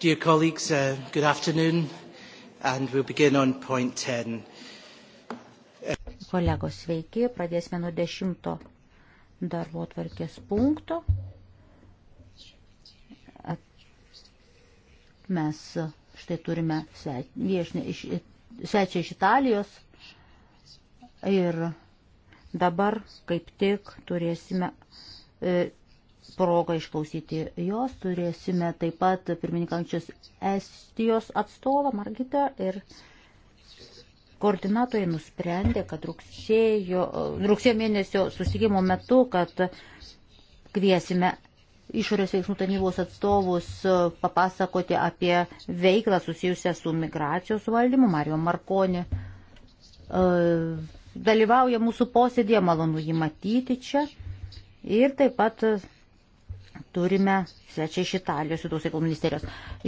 Dear colleagues, uh, good afternoon, and we'll begin on point 10. Kolegos, sveiki, pradėsime nuo dešimto darbo tvarkės punkto. Mes štai turime viešinę iš, svečią iš Italijos ir dabar kaip tik turėsime e, progą išklausyti jos. Turėsime taip pat pirmininkančios Estijos atstovą Margitą ir koordinatoriai nusprendė, kad rugsėjo, rugsėjo mėnesio susitikimo metu, kad kviesime išorės veiksmų tarnybos atstovus papasakoti apie veiklą susijusią su migracijos valdymu. Mario Markoni e, dalyvauja mūsų posėdėje, malonu jį matyti čia. Ir taip pat turime svečią iš Italijos, vidaus reikalų ministerijos.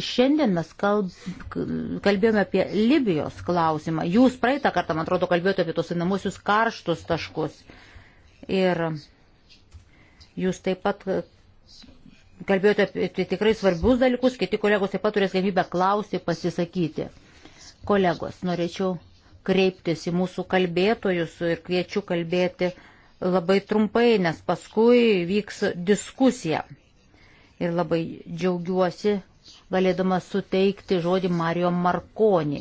Šiandien mes kalb, kalbėjome apie Libijos klausimą. Jūs praeitą kartą, man atrodo, kalbėjote apie tos einamusius karštus taškus. Ir jūs taip pat kalbėjote apie tikrai svarbius dalykus, kiti kolegos taip pat turės galimybę klausti, pasisakyti. Kolegos, norėčiau kreiptis į mūsų kalbėtojus ir kviečiu kalbėti labai trumpai, nes paskui vyks diskusija ir labai džiaugiuosi galėdama suteikti žodį Mario Markonį.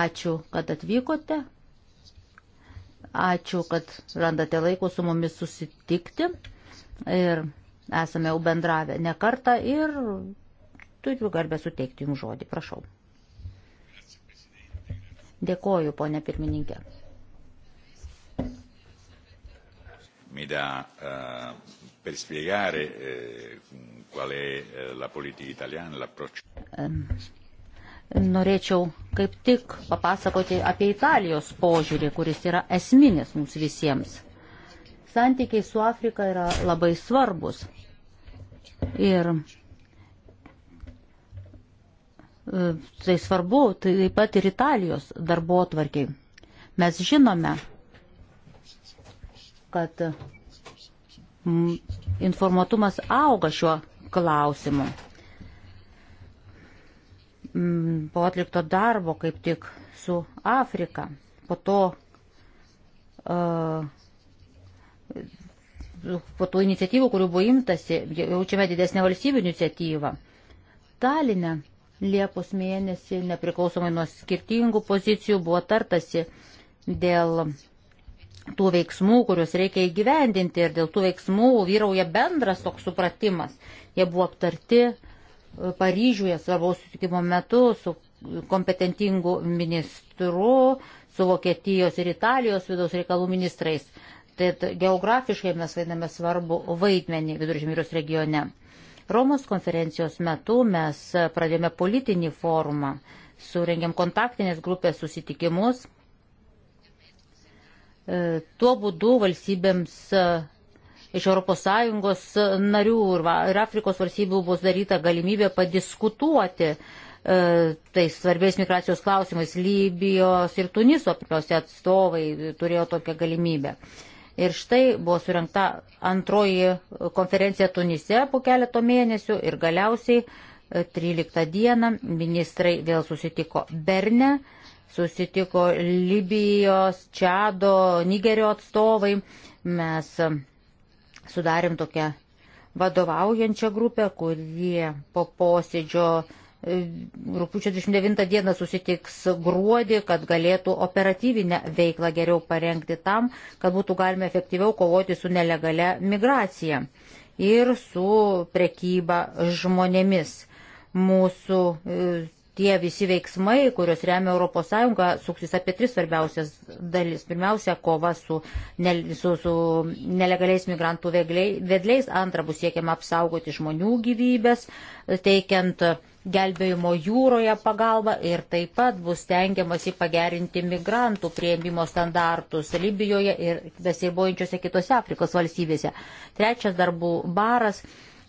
Ačiū, kad atvykote. Ačiū, kad randate laiko su mumis susitikti. Ir esame jau bendravę ne kartą ir turiu garbę suteikti jums žodį. Prašau. Dėkoju, ponė pirmininkė. Mida, uh per spiegare eh, qual è eh, la politica italiana, l'approccio. Norėčiau kaip tik papasakoti apie Italijos požiūrį, kuris yra esminis mums visiems. Santykiai su Afrika yra labai svarbus. Ir e, tai svarbu taip pat ir Italijos darbo atvarkiai. Mes žinome, kad informuotumas auga šiuo klausimu. Po atlikto darbo kaip tik su Afrika, po to, e, po to iniciatyvų, kurių buvo imtasi, jaučiame didesnę valstybių iniciatyvą. Talinę Liepos mėnesį, nepriklausomai nuo skirtingų pozicijų, buvo tartasi dėl tų veiksmų, kuriuos reikia įgyvendinti ir dėl tų veiksmų vyrauja bendras toks supratimas. Jie buvo aptarti e, Paryžiuje svarbaus sutikimo metu su kompetentingu ministru, su Vokietijos ir Italijos vidaus reikalų ministrais. Tai geografiškai mes vaidiname svarbu vaidmenį viduržymirius regione. Romos konferencijos metu mes pradėjome politinį forumą, surengėm kontaktinės grupės susitikimus E, tuo būdu valstybėms e, iš ES e, narių ir Afrikos valstybių bus daryta galimybė padiskutuoti tais svarbiais migracijos klausimais. Libijos ir Tuniso pirmiausia atstovai turėjo tokią galimybę. Ir štai buvo surinkta antroji konferencija Tunise po keleto mėnesių ir galiausiai 13 dieną ministrai vėl susitiko Berne susitiko Libijos, Čado, Nigerio atstovai. Mes um, sudarėm tokią vadovaujančią grupę, kurie po posėdžio um, rūpiučio 29 dieną susitiks gruodį, kad galėtų operatyvinę veiklą geriau parengti tam, kad būtų galima efektyviau kovoti su nelegale migracija ir su prekyba žmonėmis. Mūsų um, tie visi veiksmai, kurios remia ES, suksis apie tris svarbiausias dalis. Pirmiausia, kova su, ne, su, su nelegaliais migrantų vedliais. Antra, bus siekiama apsaugoti žmonių gyvybės, teikiant gelbėjimo jūroje pagalbą ir taip pat bus tengiamasi pagerinti migrantų prieimimo standartus Libijoje ir besiribojančiose kitose Afrikos valstybėse. Trečias darbų baras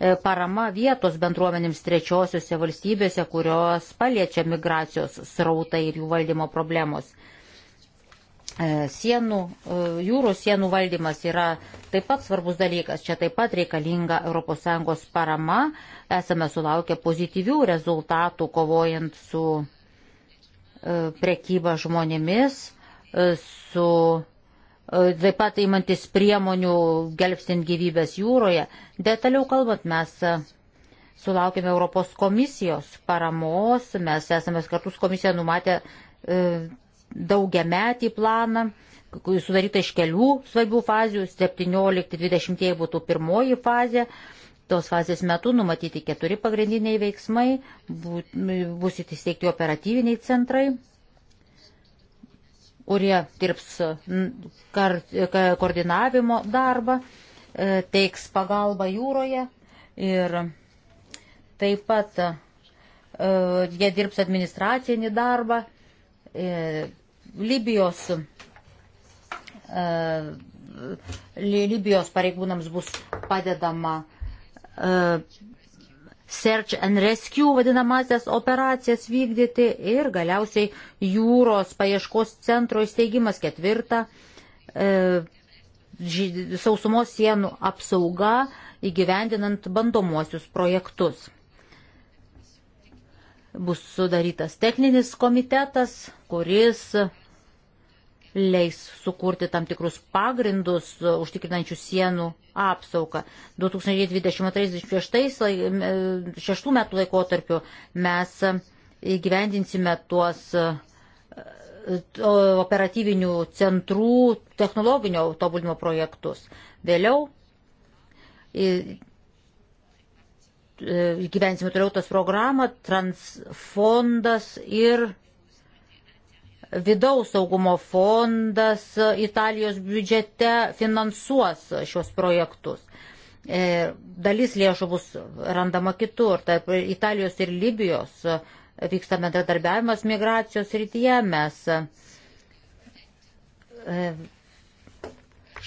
E, parama vietos bendruomenėms trečiosiuose valstybėse, kurios paliečia migracijos srautai ir jų valdymo problemos. E, sienų, e, jūrų sienų valdymas yra taip pat svarbus dalykas. Čia taip pat reikalinga ES parama. Esame sulaukę pozityvių rezultatų kovojant su prekyba žmonėmis, su E, taip pat įmantis priemonių gelbstint gyvybės jūroje. Detaliau kalbant, mes e, sulaukėme Europos komisijos paramos, mes esame kartu su komisija numatę e, daugia metį planą, sudarytą iš kelių svarbių fazių, 17-20 būtų pirmoji fazė. Tos fazės metu numatyti keturi pagrindiniai veiksmai, bus įsteigti operatyviniai centrai, kurie dirbs koordinavimo darbą, e, teiks pagalbą jūroje ir taip pat e, jie dirbs administracinį darbą. E, Libijos, Libijos pareigūnams bus padedama search and rescue vadinamasias operacijas vykdyti ir galiausiai jūros paieškos centro įsteigimas ketvirta, e, sausumos sienų apsauga įgyvendinant bandomuosius projektus. Bus sudarytas techninis komitetas, kuris leis sukurti tam tikrus pagrindus e, užtikrinančių sienų apsaugą. 2022-2026 metų laikotarpiu mes e, įgyvendinsime tuos e, operatyvinių centrų technologinio tobulinimo projektus. Vėliau gyvensime toliau tas programą, transfondas ir Vidaus saugumo fondas Italijos biudžete finansuos šios projektus. E, dalis lėšų bus randama kitur. Tarp Italijos ir Libijos vyksta bendradarbiavimas migracijos rytyje. Mes e,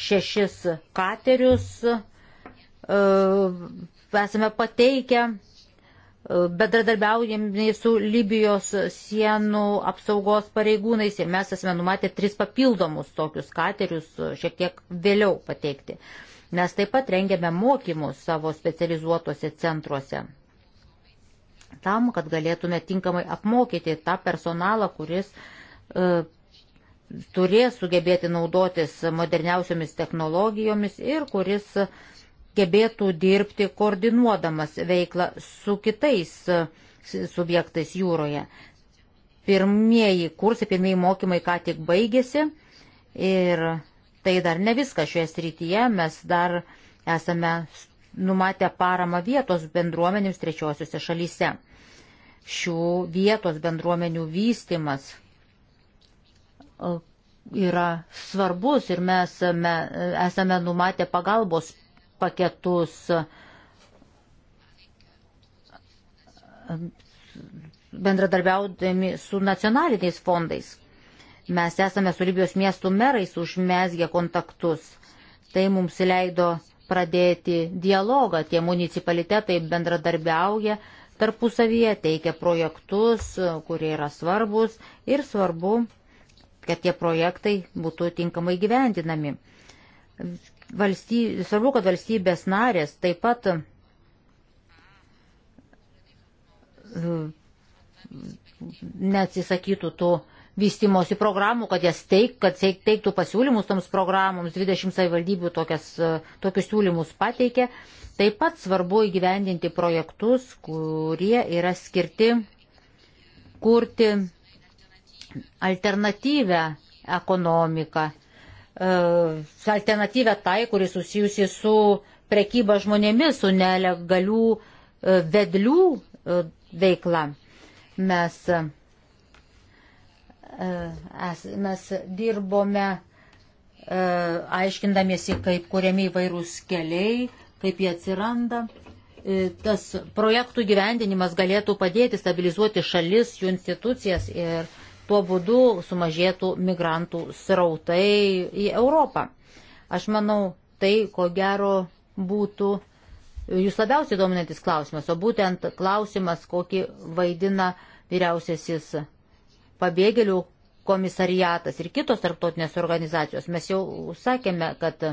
šešis katerius e, esame pateikę Bedradarbiaujame su Libijos sienų apsaugos pareigūnais ir mes esame numatę tris papildomus tokius katerius šiek tiek vėliau pateikti. Mes taip pat rengiame mokymus savo specializuotose centruose tam, kad galėtume tinkamai apmokyti tą personalą, kuris e, turės sugebėti naudotis moderniausiomis technologijomis ir kuris gebėtų dirbti koordinuodamas veiklą su kitais e, subjektais jūroje. Pirmieji kursai, pirmieji mokymai ką tik baigėsi ir tai dar ne viskas šioje srityje, mes dar esame numatę paramą vietos bendruomenėms trečiosiuose šalyse. Šių vietos bendruomenių vystimas e, yra svarbus ir mes e, esame numatę pagalbos paketus, bendradarbiaudami su nacionaliniais fondais. Mes esame su Libijos miestų merais užmesgę kontaktus. Tai mums leido pradėti dialogą. Tie municipalitetai bendradarbiauja tarpusavyje, teikia projektus, kurie yra svarbus ir svarbu, kad tie projektai būtų tinkamai gyvendinami valsty, svarbu, kad valstybės narės taip pat e, neatsisakytų tų vystimosi programų, kad jas teik, kad teiktų pasiūlymus toms programoms, 20 savivaldybių tokias, e, tokius siūlymus pateikė. Taip pat svarbu įgyvendinti projektus, kurie yra skirti kurti alternatyvę ekonomiką E, alternatyvę tai, kuri susijusi su prekyba žmonėmis, su nelegalių e, vedlių e, veikla. Mes, mes dirbome aiškindamiesi, kaip kuriami įvairūs keliai, kaip jie atsiranda. Tas projektų gyvendinimas galėtų padėti stabilizuoti šalis, jų institucijas ir uh, Tuo būdu sumažėtų migrantų srautai į Europą. Aš manau, tai ko gero būtų jūs labiausiai dominantis klausimas, o būtent klausimas, kokį vaidina vyriausiasis pabėgėlių komisariatas ir kitos tarptautinės organizacijos. Mes jau sakėme, kad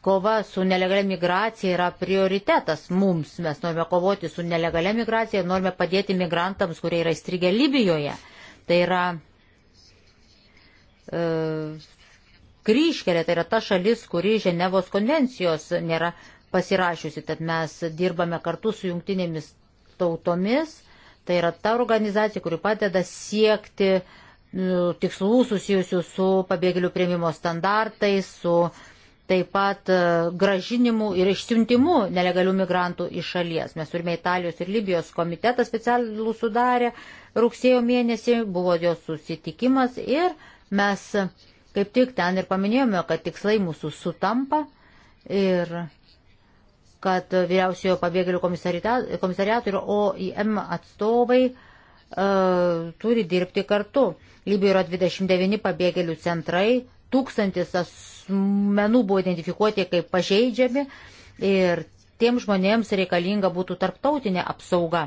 kova su nelegalia migracija yra prioritetas mums. Mes norime kovoti su nelegalia migracija ir norime padėti migrantams, kurie yra įstrigę Libijoje. Tai yra e, kryškelė, tai yra ta šalis, kuri Ženevos konvencijos nėra pasirašiusi. Tad mes dirbame kartu su jungtinėmis tautomis. Tai yra ta organizacija, kuri padeda siekti e, tikslų susijusių su pabėgėlių prieimimo standartais, su taip pat e, gražinimu ir išsiuntimu nelegalių migrantų iš šalies. Mes turime Italijos ir Libijos komitetą specialų sudarę rugsėjo mėnesį, buvo jos susitikimas ir mes kaip tik ten ir paminėjome, kad tikslai mūsų sutampa ir kad vyriausiojo pabėgėlių komisariato ir OIM atstovai e, turi dirbti kartu. Libijoje yra 29 pabėgėlių centrai, tūkstantis asmenų buvo identifikuoti kaip pažeidžiami ir tiem žmonėms reikalinga būtų tarptautinė apsauga.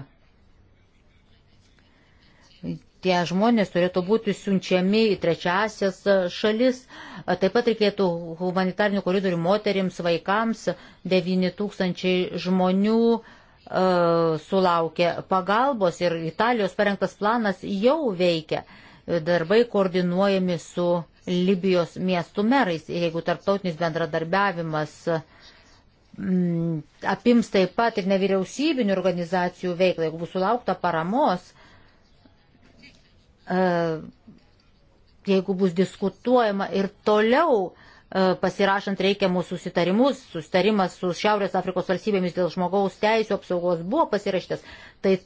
Tie žmonės turėtų būti siunčiami į trečiasias šalis. Taip pat reikėtų humanitarnių koridorių moterims, vaikams. 9000 žmonių e, sulaukė pagalbos ir Italijos parengtas planas jau veikia. Darbai koordinuojami su Libijos miestų merais. Ir jeigu tarptautinis bendradarbiavimas mm, apims taip pat ir nevyriausybinių organizacijų veiklą, jeigu bus sulaukta paramos, e, jeigu bus diskutuojama ir toliau e, pasirašant reikiamus susitarimus, susitarimas su Šiaurės Afrikos valstybėmis dėl žmogaus teisų apsaugos buvo pasirašytas, tai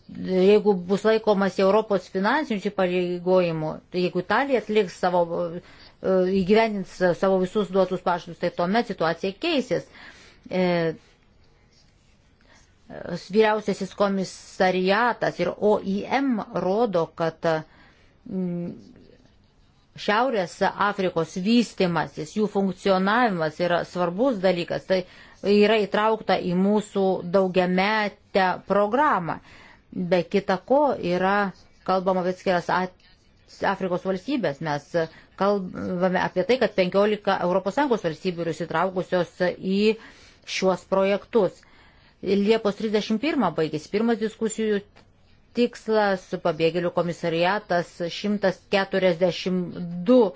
jeigu bus laikomas Europos finansinių įpareigojimų, tai jeigu Italija atliks savo E, įgyvendins savo visus duotus pažadus, tai tuomet situacija keisės. E, vyriausiasis komisariatas ir OIM rodo, kad mm, Šiaurės Afrikos vystimasis, jų funkcionavimas yra svarbus dalykas, tai yra įtraukta į mūsų daugiametę programą. Be kita ko yra kalbama apie atskiras Afrikos valstybės, mes kalbame apie tai, kad 15 ES valstybių yra įsitraukusios į šiuos projektus. Liepos 31 baigėsi pirmas diskusijų tikslas, pabėgėlių komisariatas 142 e,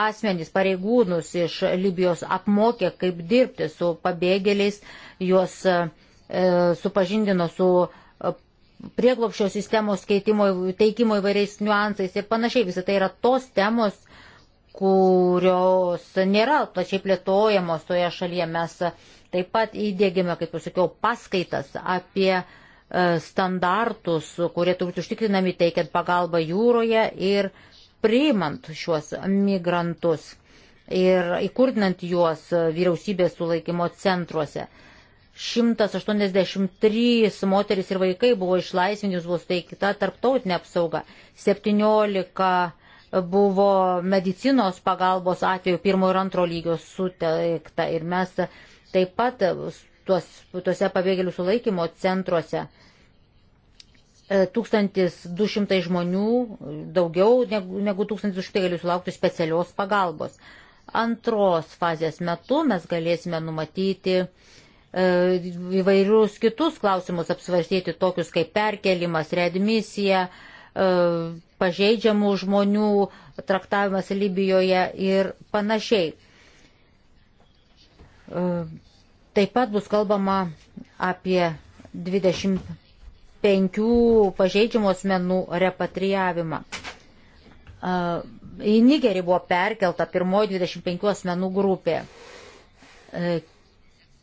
asmenys pareigūnus iš Libijos apmokė, kaip dirbti su pabėgėliais, juos e, supažindino su prieglopščio sistemos keitimo, teikimo įvairiais niuansais ir panašiai. Visą tai yra tos temos, kurios nėra plačiai plėtojamos toje šalyje. Mes taip pat įdėgėme, kaip jau sakiau, paskaitas apie e, standartus, kurie turbūt užtikrinami teikiant pagalbą jūroje ir priimant šiuos migrantus ir įkurdinant juos vyriausybės sulaikymo centruose. 183 moteris ir vaikai buvo išlaisvinti, buvo suteikta tarptautinė apsauga. 17 buvo medicinos pagalbos atveju pirmo ir antro lygio suteikta. Ir mes taip pat tuos, tuose pabėgėlių sulaikymo centruose 1200 e, žmonių, daugiau negu, negu 1200 gali sulaukti specialios pagalbos. Antros fazės metu mes galėsime numatyti uh, E, įvairius kitus klausimus apsvarstyti, tokius kaip perkelimas, readmisija, e, pažeidžiamų žmonių traktavimas Libijoje ir panašiai. E, taip pat bus kalbama apie 25 pažeidžiamų asmenų repatriavimą. Į Nigerį buvo perkelta pirmoji 25 asmenų grupė.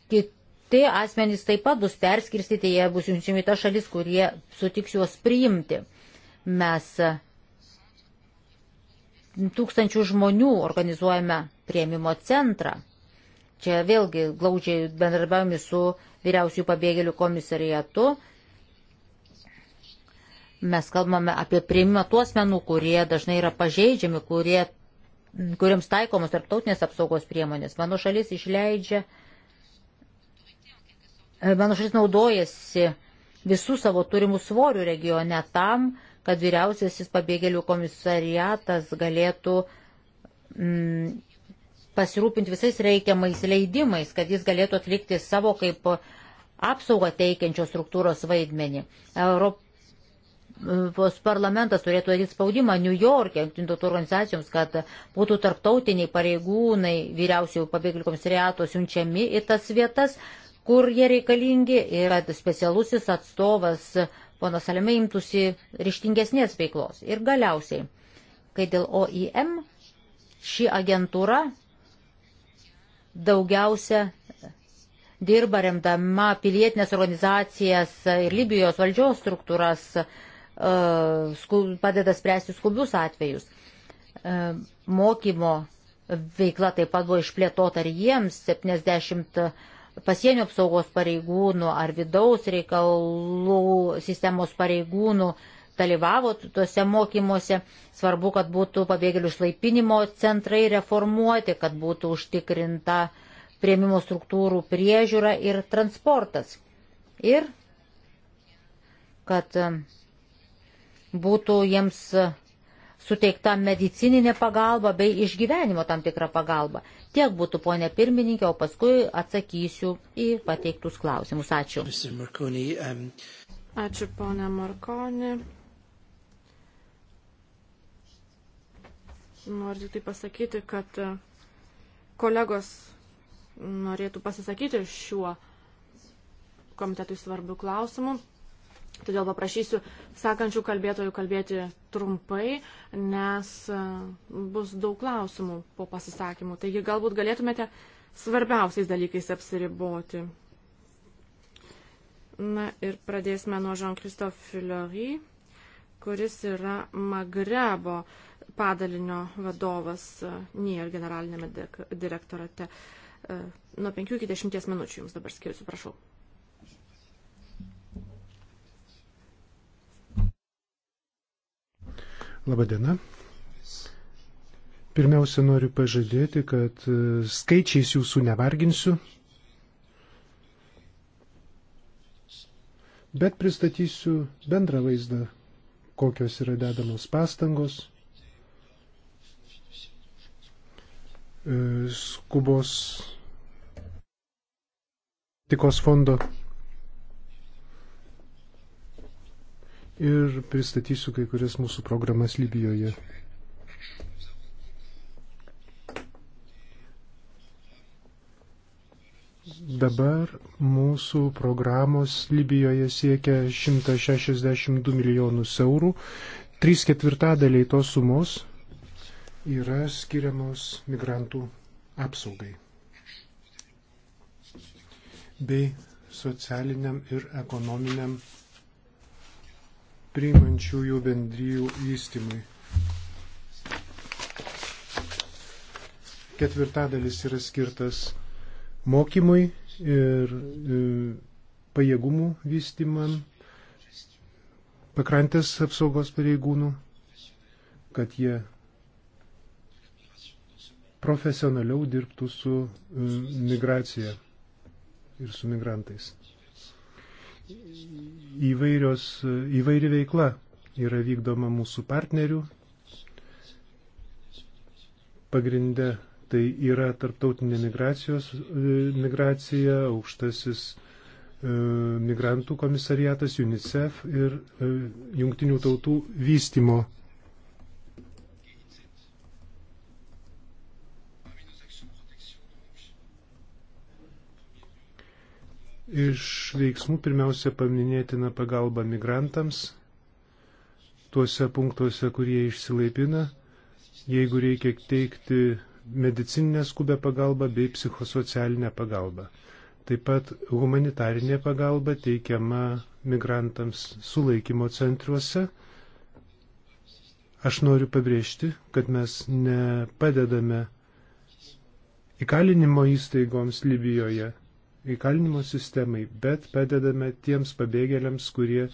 Kit kiti asmenys taip pat bus perskirstyti, jie bus siunčiami ta šalis, kurie sutiks juos priimti. Mes e, tūkstančių žmonių organizuojame prieimimo centrą. Čia vėlgi glaudžiai bendradarbiavami su vyriausiųjų pabėgėlių komisariatu. Mes kalbame apie prieimimą tuos menų, kurie dažnai yra pažeidžiami, kurie, kuriems taikomos tarptautinės apsaugos priemonės. Mano šalis išleidžia uh, E, mano šalis naudojasi visų savo turimų svorių regione tam, kad vyriausiasis pabėgėlių komisariatas galėtų mm, pasirūpinti visais reikiamais leidimais, kad jis galėtų atlikti savo kaip apsaugą teikiančios struktūros vaidmenį. Europos parlamentas turėtų daryti spaudimą New York'e, jungtinių tautų organizacijoms, kad būtų tarptautiniai pareigūnai vyriausių pabėgėlių komisariato siunčiami į tas vietas, kur jie reikalingi ir kad specialusis atstovas ponas Alime imtųsi ryštingesnės veiklos. Ir galiausiai, kai dėl OIM ši agentūra daugiausia dirba remdama pilietinės organizacijas ir Libijos valdžios struktūras, e, padeda spręsti skubius atvejus. E, mokymo veikla taip pat buvo išplėtota ir jiems 70 pasienio apsaugos pareigūnų ar vidaus reikalų sistemos pareigūnų dalyvavo tuose mokymuose. Svarbu, kad būtų pabėgėlių išlaipinimo centrai reformuoti, kad būtų užtikrinta prieimimo struktūrų priežiūra ir transportas. Ir kad e, būtų jiems suteikta medicininė pagalba bei išgyvenimo tam tikra pagalba. Tiek būtų, ponė pirmininkė, o paskui atsakysiu į pateiktus klausimus. Ačiū. Ačiū, ponė Markoni. Noriu tai pasakyti, kad e, kolegos norėtų pasisakyti šiuo komitetui svarbių klausimų. Todėl paprašysiu sakančių kalbėtojų kalbėti trumpai, nes e, bus daug klausimų po pasisakymų. Taigi galbūt galėtumėte svarbiausiais dalykais apsiriboti. Na ir pradėsime nuo Jean-Christophe Filori, kuris yra Magrebo padalinio vadovas e, NIR generalinėme direktorate. E, nuo 5 iki 10 minučių jums dabar skirsiu, prašau. Labadiena. Pirmiausia, noriu pažadėti, kad e, skaičiais jūsų nevarginsiu, bet pristatysiu bendrą vaizdą, kokios yra dedamos pastangos, e, skubos tikos fondo ir pristatysiu kai kurias mūsų programas Libijoje. Dabar mūsų programos Libijoje siekia 162 milijonus eurų. Trys ketvirtadaliai tos sumos yra skiriamos migrantų apsaugai bei socialiniam ir ekonominiam priimančiųjų bendryjų vystymui. Ketvirtadalis yra skirtas mokymui ir e, pajėgumų vystymam pakrantės apsaugos pareigūnų, kad jie profesionaliau dirbtų su e, migracija ir su migrantais įvairios, įvairi veikla yra vykdoma mūsų partnerių. Pagrindę tai yra tarptautinė migracijos, e, migracija, aukštasis e, migrantų komisariatas UNICEF ir e, jungtinių tautų vystimo Iš veiksmų pirmiausia paminėtina pagalba migrantams, tuose punktuose, kurie išsilaipina, jeigu reikia teikti medicininę skubę pagalbą bei psichosocialinę pagalbą. Taip pat humanitarinė pagalba teikiama migrantams sulaikymo centruose. Aš noriu pabrėžti, kad mes nepadedame įkalinimo įstaigoms Libijoje, įkalinimo sistemai, bet padedame tiems pabėgėliams, kurie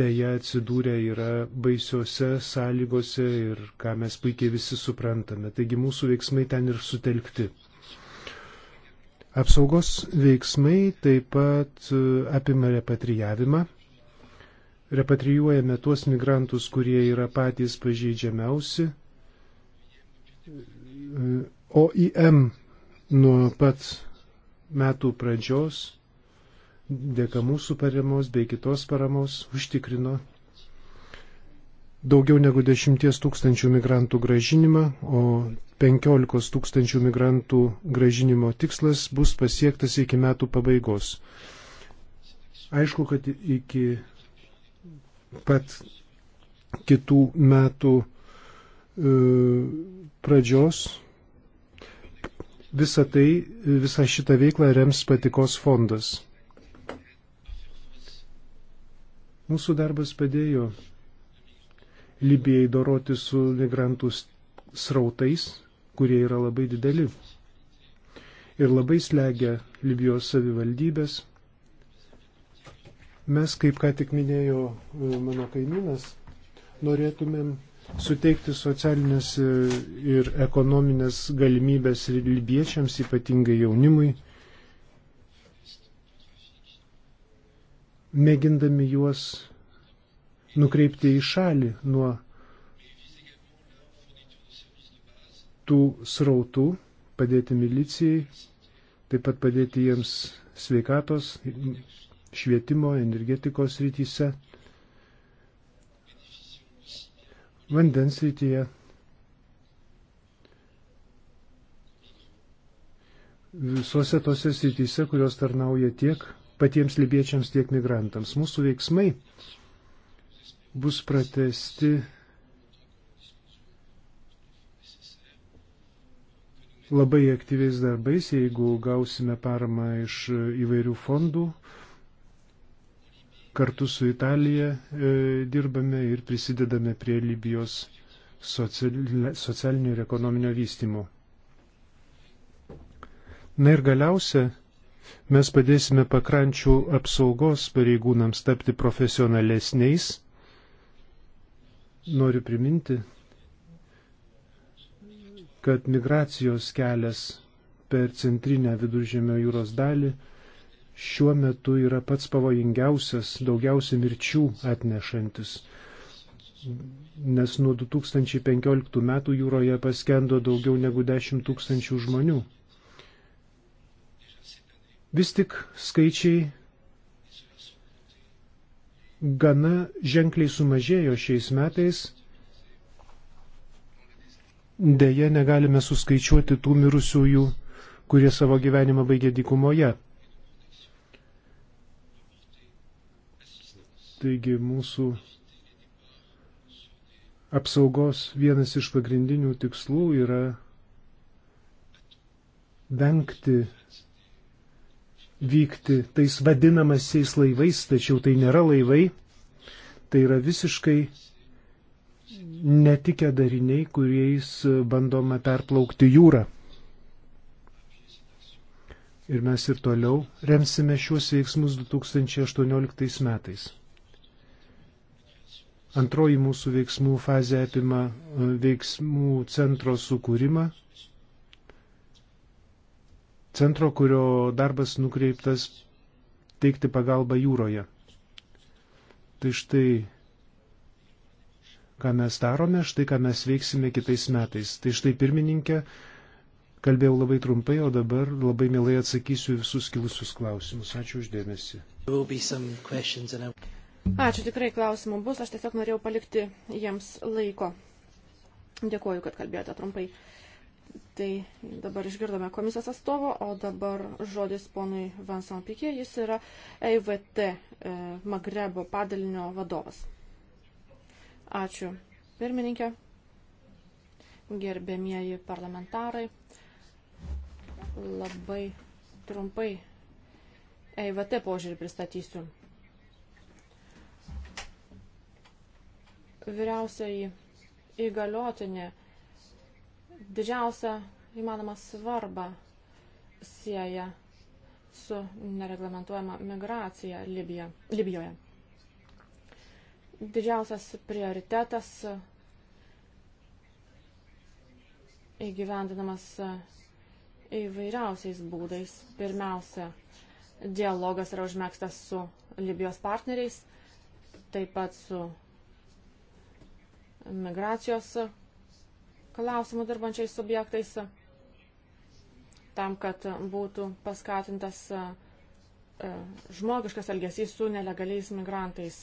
dėja atsidūrė yra baisiose sąlygose ir ką mes puikiai visi suprantame. Taigi mūsų veiksmai ten ir sutelkti. Apsaugos veiksmai taip pat e, apima repatrijavimą. Repatrijuojame tuos migrantus, kurie yra patys pažeidžiamiausi. E, OIM nuo pat metų pradžios, dėka mūsų paramos bei kitos paramos, užtikrino daugiau negu 10 tūkstančių migrantų gražinimą, o 15 tūkstančių migrantų gražinimo tikslas bus pasiektas iki metų pabaigos. Aišku, kad iki pat kitų metų e, pradžios Visą tai, visą šitą veiklą rems patikos fondas. Mūsų darbas padėjo Libijai doroti su migrantų srautais, kurie yra labai dideli ir labai slegia Libijos savivaldybės. Mes, kaip ką tik minėjo e, mano kaimynas, norėtumėm suteikti socialinės ir ekonominės galimybės ir libiečiams, ypatingai jaunimui, mėgindami juos nukreipti į šalį nuo tų srautų, padėti milicijai, taip pat padėti jiems sveikatos, švietimo, energetikos rytise. vandens rytyje. Visose tose srityse, kurios tarnauja tiek patiems libiečiams, tiek migrantams. Mūsų veiksmai bus pratesti labai aktyviais darbais, jeigu gausime paramą iš įvairių fondų, Kartu su Italija e, dirbame ir prisidedame prie Libijos socialinio ir ekonominio vystimo. Na ir galiausia, mes padėsime pakrančių apsaugos pareigūnams tapti profesionalesniais. Noriu priminti, kad migracijos kelias per centrinę viduržėmio jūros dalį šiuo metu yra pats pavojingiausias, daugiausia mirčių atnešantis. Nes nuo 2015 metų jūroje paskendo daugiau negu 10 tūkstančių žmonių. Vis tik skaičiai gana ženkliai sumažėjo šiais metais. Deja, negalime suskaičiuoti tų mirusiųjų, kurie savo gyvenimą baigė dykumoje. Taigi mūsų apsaugos vienas iš pagrindinių tikslų yra vengti vykti tais vadinamasiais laivais, tačiau tai nėra laivai, tai yra visiškai netikę dariniai, kuriais bandoma perplaukti jūrą. Ir mes ir toliau remsime šiuos veiksmus 2018 metais. Antroji mūsų veiksmų fazė apima e, veiksmų centro sukūrimą. Centro, kurio darbas nukreiptas teikti pagalbą jūroje. Tai štai, ką mes darome, štai ką mes veiksime kitais metais. Tai štai pirmininkė, kalbėjau labai trumpai, o dabar labai mielai atsakysiu visus kilusius klausimus. Ačiū uždėmesi. Ačiū, tikrai klausimų bus, aš tiesiog norėjau palikti jiems laiko. Dėkuoju, kad kalbėjote trumpai. Tai dabar išgirdome komisijos atstovo, o dabar žodis ponui Vincent Pikė, jis yra EIVT e, Magrebo padalinio vadovas. Ačiū, pirmininkė, gerbėmieji parlamentarai. Labai trumpai EIVT požiūrį pristatysiu. vyriausiai įgaliotinė didžiausią įmanomą svarbą sieja su nereglamentuojama migracija Libija, Libijoje. Didžiausias prioritetas įgyvendinamas įvairiausiais būdais. Pirmiausia, dialogas yra užmėgstas su Libijos partneriais, taip pat su migracijos klausimų dirbančiais subjektais, tam, kad būtų paskatintas e, žmogiškas elgesys su nelegaliais migrantais.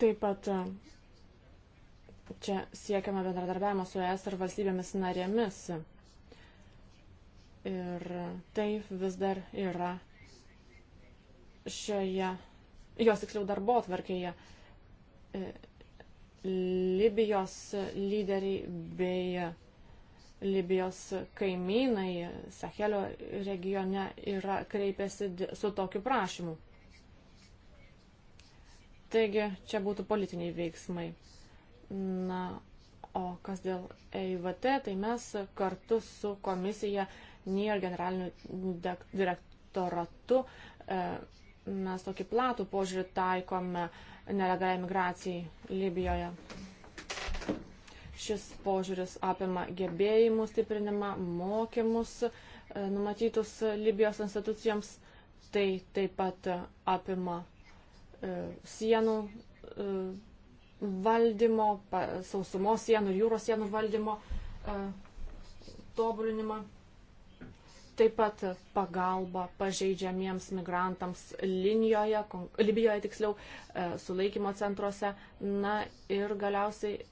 Taip pat e, čia siekiama bendradarbiavimo su ES ir valstybėmis narėmis. Ir tai vis dar yra šioje, jos tiksliau darbo atvarkėje E, Libijos lyderiai bei Libijos kaimynai Sahelio regione yra kreipėsi su tokiu prašymu. Taigi čia būtų politiniai veiksmai. Na, o kas dėl EIVT, tai mes kartu su komisija NIR generaliniu direktoratu e, mes tokį platų požiūrį taikome uh, nelegaliai migracijai Libijoje. Šis požiūris apima gebėjimų stiprinimą, mokymus e, numatytus Libijos institucijoms. Tai taip pat apima e, sienų e, valdymo, sausumos sienų ir jūros sienų valdymo tobulinimą. Taip pat pagalba pažeidžiamiems migrantams linijoje, Libijoje tiksliau, e, sulaikymo centruose. Na ir galiausiai e,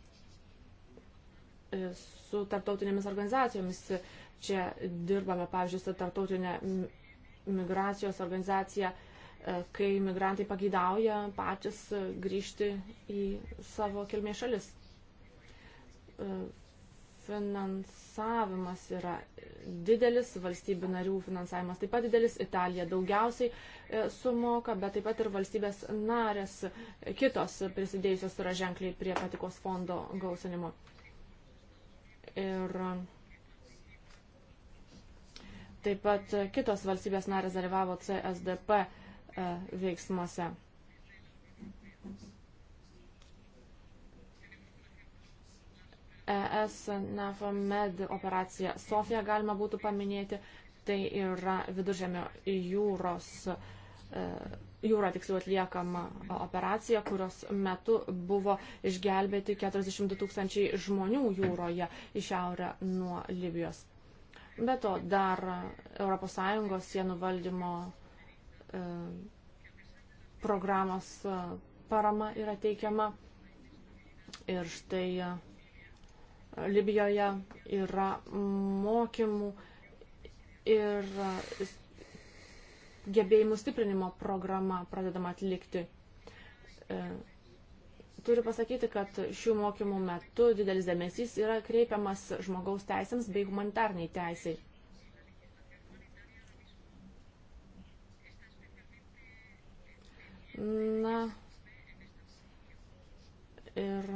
su tarptautinėmis organizacijomis. Čia dirbame, pavyzdžiui, su tarptautinė migracijos organizacija, e, kai migrantai pagydauja patys grįžti į savo kilmės šalis finansavimas yra didelis, valstybių narių finansavimas taip pat didelis, Italija daugiausiai e, sumoka, bet taip pat ir valstybės narės e, kitos prisidėjusios yra ženkliai prie patikos fondo gausinimo. Ir e, taip pat kitos valstybės narės dalyvavo CSDP veiksmuose. ES NAFAMED operaciją Sofiją galima būtų paminėti. Tai yra viduržėmio jūros, e, jūro tiksliau atliekama operacija, kurios metu buvo išgelbėti 42 tūkstančiai žmonių jūroje į šiaurę nuo Libijos. Be to, dar ES sienų valdymo e, programos e, parama yra teikiama. Ir štai Libijoje yra mokymų ir gebėjimų stiprinimo programa pradedama atlikti. E, turiu pasakyti, kad šių mokymų metu didelis dėmesys yra kreipiamas žmogaus teisėms bei humanitarniai teisiai. Na, ir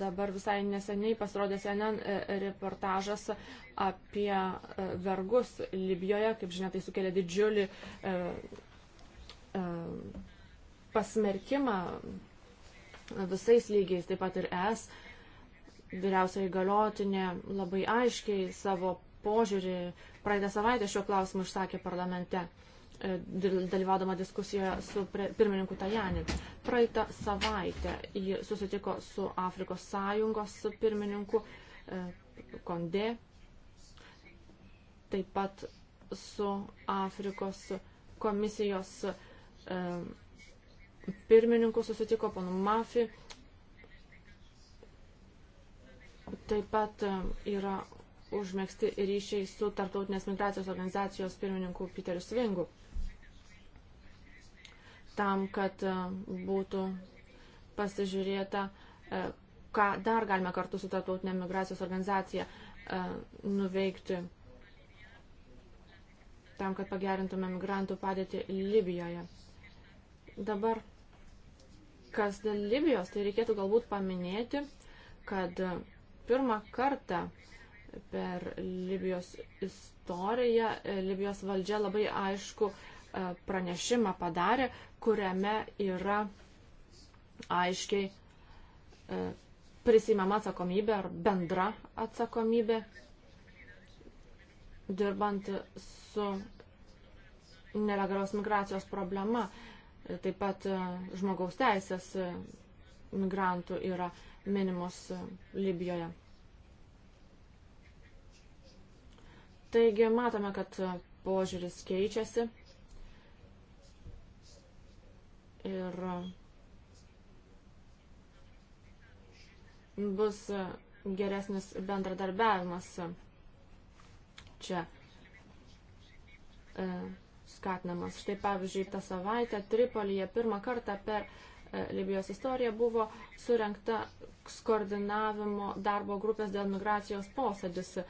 Dabar visai neseniai pasirodė CNN e, reportažas apie e, vergus Libijoje. Kaip žinia, tai sukelia didžiulį e, pasmerkimą visais lygiais, taip pat ir es. Vyriausiai galiotinė labai aiškiai savo požiūrį praeitą savaitę šiuo klausimu išsakė parlamente. E, dalyvaudama diskusijoje su pirmininku Tajani. Praeitą savaitę ji susitiko su Afrikos sąjungos pirmininku e, Konde, taip pat su Afrikos komisijos e, pirmininku susitiko ponu Mafi. Taip pat yra užmėgsti ryšiai su Tartautinės migracijos organizacijos pirmininku Peteriu Svingu tam, kad e, būtų pasižiūrėta, e, ką dar galime kartu su tarptautinė migracijos organizacija e, nuveikti tam, kad pagerintume migrantų padėtį Libijoje. Dabar, kas dėl Libijos, tai reikėtų galbūt paminėti, kad pirmą kartą per Libijos istoriją Libijos valdžia labai aišku uh, E, pranešimą padarė, kuriame yra aiškiai e, prisimama atsakomybė ar bendra atsakomybė, dirbant su nelegalios migracijos problema. Taip pat e, žmogaus teisės migrantų yra minimos Libijoje. Taigi matome, kad požiūris keičiasi ir bus geresnis bendradarbiavimas čia e, skatinamas. Štai pavyzdžiui, tą savaitę Tripolyje pirmą kartą per e, Libijos istoriją buvo surinkta skoordinavimo darbo grupės dėl migracijos posėdis. E,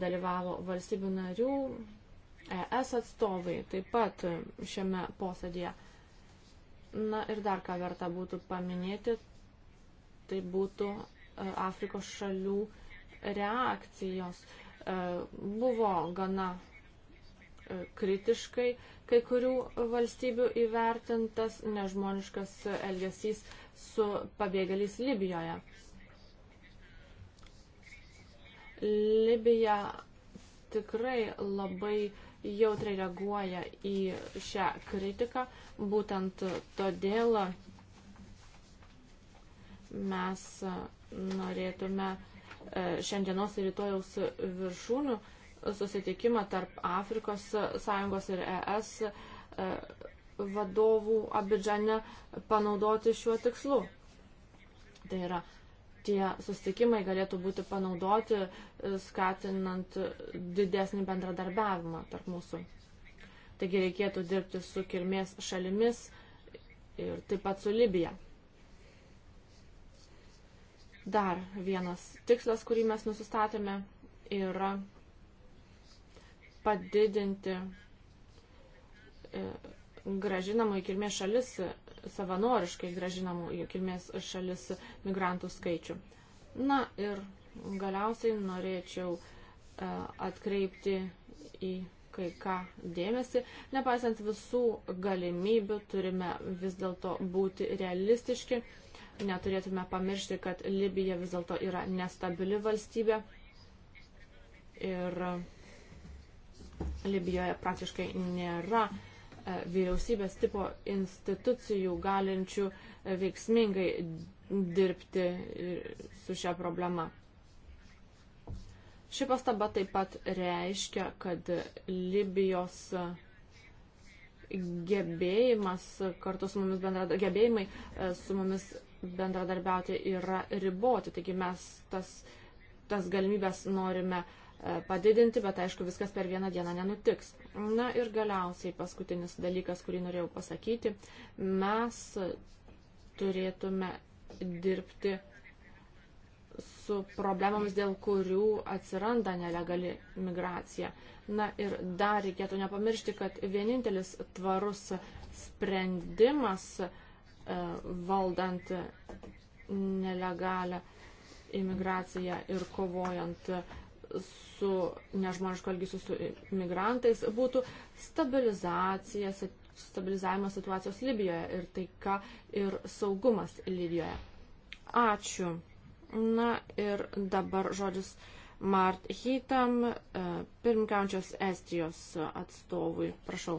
dalyvavo valstybių narių, ES atstovai taip pat šiame posėdėje. Na ir dar ką verta būtų paminėti, tai būtų e, Afrikos šalių reakcijos. E, buvo gana e, kritiškai kai kurių valstybių įvertintas nežmoniškas elgesys su pabėgėliais Libijoje. Libija tikrai labai uh, jautriai reaguoja į šią kritiką. Būtent todėl mes e, norėtume e, šiandienos ir rytojaus viršūnių susitikimą tarp Afrikos sąjungos ir ES e, vadovų Abidžane panaudoti šiuo tikslu. Tai yra tie susitikimai galėtų būti panaudoti, e, skatinant didesnį bendradarbiavimą tarp mūsų. Taigi reikėtų dirbti su kilmės šalimis ir taip pat su Libija. Dar vienas tikslas, kurį mes nusistatėme, yra padidinti e, gražinamų į kilmės šalis savanoriškai gražinamų į kilmės šalis migrantų skaičių. Na ir galiausiai norėčiau e, atkreipti į kai ką dėmesį. Nepaisant visų galimybių, turime vis dėlto būti realistiški. Neturėtume pamiršti, kad Libija vis dėlto yra nestabili valstybė. Ir Libijoje praktiškai nėra E, vyriausybės tipo institucijų galinčių e, veiksmingai dirbti su šia problema. Ši pastaba taip pat reiškia, kad Libijos gebėjimas kartu su mumis bendradarbiauti, gebėjimai e, su mumis bendradarbiauti yra riboti. Taigi mes tas, tas galimybės norime uh, E, padidinti, bet aišku, viskas per vieną dieną nenutiks. Na ir galiausiai paskutinis dalykas, kurį norėjau pasakyti, mes turėtume dirbti su problemomis, dėl kurių atsiranda nelegali migracija. Na ir dar reikėtų nepamiršti, kad vienintelis tvarus sprendimas e, valdant nelegalią imigraciją ir kovojant uh, su nežmonišku elgesiu su migrantais būtų stabilizacija, stabilizavimas situacijos Libijoje ir taika ir saugumas Libijoje. Ačiū. Na ir dabar žodis Mart Hitam, e, pirmkiaujančios Estijos atstovui. Prašau.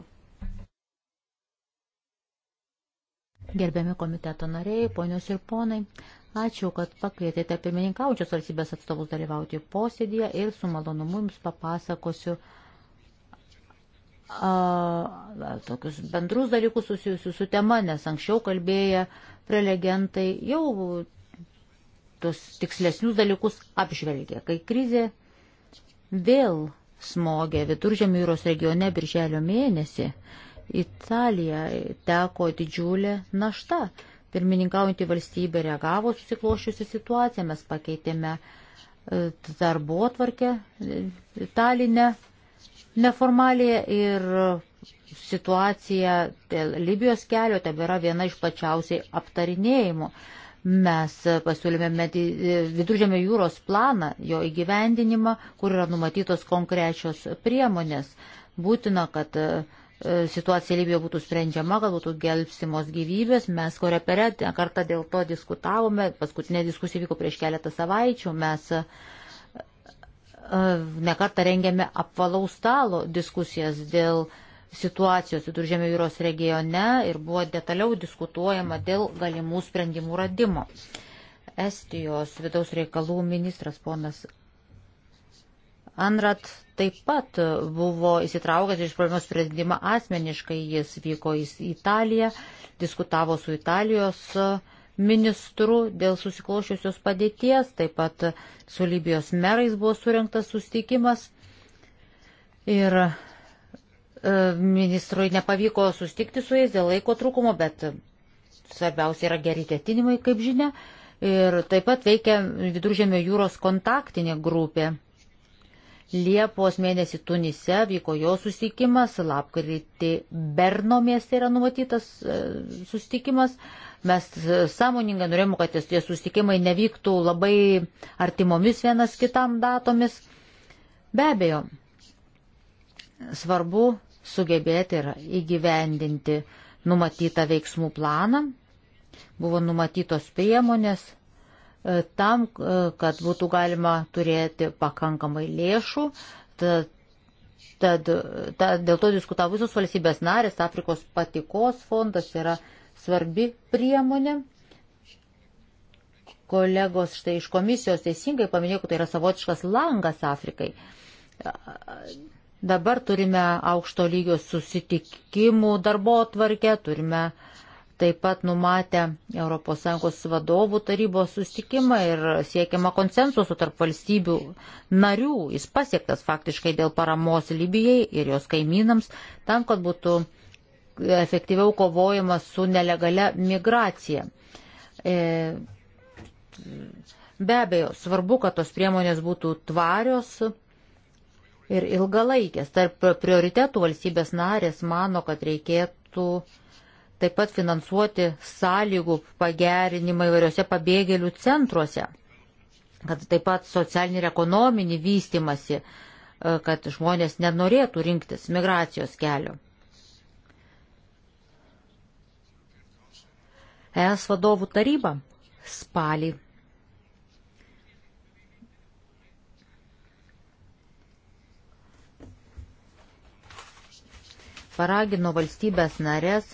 Gerbiami komiteto nariai, ponios ir ponai, Ačiū, kad pakvietėte pirmininkaučios valstybės atstovus dalyvauti posėdėje ir su malonumu jums papasakosiu a, tokius bendrus dalykus susijusius su tema, nes anksčiau kalbėję prelegentai jau tuos tikslesnius dalykus apžvelgė. Kai krizė vėl smogė viduržėmio jūros regione birželio mėnesį, Italija teko didžiulė našta. Pirmininkaujantį valstybę reagavo susiklošiusią situaciją, mes pakeitėme e, darbo atvarkę e, Talinę neformalėje ir situacija dėl Libijos kelio tebėra viena iš plačiausiai aptarinėjimų. Mes pasiūlėme e, viduržėmio jūros planą, jo įgyvendinimą, kur yra numatytos konkrečios priemonės. Būtina, kad uh, E, situacija Libijoje būtų sprendžiama, kad būtų gelbsimos gyvybės. Mes korepere kartą dėl to diskutavome, paskutinė diskusija vyko prieš keletą savaičių, mes e, e, nekartą rengėme apvalaus stalo diskusijas dėl situacijos viduržėmio jūros regione ir buvo detaliau diskutuojama dėl galimų sprendimų radimo. Estijos vidaus reikalų ministras ponas Andrat taip pat buvo įsitraukęs iš problemos sprendimą asmeniškai, jis vyko į Italiją, diskutavo su Italijos ministru dėl susiklošiusios padėties, taip pat su Libijos merais buvo surinktas sustikimas ir e, ministrui nepavyko sustikti su jais dėl laiko trūkumo, bet svarbiausia yra geri ketinimai, kaip žinia, ir taip pat veikia Viduržėmio jūros kontaktinė grupė Liepos mėnesį Tunise vyko jo susitikimas, lapkritį Berno mieste yra numatytas e, susitikimas. Mes e, sąmoningai norėjome, kad tie susitikimai nevyktų labai artimomis vienas kitam datomis. Be abejo, svarbu sugebėti ir įgyvendinti numatytą veiksmų planą. Buvo numatytos priemonės E, tam, e, kad būtų galima turėti pakankamai lėšų. Tad, tad, tad dėl to diskutavo visos valstybės narės, Afrikos patikos fondas yra svarbi priemonė. Kolegos štai iš komisijos teisingai paminėjo, kad tai yra savotiškas langas Afrikai. Dabar turime aukšto lygio susitikimų darbo tvarkę, turime uh, taip pat numatę ES vadovų tarybos sustikimą ir siekiama konsensusų tarp valstybių narių. Jis pasiektas faktiškai dėl paramos Libijai ir jos kaimynams, tam, kad būtų efektyviau kovojama su nelegale migracija. E, be abejo, svarbu, kad tos priemonės būtų tvarios ir ilgalaikės. Tarp prioritetų valstybės narės mano, kad reikėtų taip pat finansuoti sąlygų pagerinimą įvairiose pabėgėlių centruose, kad taip pat socialinį ir ekonominį vystimasi, e, kad žmonės nenorėtų rinktis migracijos kelio. ES vadovų taryba spalį. Paragino valstybės narės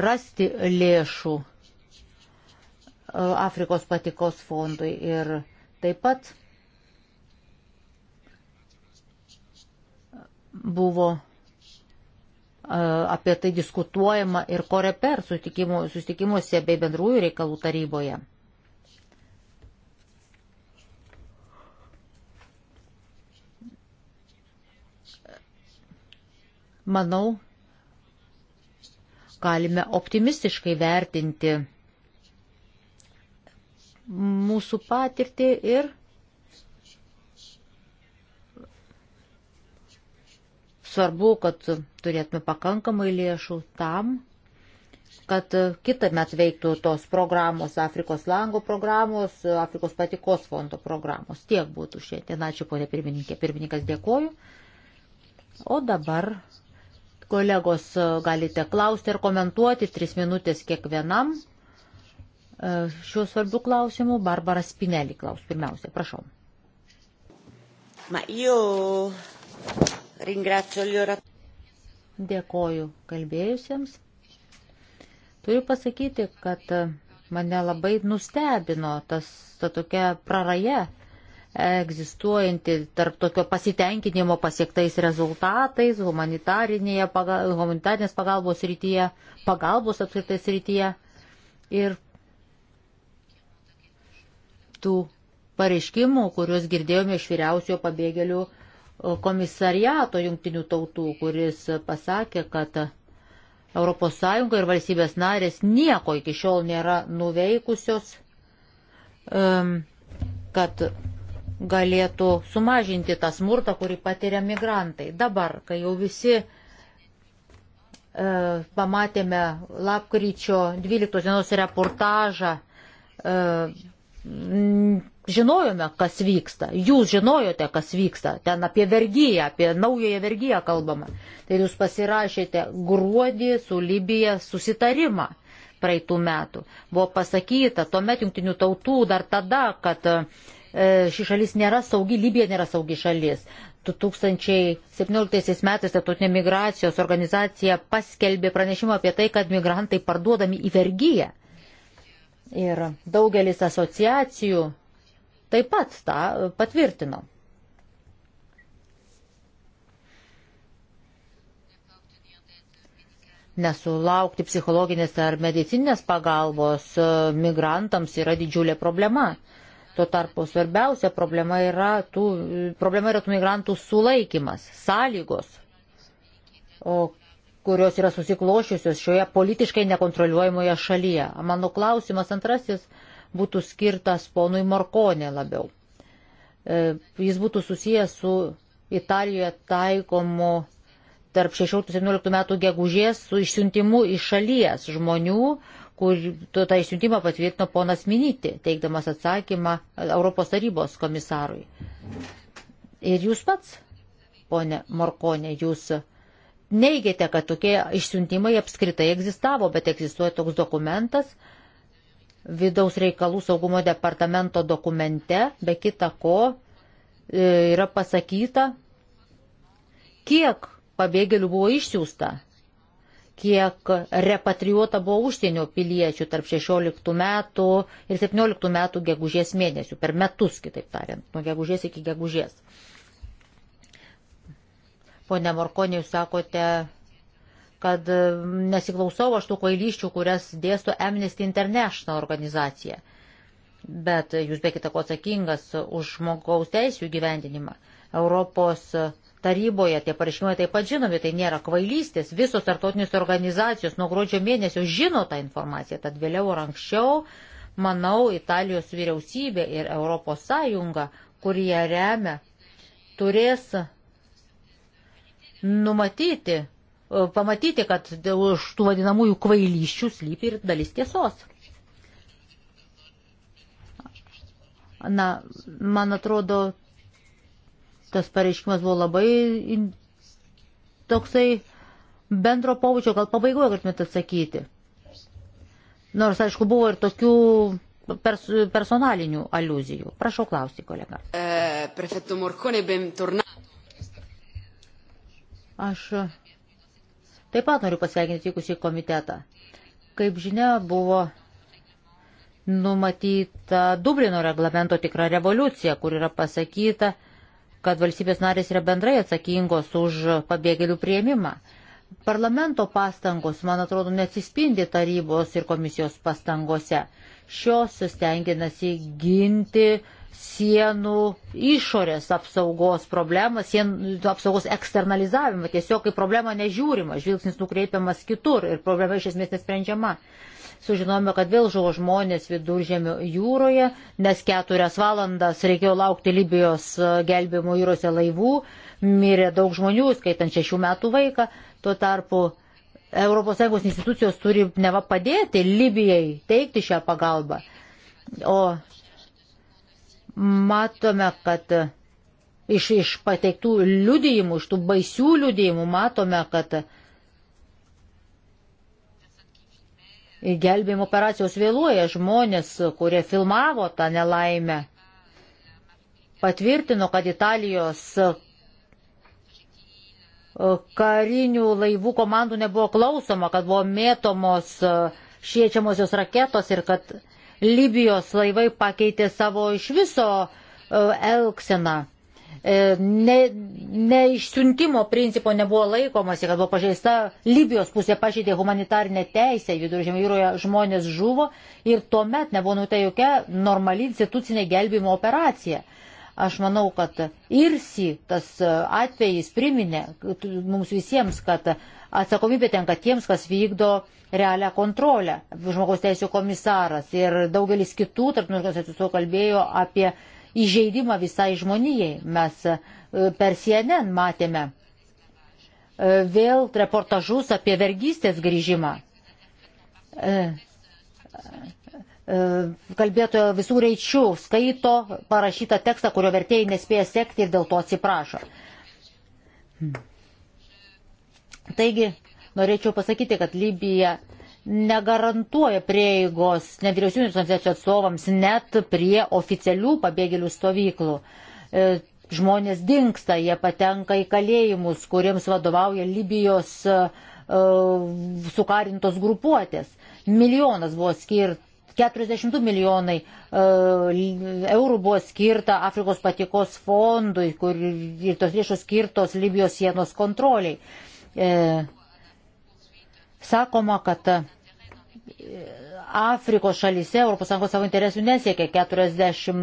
rasti lėšų e, Afrikos patikos fondui ir taip pat buvo e, apie tai diskutuojama ir koreper susitikimuose bei bendrųjų reikalų taryboje. Manau, galime optimistiškai vertinti mūsų patirtį ir svarbu, kad turėtume pakankamai lėšų tam, kad kitą metą veiktų tos programos, Afrikos lango programos, Afrikos patikos fondo programos. Tiek būtų šiandien. Ačiū, ponė pirmininkė. Pirmininkas dėkoju. O dabar Kolegos, e, galite klausti ir komentuoti, tris minutės kiekvienam. E, šiuo svarbiu klausimu Barbara Spinelį klaus pirmiausia, prašau. Ma io ringrazio gli oratori. Dėkoju kalbėjusiems. Turiu pasakyti, kad mane labai nustebino tas ta tokia praraja egzistuojanti tarp tokio pasitenkinimo pasiektais rezultatais pagal, humanitarinės pagalbos rytyje, pagalbos apskritai rytyje ir tų pareiškimų, kuriuos girdėjome iš vyriausiojo pabėgėlių komisariato jungtinių tautų, kuris pasakė, kad ES ir valstybės narės nieko iki šiol nėra nuveikusios, kad galėtų sumažinti tą smurtą, kurį patiria migrantai. Dabar, kai jau visi e, pamatėme lapkričio 12 dienos reportažą, e, žinojome, kas vyksta. Jūs žinojote, kas vyksta. Ten apie vergyją, apie naująją vergyją kalbama. Tai jūs pasirašėte gruodį su Libija susitarimą praeitų metų. Buvo pasakyta tuomet jungtinių tautų dar tada, kad uh, E, ši šalis nėra saugi, Libija nėra saugi šalis. 2017 metais Tautinė migracijos organizacija paskelbė pranešimą apie tai, kad migrantai parduodami į vergyją. Ir daugelis asociacijų taip pat tą patvirtino. Nesulaukti psichologinės ar medicininės pagalbos migrantams yra didžiulė problema. Tuo tarpu svarbiausia problema yra tų, problema yra tų migrantų sulaikimas, sąlygos, o, kurios yra susiklošiusios šioje politiškai nekontroliuojamoje šalyje. Mano klausimas antrasis būtų skirtas ponui Markonė labiau. E, jis būtų susijęs su Italijoje taikomu tarp 16-17 metų gegužės su išsiuntimu iš šalies žmonių, kur tą tai išsiuntimą patvirtino ponas Minyti, teikdamas atsakymą Europos tarybos komisarui. Ir jūs pats, ponė Morkonė, jūs neigiate, kad tokie išsiuntimai apskritai egzistavo, bet egzistuoja toks dokumentas, vidaus reikalų saugumo departamento dokumente, be kita ko, e, yra pasakyta, kiek pabėgėlių buvo išsiųsta kiek repatrijuota buvo užsienio piliečių tarp 16 metų ir 17 metų gegužės mėnesių, per metus, kitaip tariant, nuo gegužės iki gegužės. Pone Morkonė, jūs sakote, kad nesiklausau aš tų kvailysčių, kurias dėsto Amnesty International organizacija. Bet jūs be kitako atsakingas už žmogaus teisų gyvendinimą. Europos taryboje tie pareiškimai taip pat žinomi, tai nėra kvailystės, visos tartotinės organizacijos nuo gruodžio mėnesio žino tą informaciją, tad vėliau ar anksčiau, manau, Italijos vyriausybė ir Europos Sąjunga, kurį ją remia, turės numatyti, e, pamatyti, kad už tų vadinamųjų kvailyščių slypi ir dalis tiesos. Na, man atrodo, tas pareiškimas buvo labai in, toksai bendro paučio, gal pabaigoje galėtumėte atsakyti. Nors, aišku, buvo ir tokių pers personalinių aluzijų. Prašau klausti, kolega. E, Prefektų Morkonė, bentorna. Aš taip pat noriu pasveikinti atvykus į komitetą. Kaip žinia, buvo numatyta Dublino reglamento tikra revoliucija, kur yra pasakyta, kad valstybės narės yra bendrai atsakingos už pabėgėlių prieimimą. Parlamento pastangos, man atrodo, neatsispindi tarybos ir komisijos pastangose. Šios stengiasi ginti sienų išorės apsaugos problemą, sienų apsaugos eksternalizavimą. Tiesiog, kai problema nežiūrima, žvilgsnis nukreipiamas kitur ir problema iš esmės nesprendžiama sužinojome, kad vėl žuvo žmonės viduržėmio jūroje, nes keturias valandas reikėjo laukti Libijos e, gelbėjimo jūrose laivų, mirė daug žmonių, skaitant šešių metų vaiką, tuo tarpu ES institucijos turi neva padėti Libijai teikti šią pagalbą. O matome, kad iš, iš pateiktų liudijimų, iš tų baisių liudijimų matome, kad uh, gelbėjimo operacijos vėluoja žmonės, kurie filmavo tą nelaimę. Patvirtino, kad Italijos e, karinių laivų komandų nebuvo klausoma, kad buvo mėtomos e, šiečiamosios raketos ir kad Libijos laivai pakeitė savo iš viso e, elkseną. E, ne, neišsiuntimo principo nebuvo laikomasi, kad buvo pažeista Libijos pusė, pažeidė humanitarinę teisę, viduržėmio jūroje žmonės žuvo ir tuomet nebuvo nutai jokia normali institucinė gelbimo operacija. Aš manau, kad irsi tas atvejis priminė mums visiems, kad atsakomybė tenka tiems, kas vykdo realią kontrolę. Žmogaus teisų komisaras ir daugelis kitų, tarp nors kas atsisuko, kalbėjo apie įžeidimą visai žmonijai. Mes e, per CNN matėme e, vėl reportažus apie vergystės grįžimą. E, kalbėtojo visų reičių skaito parašytą tekstą, kurio vertėjai nespėja sekti ir dėl to atsiprašo. Taigi, norėčiau pasakyti, kad Libija negarantuoja prieigos nevyriausybinės organizacijų atstovams net prie oficialių pabėgėlių stovyklų. E, žmonės dinksta, jie patenka į kalėjimus, kuriems vadovauja Libijos uh, sukarintos grupuotės. Milijonas buvo skirta. 40 milijonai uh, eurų buvo skirta Afrikos patikos fondui, kur ir tos lėšos skirtos Libijos sienos kontroliai. E, sakoma, kad uh, Afrikos šalyse ES savo interesų nesiekia 40,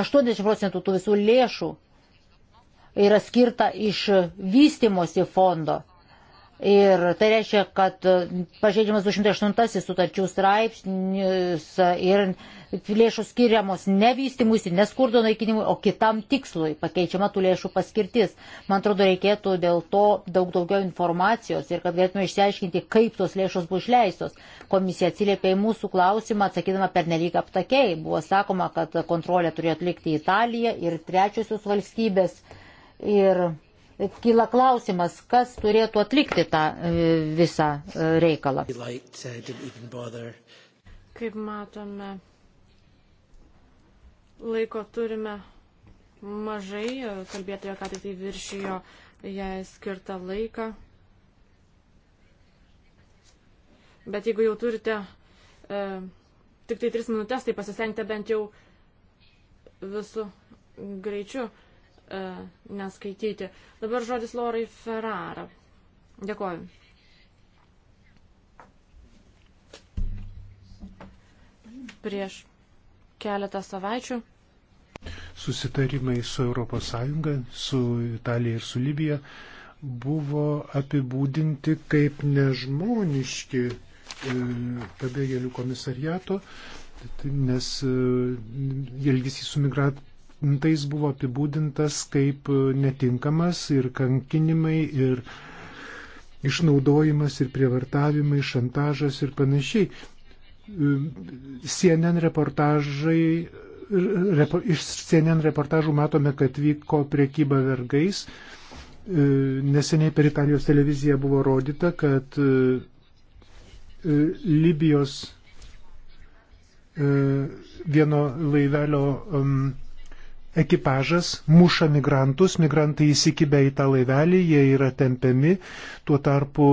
80 procentų tų visų lėšų yra skirta iš vystimosi fondo. Ir tai reiškia, kad pažeidžiamas 208 sutarčių straipsnis ir lėšos skiriamos ne vystimuisi, ne skurdo naikinimui, o kitam tikslui pakeičiama tų lėšų paskirtis. Man atrodo, reikėtų dėl to daug daugiau informacijos ir kad galėtume išsiaiškinti, kaip tos lėšos buvo išleistos. Komisija atsiliepė į mūsų klausimą, atsakydama per nelik aptakiai. Buvo sakoma, kad kontrolę turėjo atlikti Italija ir trečiosios valstybės. Ir kyla klausimas, kas turėtų atlikti tą e, visą e, reikalą. Uh, Kaip matome, laiko turime mažai, e, kalbėtojo ką tik tai viršijo jai skirtą laiką. Bet jeigu jau turite e, tik tai tris minutės, tai pasistengte bent jau visų greičiu E, neskaityti. Dabar žodis Lorai Ferrara. Dėkoju. Prieš keletą savaičių susitarimai su ES, su Italija ir su Libija buvo apibūdinti kaip nežmoniški e, pabėgėlių komisariato, nes e, elgesys su migrat, tais buvo apibūdintas kaip netinkamas ir kankinimai ir išnaudojimas ir prievartavimai, šantažas ir panašiai. CNN reportažai, repo, iš CNN reportažų matome, kad vyko priekyba vergais. Neseniai per Italijos televiziją buvo rodyta, kad Libijos vieno laivelio ekipažas muša migrantus, migrantai įsikibę į tą laivelį, jie yra tempiami, tuo tarpu,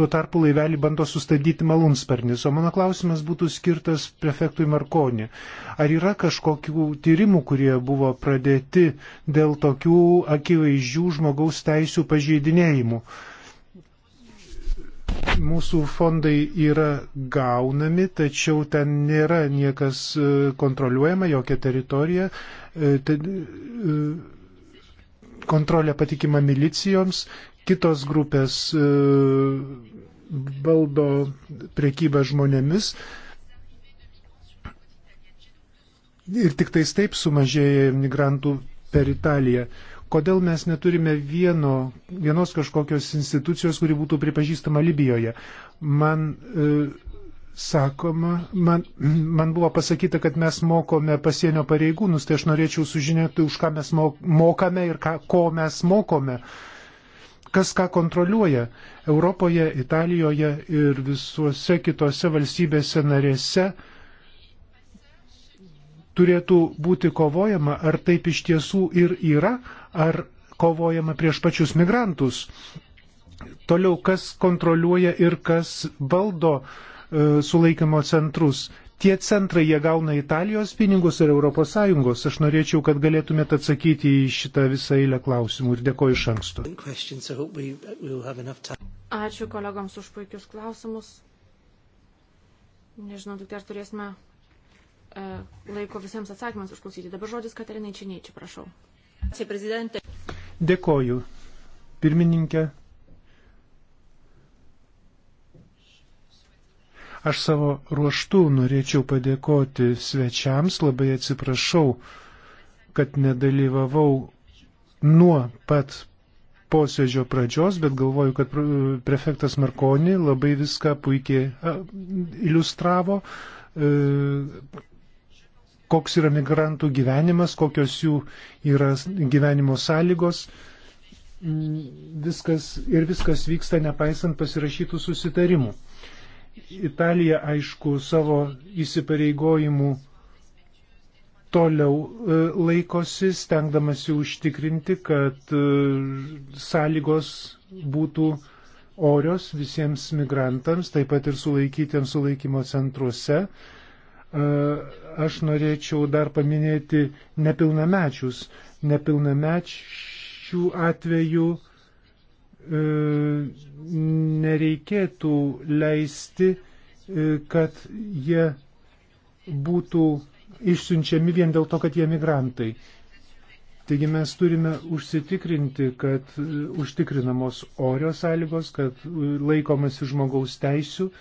tuo tarpu laivelį bando sustabdyti malūnsparnis. O mano klausimas būtų skirtas prefektui Markonį. Ar yra kažkokių tyrimų, kurie buvo pradėti dėl tokių akivaizdžių žmogaus teisų pažeidinėjimų? Uh, mūsų fondai yra gaunami, tačiau ten nėra niekas e, kontroliuojama, jokia teritorija. E, e, kontrolė patikima milicijoms, kitos grupės valdo priekybą žmonėmis. Ir tik tais taip sumažėja migrantų per Italiją. Kodėl mes neturime vieno, vienos kažkokios institucijos, kuri būtų pripažįstama Libijoje? Man e, sakoma, man, man buvo pasakyta, kad mes mokome pasienio pareigūnus, tai aš norėčiau sužinoti, už ką mes mokame ir ką, ko mes mokome kas ką kontroliuoja Europoje, Italijoje ir visuose kitose valstybėse narėse turėtų būti kovojama, ar taip iš tiesų ir yra, ar kovojama prieš pačius migrantus. Toliau, kas kontroliuoja ir kas valdo e, sulaikymo centrus. Tie centrai jie gauna Italijos pinigus ir ES. Aš norėčiau, kad galėtumėt atsakyti į šitą visą eilę klausimų ir dėkoju iš anksto. Ačiū kolegams už puikius klausimus. Nežinau, tik ar turėsime E, laiko visiems atsakymams užklausyti. Dabar žodis Katerinai Činiečiai, prašau. Dėkoju. Pirmininkė. Aš savo ruoštų norėčiau padėkoti svečiams, labai atsiprašau, kad nedalyvavau nuo pat posėdžio pradžios, bet galvoju, kad prefektas Markoni labai viską puikiai iliustravo, e, koks yra migrantų gyvenimas, kokios jų yra gyvenimo sąlygos. Viskas ir viskas vyksta nepaisant pasirašytų susitarimų. Italija, aišku, savo įsipareigojimų toliau e, laikosi, stengdamasi užtikrinti, kad e, sąlygos būtų orios visiems migrantams, taip pat ir sulaikytiems sulaikymo centruose. Aš norėčiau dar paminėti nepilnamečius. Nepilnamečių atveju e, nereikėtų leisti, e, kad jie būtų išsiunčiami vien dėl to, kad jie migrantai. Taigi mes turime užsitikrinti, kad e, užtikrinamos orios sąlygos, kad laikomasi žmogaus teisų,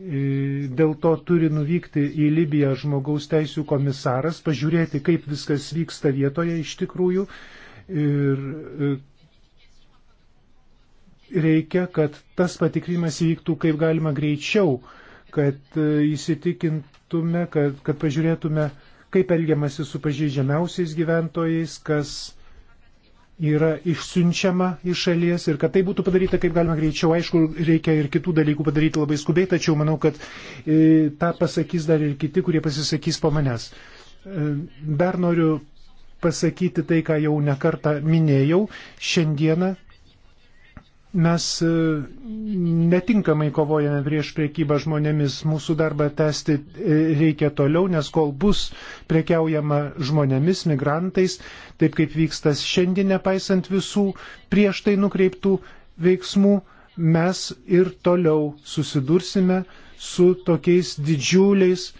E, dėl to turi nuvykti į Libiją žmogaus teisų komisaras, pažiūrėti, kaip viskas vyksta vietoje iš tikrųjų. Ir e, reikia, kad tas patikrimas įvyktų kaip galima greičiau, kad e, įsitikintume, kad, kad pažiūrėtume, kaip elgiamasi su pažeidžiamiausiais gyventojais, kas yra išsiunčiama iš šalies ir kad tai būtų padaryta kaip galima greičiau. Aišku, reikia ir kitų dalykų padaryti labai skubiai, tačiau manau, kad e, tą pasakys dar ir kiti, kurie pasisakys po manęs. E, dar noriu pasakyti tai, ką jau nekartą minėjau. Šiandieną Mes e, netinkamai kovojame prieš priekybą žmonėmis. Mūsų darbą tęsti e, reikia toliau, nes kol bus prekiaujama žmonėmis, migrantais, taip kaip vyksta šiandien, nepaisant visų prieš tai nukreiptų veiksmų, mes ir toliau susidursime su tokiais didžiuliais e,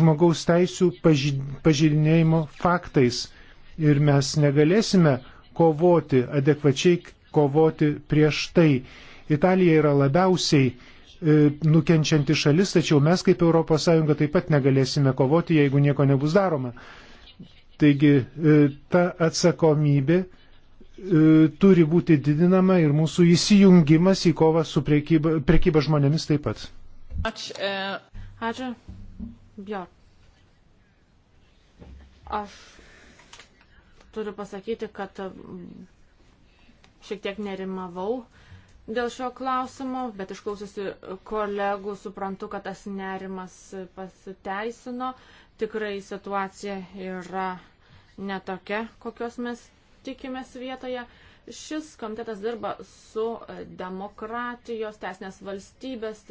žmogaus teisų pažydinėjimo faktais. Ir mes negalėsime kovoti adekvačiai kovoti prieš tai. Italija yra labiausiai e, nukenčianti šalis, tačiau mes kaip ES taip pat negalėsime kovoti, jeigu nieko nebus daroma. Taigi e, ta atsakomybė e, turi būti didinama ir mūsų įsijungimas į kovą su priekyba, priekyba žmonėmis taip pat. Ačiū. Ačiū. Bjork. Aš turiu pasakyti, kad šiek tiek nerimavau dėl šio klausimo, bet išklausiusi kolegų suprantu, kad tas nerimas pasiteisino. Tikrai situacija yra netokia, kokios mes tikimės vietoje. Šis komitetas dirba su demokratijos, teisinės valstybės,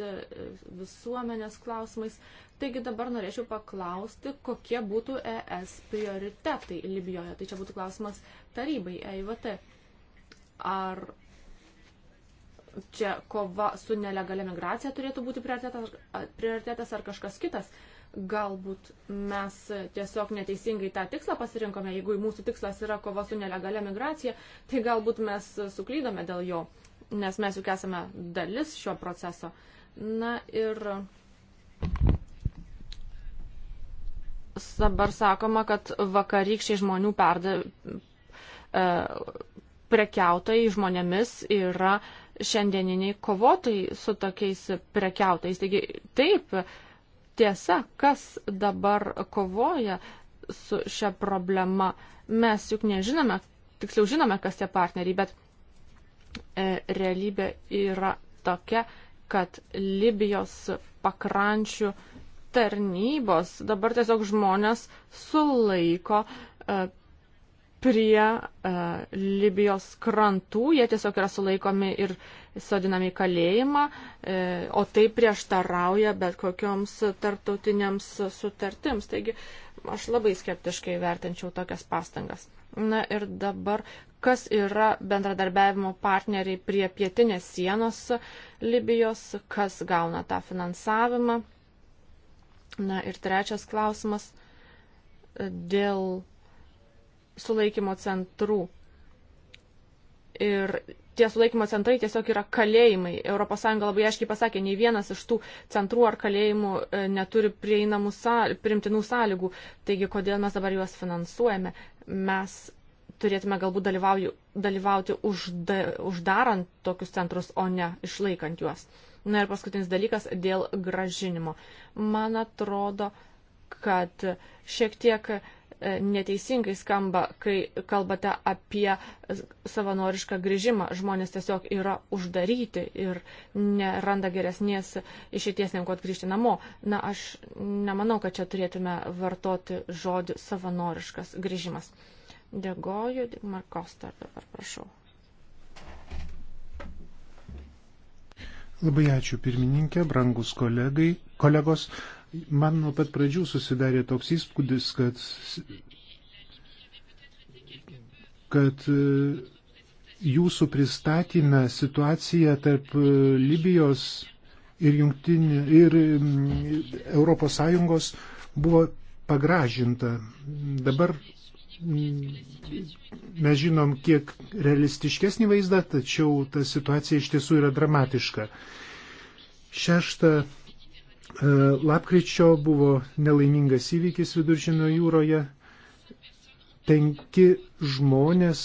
visuomenės klausimais. Taigi dabar norėčiau paklausti, kokie būtų ES prioritetai Libijoje. Tai čia būtų klausimas tarybai, EIVT. Ar čia kova su nelegalia migracija turėtų būti prioritetas, prioritetas ar kažkas kitas? Galbūt mes tiesiog neteisingai tą tikslą pasirinkome. Jeigu mūsų tikslas yra kova su nelegalia migracija, tai galbūt mes suklydome dėl jo, nes mes juk esame dalis šio proceso. Na ir dabar sakoma, kad vakarykščiai žmonių perda, e, prekiautojai žmonėmis yra šiandieniniai kovotojai su tokiais prekiautojais. Taigi taip, tiesa, kas dabar kovoja su šia problema, mes juk nežinome, tiksliau žinome, kas tie partneriai, bet e, realybė yra tokia, kad Libijos pakrančių tarnybos dabar tiesiog žmonės sulaiko e, prie uh, Libijos krantų, jie tiesiog yra sulaikomi ir sodinami į kalėjimą, uh, o tai prieštarauja bet kokioms tarptautiniams sutartims. Taigi aš labai skeptiškai vertinčiau tokias pastangas. Na ir dabar, kas yra bendradarbiavimo partneriai prie pietinės sienos Libijos, kas gauna tą finansavimą. Na ir trečias klausimas dėl sulaikymo centrų. Ir tie sulaikymo centrai tiesiog yra kalėjimai. ES labai aiškiai pasakė, nei vienas iš tų centrų ar kalėjimų e, neturi prieinamų sąl primtinų sąlygų. Taigi, kodėl mes dabar juos finansuojame? Mes turėtume galbūt dalyvauti užda, uždarant tokius centrus, o ne išlaikant juos. Na ir paskutinis dalykas dėl gražinimo. Man atrodo, kad šiek tiek neteisingai skamba, kai kalbate apie savanorišką grįžimą. Žmonės tiesiog yra uždaryti ir neranda geresnės išeities, negu kad grįžti namo. Na, aš nemanau, kad čia turėtume vartoti žodį savanoriškas grįžimas. Dėkoju, Markostar dabar prašau. Labai ačiū pirmininkė, brangus kolegai, kolegos man nuo pat pradžių susidarė toks įspūdis, kad, kad e, jūsų pristatymę situaciją tarp e, Libijos ir, jungtinė, ir mm, Europos Sąjungos buvo pagražinta. Dabar mm, mes žinom kiek realistiškesnį vaizdą, tačiau ta situacija iš tiesų yra dramatiška. Šešta E, lapkričio buvo nelaimingas įvykis viduržėmio jūroje. Penki žmonės,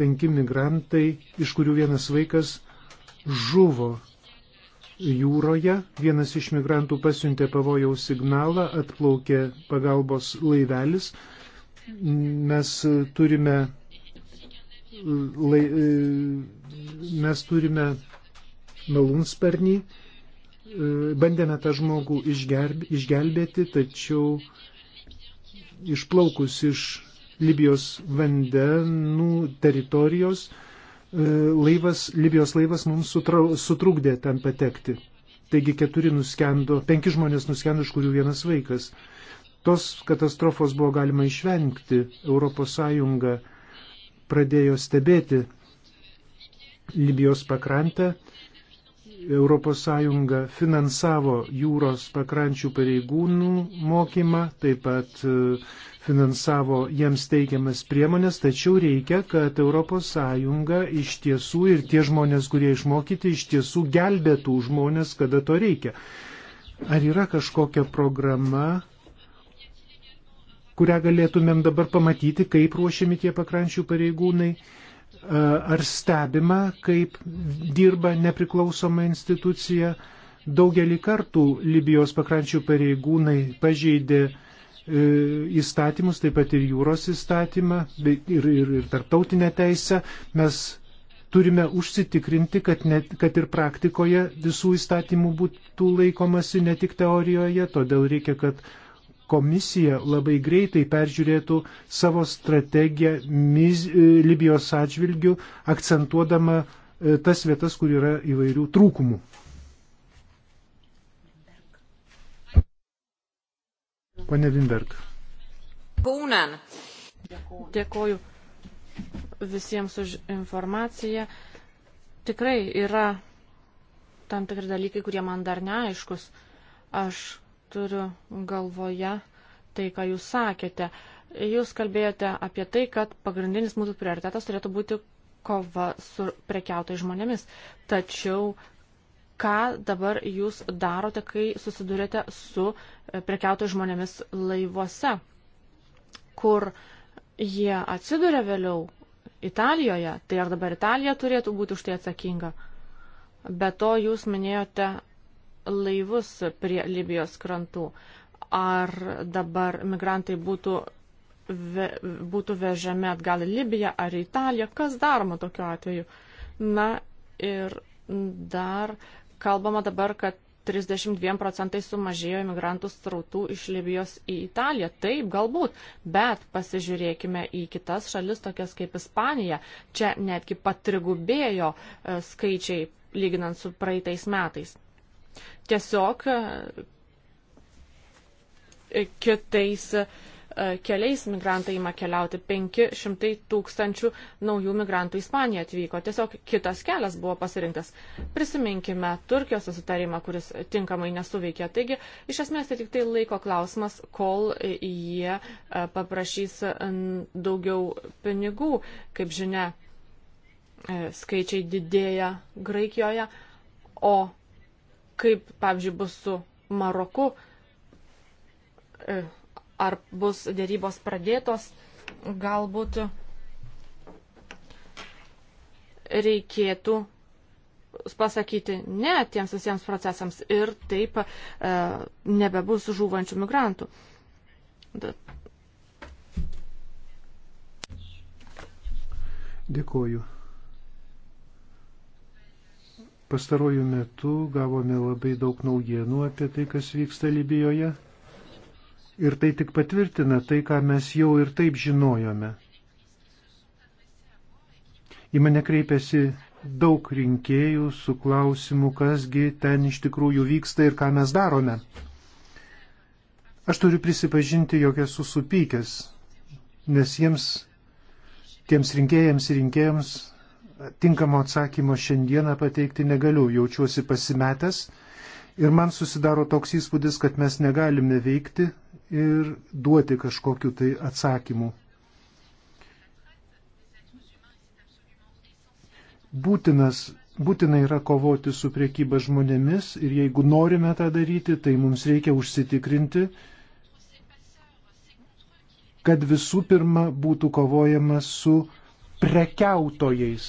penki migrantai, iš kurių vienas vaikas žuvo jūroje. Vienas iš migrantų pasiuntė pavojaus signalą, atplaukė pagalbos laivelis. Mes turime, lai, e, mes turime malūnsparnį bandėme tą žmogų išgelbėti, tačiau išplaukus iš Libijos vandenų teritorijos, e, laivas, Libijos laivas mums sutrukdė ten patekti. Taigi keturi nuskendo, penki žmonės nuskendo, iš kurių vienas vaikas. Tos katastrofos buvo galima išvengti. ES pradėjo stebėti Libijos pakrantę ES finansavo jūros pakrančių pareigūnų mokymą, taip pat e, finansavo jiems teikiamas priemonės, tačiau reikia, kad ES iš tiesų ir tie žmonės, kurie išmokyti, iš tiesų gelbėtų žmonės, kada to reikia. Ar yra kažkokia programa, kurią galėtumėm dabar pamatyti, kaip ruošiami tie pakrančių pareigūnai? ar stebima, kaip dirba nepriklausoma institucija. Daugelį kartų Libijos pakrančių pareigūnai pažeidė e, įstatymus, taip pat ir jūros įstatymą ir, ir, ir tarptautinę teisę. Mes turime užsitikrinti, kad, net, kad ir praktikoje visų įstatymų būtų laikomasi ne tik teorijoje, todėl reikia, kad komisija labai greitai peržiūrėtų savo strategiją Miz, e, Libijos atžvilgių, akcentuodama e, tas vietas, kur yra įvairių trūkumų. Pane Vinberg. Būnan. Dėkoju visiems už informaciją. Tikrai yra tam tikri dalykai, kurie man dar neaiškus. Aš turiu galvoje tai, ką jūs sakėte. Jūs kalbėjote apie tai, kad pagrindinis mūsų prioritetas turėtų būti kova su prekiautai žmonėmis. Tačiau ką dabar jūs darote, kai susidurėte su e, prekiautai žmonėmis laivuose, kur jie atsiduria vėliau Italijoje, tai ar dabar Italija turėtų būti už tai atsakinga? Be to jūs minėjote laivus prie Libijos krantų. Ar dabar migrantai būtų, ve, būtų vežami atgal į Libiją ar į Italiją? Kas daroma tokiu atveju? Na ir dar kalbama dabar, kad 32 procentai sumažėjo imigrantų strautų iš Libijos į Italiją. Taip, galbūt, bet pasižiūrėkime į kitas šalis, tokias kaip Ispanija. Čia netgi patrigubėjo e, skaičiai lyginant su praeitais metais. Tiesiog e, kitais e, keliais migrantai ima keliauti. 500 tūkstančių naujų migrantų į Ispaniją atvyko. Tiesiog kitas kelias buvo pasirinktas. Prisiminkime Turkijos susitarimą, kuris tinkamai nesuveikė. Taigi, iš esmės tai tik tai laiko klausimas, kol jie e, paprašys daugiau pinigų. Kaip žinia, skaičiai didėja Graikijoje, o kaip, pavyzdžiui, bus su Maroku, e, ar bus dėrybos pradėtos, galbūt reikėtų pasakyti ne tiems visiems procesams ir taip e, nebebus žūvančių migrantų. Dėkuoju. Pastaruoju metu gavome labai daug naujienų apie tai, kas vyksta Libijoje. Ir tai tik patvirtina tai, ką mes jau ir taip žinojome. Į mane kreipėsi daug rinkėjų su klausimu, kasgi ten iš tikrųjų vyksta ir ką mes darome. Aš turiu prisipažinti, jog esu supykęs, nes jiems, tiems rinkėjams ir rinkėjams tinkamo atsakymo šiandieną pateikti negaliu, jaučiuosi pasimetęs ir man susidaro toks įspūdis, kad mes negalime veikti ir duoti kažkokiu tai atsakymu. Būtinas, būtina yra kovoti su priekyba žmonėmis ir jeigu norime tą daryti, tai mums reikia užsitikrinti, kad visų pirma būtų kovojama su prekiautojais.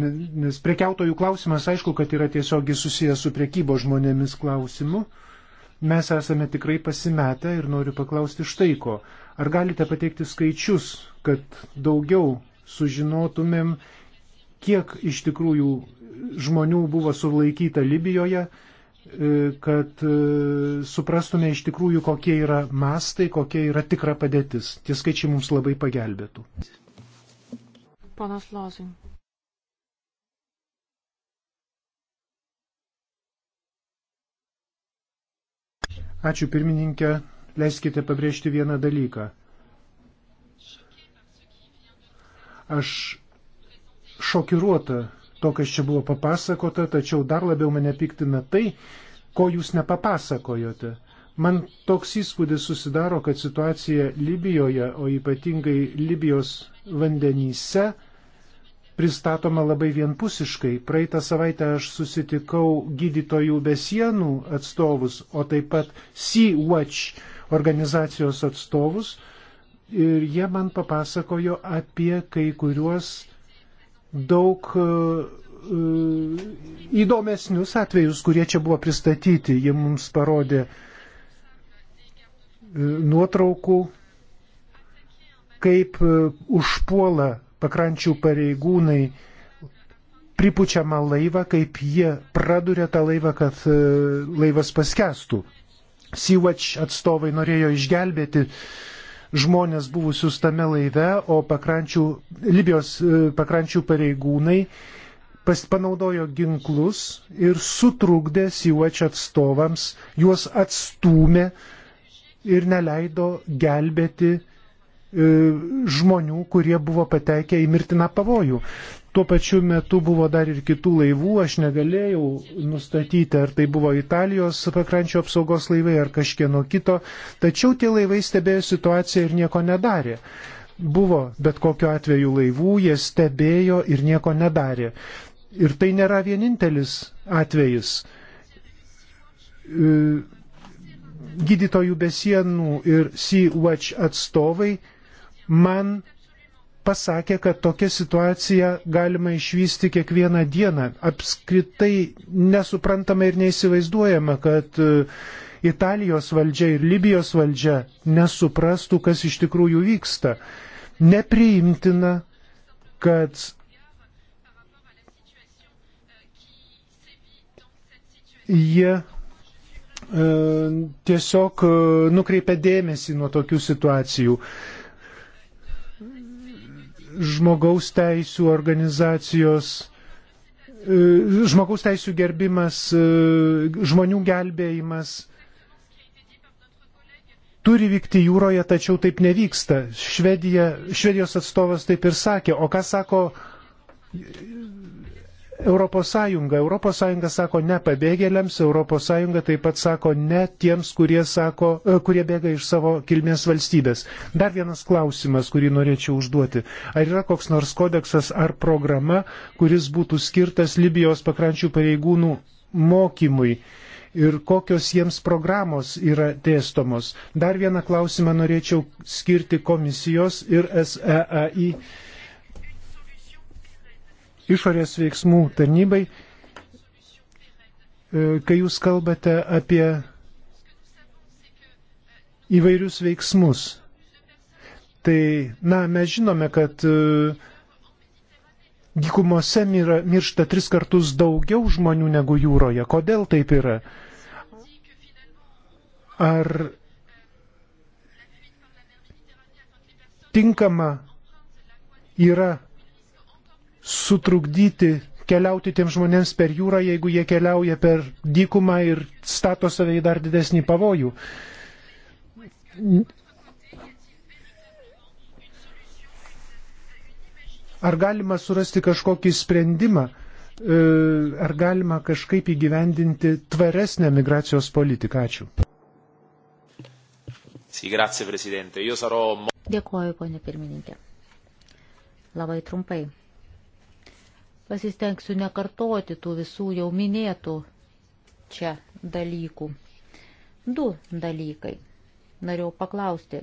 Nes prekiautojų klausimas, aišku, kad yra tiesiogiai susijęs su prekybo žmonėmis klausimu. Mes esame tikrai pasimetę ir noriu paklausti štai ko. Ar galite pateikti skaičius, kad daugiau sužinotumėm, kiek iš tikrųjų žmonių buvo sulaikyta Libijoje E, kad e, suprastume iš tikrųjų, kokie yra mastai, kokia yra tikra padėtis. Tie skaičiai mums labai pagelbėtų. Ponas Lozin. Ačiū pirmininkė, leiskite pabrėžti vieną dalyką. Aš šokiruota to, kas čia buvo papasakota, tačiau dar labiau mane piktina tai, ko jūs nepapasakojote. Man toks įspūdis susidaro, kad situacija Libijoje, o ypatingai Libijos vandenyse, pristatoma labai vienpusiškai. Praeitą savaitę aš susitikau gydytojų be sienų atstovus, o taip pat Sea Watch organizacijos atstovus ir jie man papasakojo apie kai kuriuos daug e, e, įdomesnius atvejus, kurie čia buvo pristatyti. Jie mums parodė e, nuotraukų, kaip užpuola pakrančių pareigūnai pripučiamą laivą, kaip jie praduria tą laivą, kad laivas paskestų. Sea Watch atstovai norėjo išgelbėti uh, žmonės buvusius tame laive, o pakrančių, Libijos e, pakrančių pareigūnai panaudojo ginklus ir sutrukdė Sijuečio atstovams, juos atstūmė ir neleido gelbėti e, žmonių, kurie buvo patekę į mirtiną pavojų. Tuo pačiu metu buvo dar ir kitų laivų, aš negalėjau nustatyti, ar tai buvo Italijos pakrančio apsaugos laivai ar kažkieno kito, tačiau tie laivai stebėjo situaciją ir nieko nedarė. Buvo bet kokiu atveju laivų, jie stebėjo ir nieko nedarė. Ir tai nėra vienintelis atvejis. E, gydytojų besienų ir Sea Watch atstovai man pasakė, kad tokia situacija galima išvysti kiekvieną dieną. Apskritai nesuprantama ir neįsivaizduojama, kad e, Italijos valdžia ir Libijos valdžia nesuprastų, kas iš tikrųjų vyksta. Nepriimtina, kad jie e, tiesiog e, nukreipia dėmesį nuo tokių situacijų. E, žmogaus teisų organizacijos, e, žmogaus teisų gerbimas, e, žmonių gelbėjimas turi vykti jūroje, tačiau taip nevyksta. Švedija, švedijos atstovas taip ir sakė. O ką sako Europos Sąjunga. Europos Sąjunga sako ne pabėgėliams, Europos Sąjunga taip pat sako ne tiems, kurie, sako, e, kurie bėga iš savo kilmės valstybės. Dar vienas klausimas, kurį norėčiau užduoti. Ar yra koks nors kodeksas ar programa, kuris būtų skirtas Libijos pakrančių pareigūnų mokymui? ir kokios jiems programos yra dėstomos. Dar vieną klausimą norėčiau skirti komisijos ir SEAI išorės veiksmų tarnybai, e, kai jūs kalbate apie įvairius veiksmus. Tai, na, mes žinome, kad e, dykumose miršta tris kartus daugiau žmonių negu jūroje. Kodėl taip yra? Ar tinkama yra sutrukdyti keliauti tiem žmonėms per jūrą, jeigu jie keliauja per dykumą ir stato save į dar didesnį pavojų. Ar galima surasti kažkokį sprendimą, e, ar galima kažkaip įgyvendinti tvaresnę migracijos politiką? Ačiū. Dėkuoju, ponė pirmininkė. Labai trumpai. Pasistengsiu nekartoti tų visų jau minėtų čia dalykų. Du dalykai. Norėjau paklausti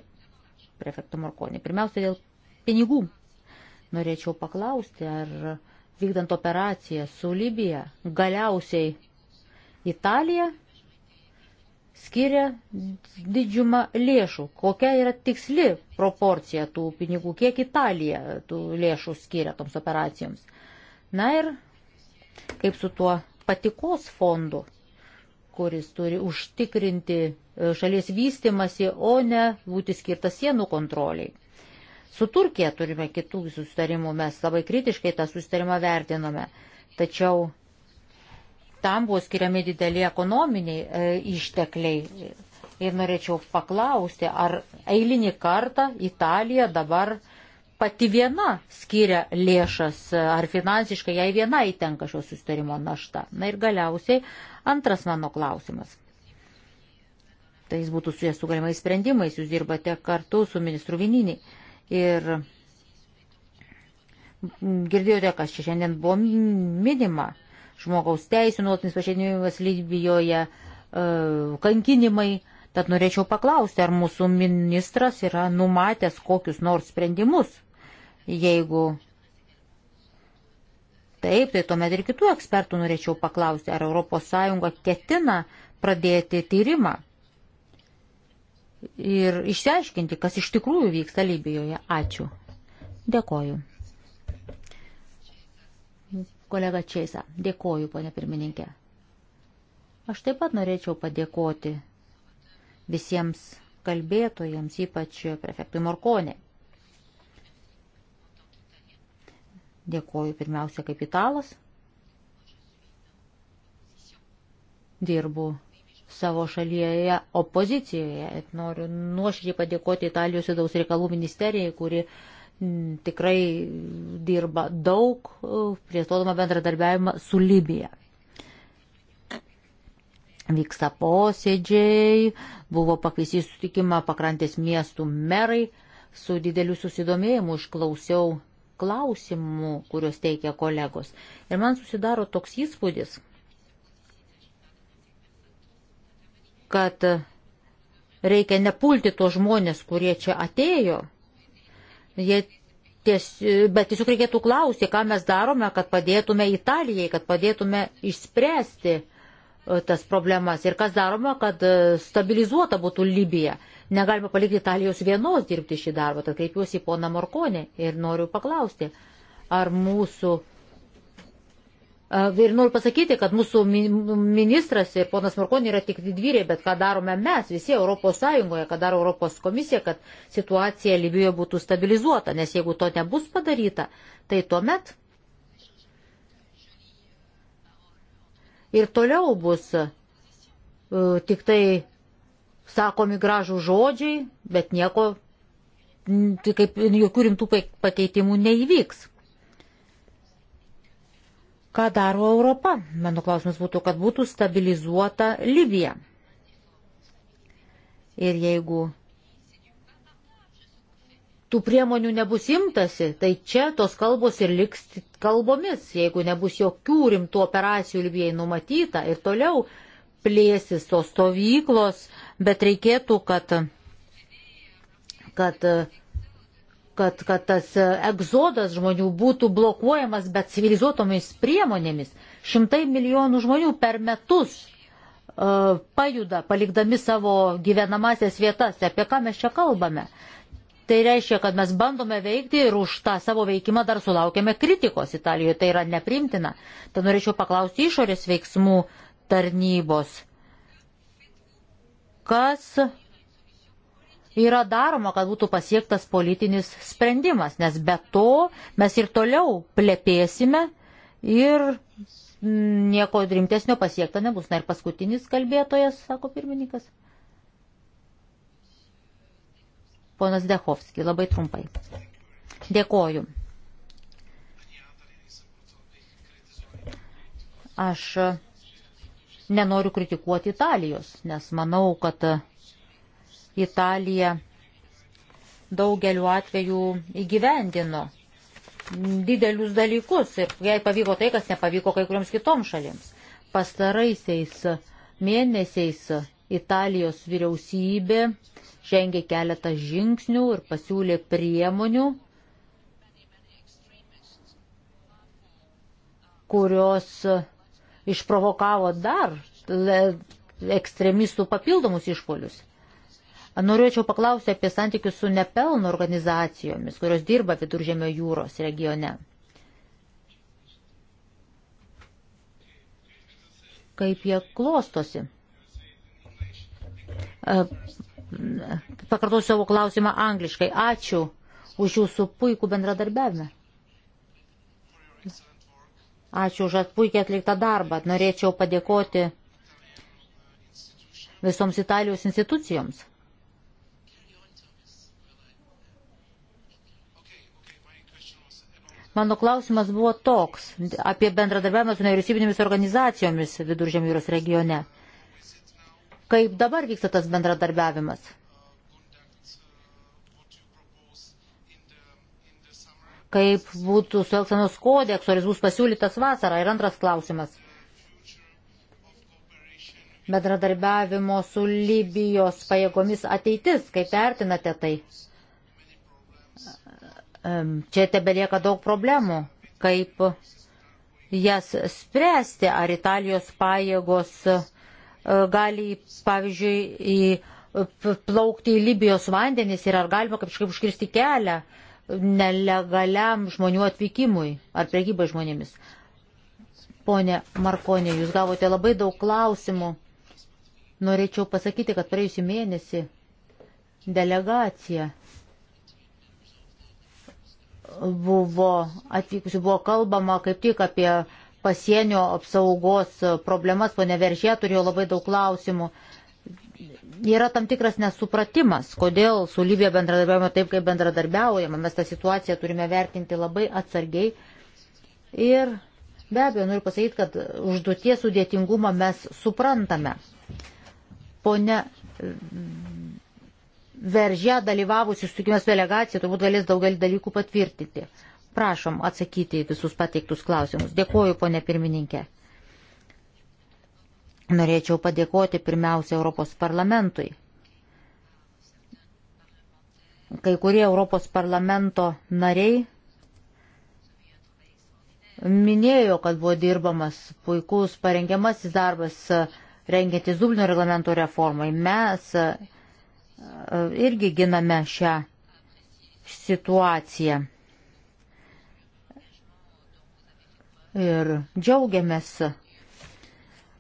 prefekto Markonį. Pirmiausia, dėl pinigų. Norėčiau paklausti, ar vykdant operaciją su Libija, galiausiai Italija skiria didžiumą lėšų. Kokia yra tiksli proporcija tų pinigų, kiek Italija tų lėšų skiria toms operacijoms. Na ir kaip su tuo patikos fondu, kuris turi užtikrinti e, šalies vystimasi, o ne būti skirtas sienų kontroliai. Su Turkija turime kitų susitarimų, mes labai kritiškai tą susitarimą vertinome, tačiau tam buvo skiriami dideli ekonominiai e, ištekliai. Ir norėčiau paklausti, ar eilinį kartą Italija dabar pati viena skiria lėšas e, ar finansiškai jai vienai tenka šio sustarimo našta. Na ir galiausiai antras mano klausimas. Tai jis būtų su jie su galimais sprendimais, jūs dirbate kartu su ministru Vininį. Ir girdėjote, kas čia šiandien buvo minima. Žmogaus teisų nuotinis pažeidinimas Libijoje, e, kankinimai. Tad norėčiau paklausti, ar mūsų ministras yra numatęs kokius nors sprendimus Jeigu taip, tai tuomet ir kitų ekspertų norėčiau paklausti, ar ES ketina pradėti tyrimą ir išsiaiškinti, kas iš tikrųjų vyksta Libijoje. Ačiū. Dėkoju. Kolega Čeisa, dėkoju, ponė pirmininkė. Aš taip pat norėčiau padėkoti visiems kalbėtojams, ypač prefektui Morkonė. Dėkoju pirmiausia kaip italas. Dirbu savo šalyje opozicijoje ir noriu nuoširdžiai padėkoti Italijos vidaus reikalų ministerijai, kuri tikrai dirba daug, plėtodama bendradarbiavimą su Libija. Vyksta posėdžiai, buvo pakviesti sutikimą pakrantės miestų merai, su dideliu susidomėjimu išklausiau klausimų, kuriuos teikia kolegos. Ir man susidaro toks įspūdis, kad reikia nepulti tos žmonės, kurie čia atėjo. Jie ties, bet tiesiog reikėtų klausti, ką mes darome, kad padėtume Italijai, kad padėtume išspręsti e, tas problemas ir kas daroma, kad e, stabilizuota būtų Libija. Negalima palikti Italijos vienos dirbti šį darbą, tad kreipiuosi į poną Morkonį ir noriu paklausti, ar mūsų. Ir noriu pasakyti, kad mūsų ministras ir ponas Morkonė yra tik didvyriai, bet ką darome mes visi Europos Sąjungoje, ką daro Europos komisija, kad situacija Libijoje būtų stabilizuota, nes jeigu to nebus padaryta, tai tuomet ir toliau bus tik tai sakomi gražų žodžiai, bet nieko, tai kaip jokių rimtų pakeitimų neįvyks. Ką daro Europa? Mano klausimas būtų, kad būtų stabilizuota Libija. Ir jeigu tų priemonių nebus imtasi, tai čia tos kalbos ir liks kalbomis, jeigu nebus jokių rimtų operacijų Libijai numatyta ir toliau plėsis tos stovyklos, uh, bet reikėtų, kad, kad, kad, kad tas egzodas žmonių būtų blokuojamas, bet civilizuotomis priemonėmis. Šimtai milijonų žmonių per metus uh, pajuda, palikdami savo gyvenamasias vietas. Apie ką mes čia kalbame? Tai reiškia, kad mes bandome veikti ir už tą savo veikimą dar sulaukėme kritikos Italijoje. Tai yra neprimtina. Tad norėčiau paklausti išorės veiksmų tarnybos kas yra daroma, kad būtų pasiektas politinis sprendimas, nes be to mes ir toliau plėpėsime ir mm, nieko rimtesnio pasiekta nebus. Na ir paskutinis kalbėtojas, sako pirmininkas. Ponas Dehovski, labai trumpai. Dėkoju. Aš Nenoriu kritikuoti Italijos, nes manau, kad Italija daugeliu atveju įgyvendino didelius dalykus ir jai pavyko tai, kas nepavyko kai kuriams kitoms šalims. Pastaraisiais mėnesiais Italijos vyriausybė žengė keletą žingsnių ir pasiūlė priemonių, kurios išprovokavo dar ekstremistų papildomus išpolius. Norėčiau paklausti apie santykius su nepelno organizacijomis, kurios dirba Viduržėmio jūros regione. Kaip jie klostosi? E, pakartosiu savo klausimą angliškai. Ačiū už jūsų puikų bendradarbiavimą. Ačiū už puikiai atliktą darbą. Norėčiau padėkoti visoms Italijos institucijoms. Mano klausimas buvo toks apie bendradarbiavimą su nevyriausybinėmis organizacijomis Viduržėmio jūros regione. Kaip dabar vyksta tas bendradarbiavimas? kaip būtų su Elksenos kodeksu, ar jis bus pasiūlytas vasarą. Ir antras klausimas. Bedradarbiavimo su Libijos pajėgomis ateitis, kaip vertinate tai? Čia tebelieka daug problemų, kaip jas spręsti, ar Italijos pajėgos e, gali, pavyzdžiui, plaukti į Libijos vandenis ir ar galima kažkaip užkirsti kelią uh, nelegaliam žmonių atvykimui ar prekybai žmonėmis. Pone Markonė, jūs gavote labai daug klausimų. Norėčiau pasakyti, kad praėjusį mėnesį delegacija buvo atvykusi, buvo kalbama kaip tik apie pasienio apsaugos problemas, ponė Veržė turėjo labai daug klausimų yra tam tikras nesupratimas, kodėl su Libija bendradarbiaujama taip, kaip bendradarbiaujama. Mes tą situaciją turime vertinti labai atsargiai. Ir be abejo, noriu pasakyti, kad užduoties sudėtingumą mes suprantame. Pone Veržė dalyvavusi sutikimės delegacija turbūt galės daugelį dalykų patvirtinti. Prašom atsakyti į visus pateiktus klausimus. Dėkuoju, ponė pirmininkė. Norėčiau padėkoti pirmiausia Europos parlamentui. Kai kurie Europos parlamento nariai minėjo, kad buvo dirbamas puikus parengiamasis darbas rengiantis Dublino reglamento reformai. Mes e, irgi giname šią situaciją. Ir džiaugiamės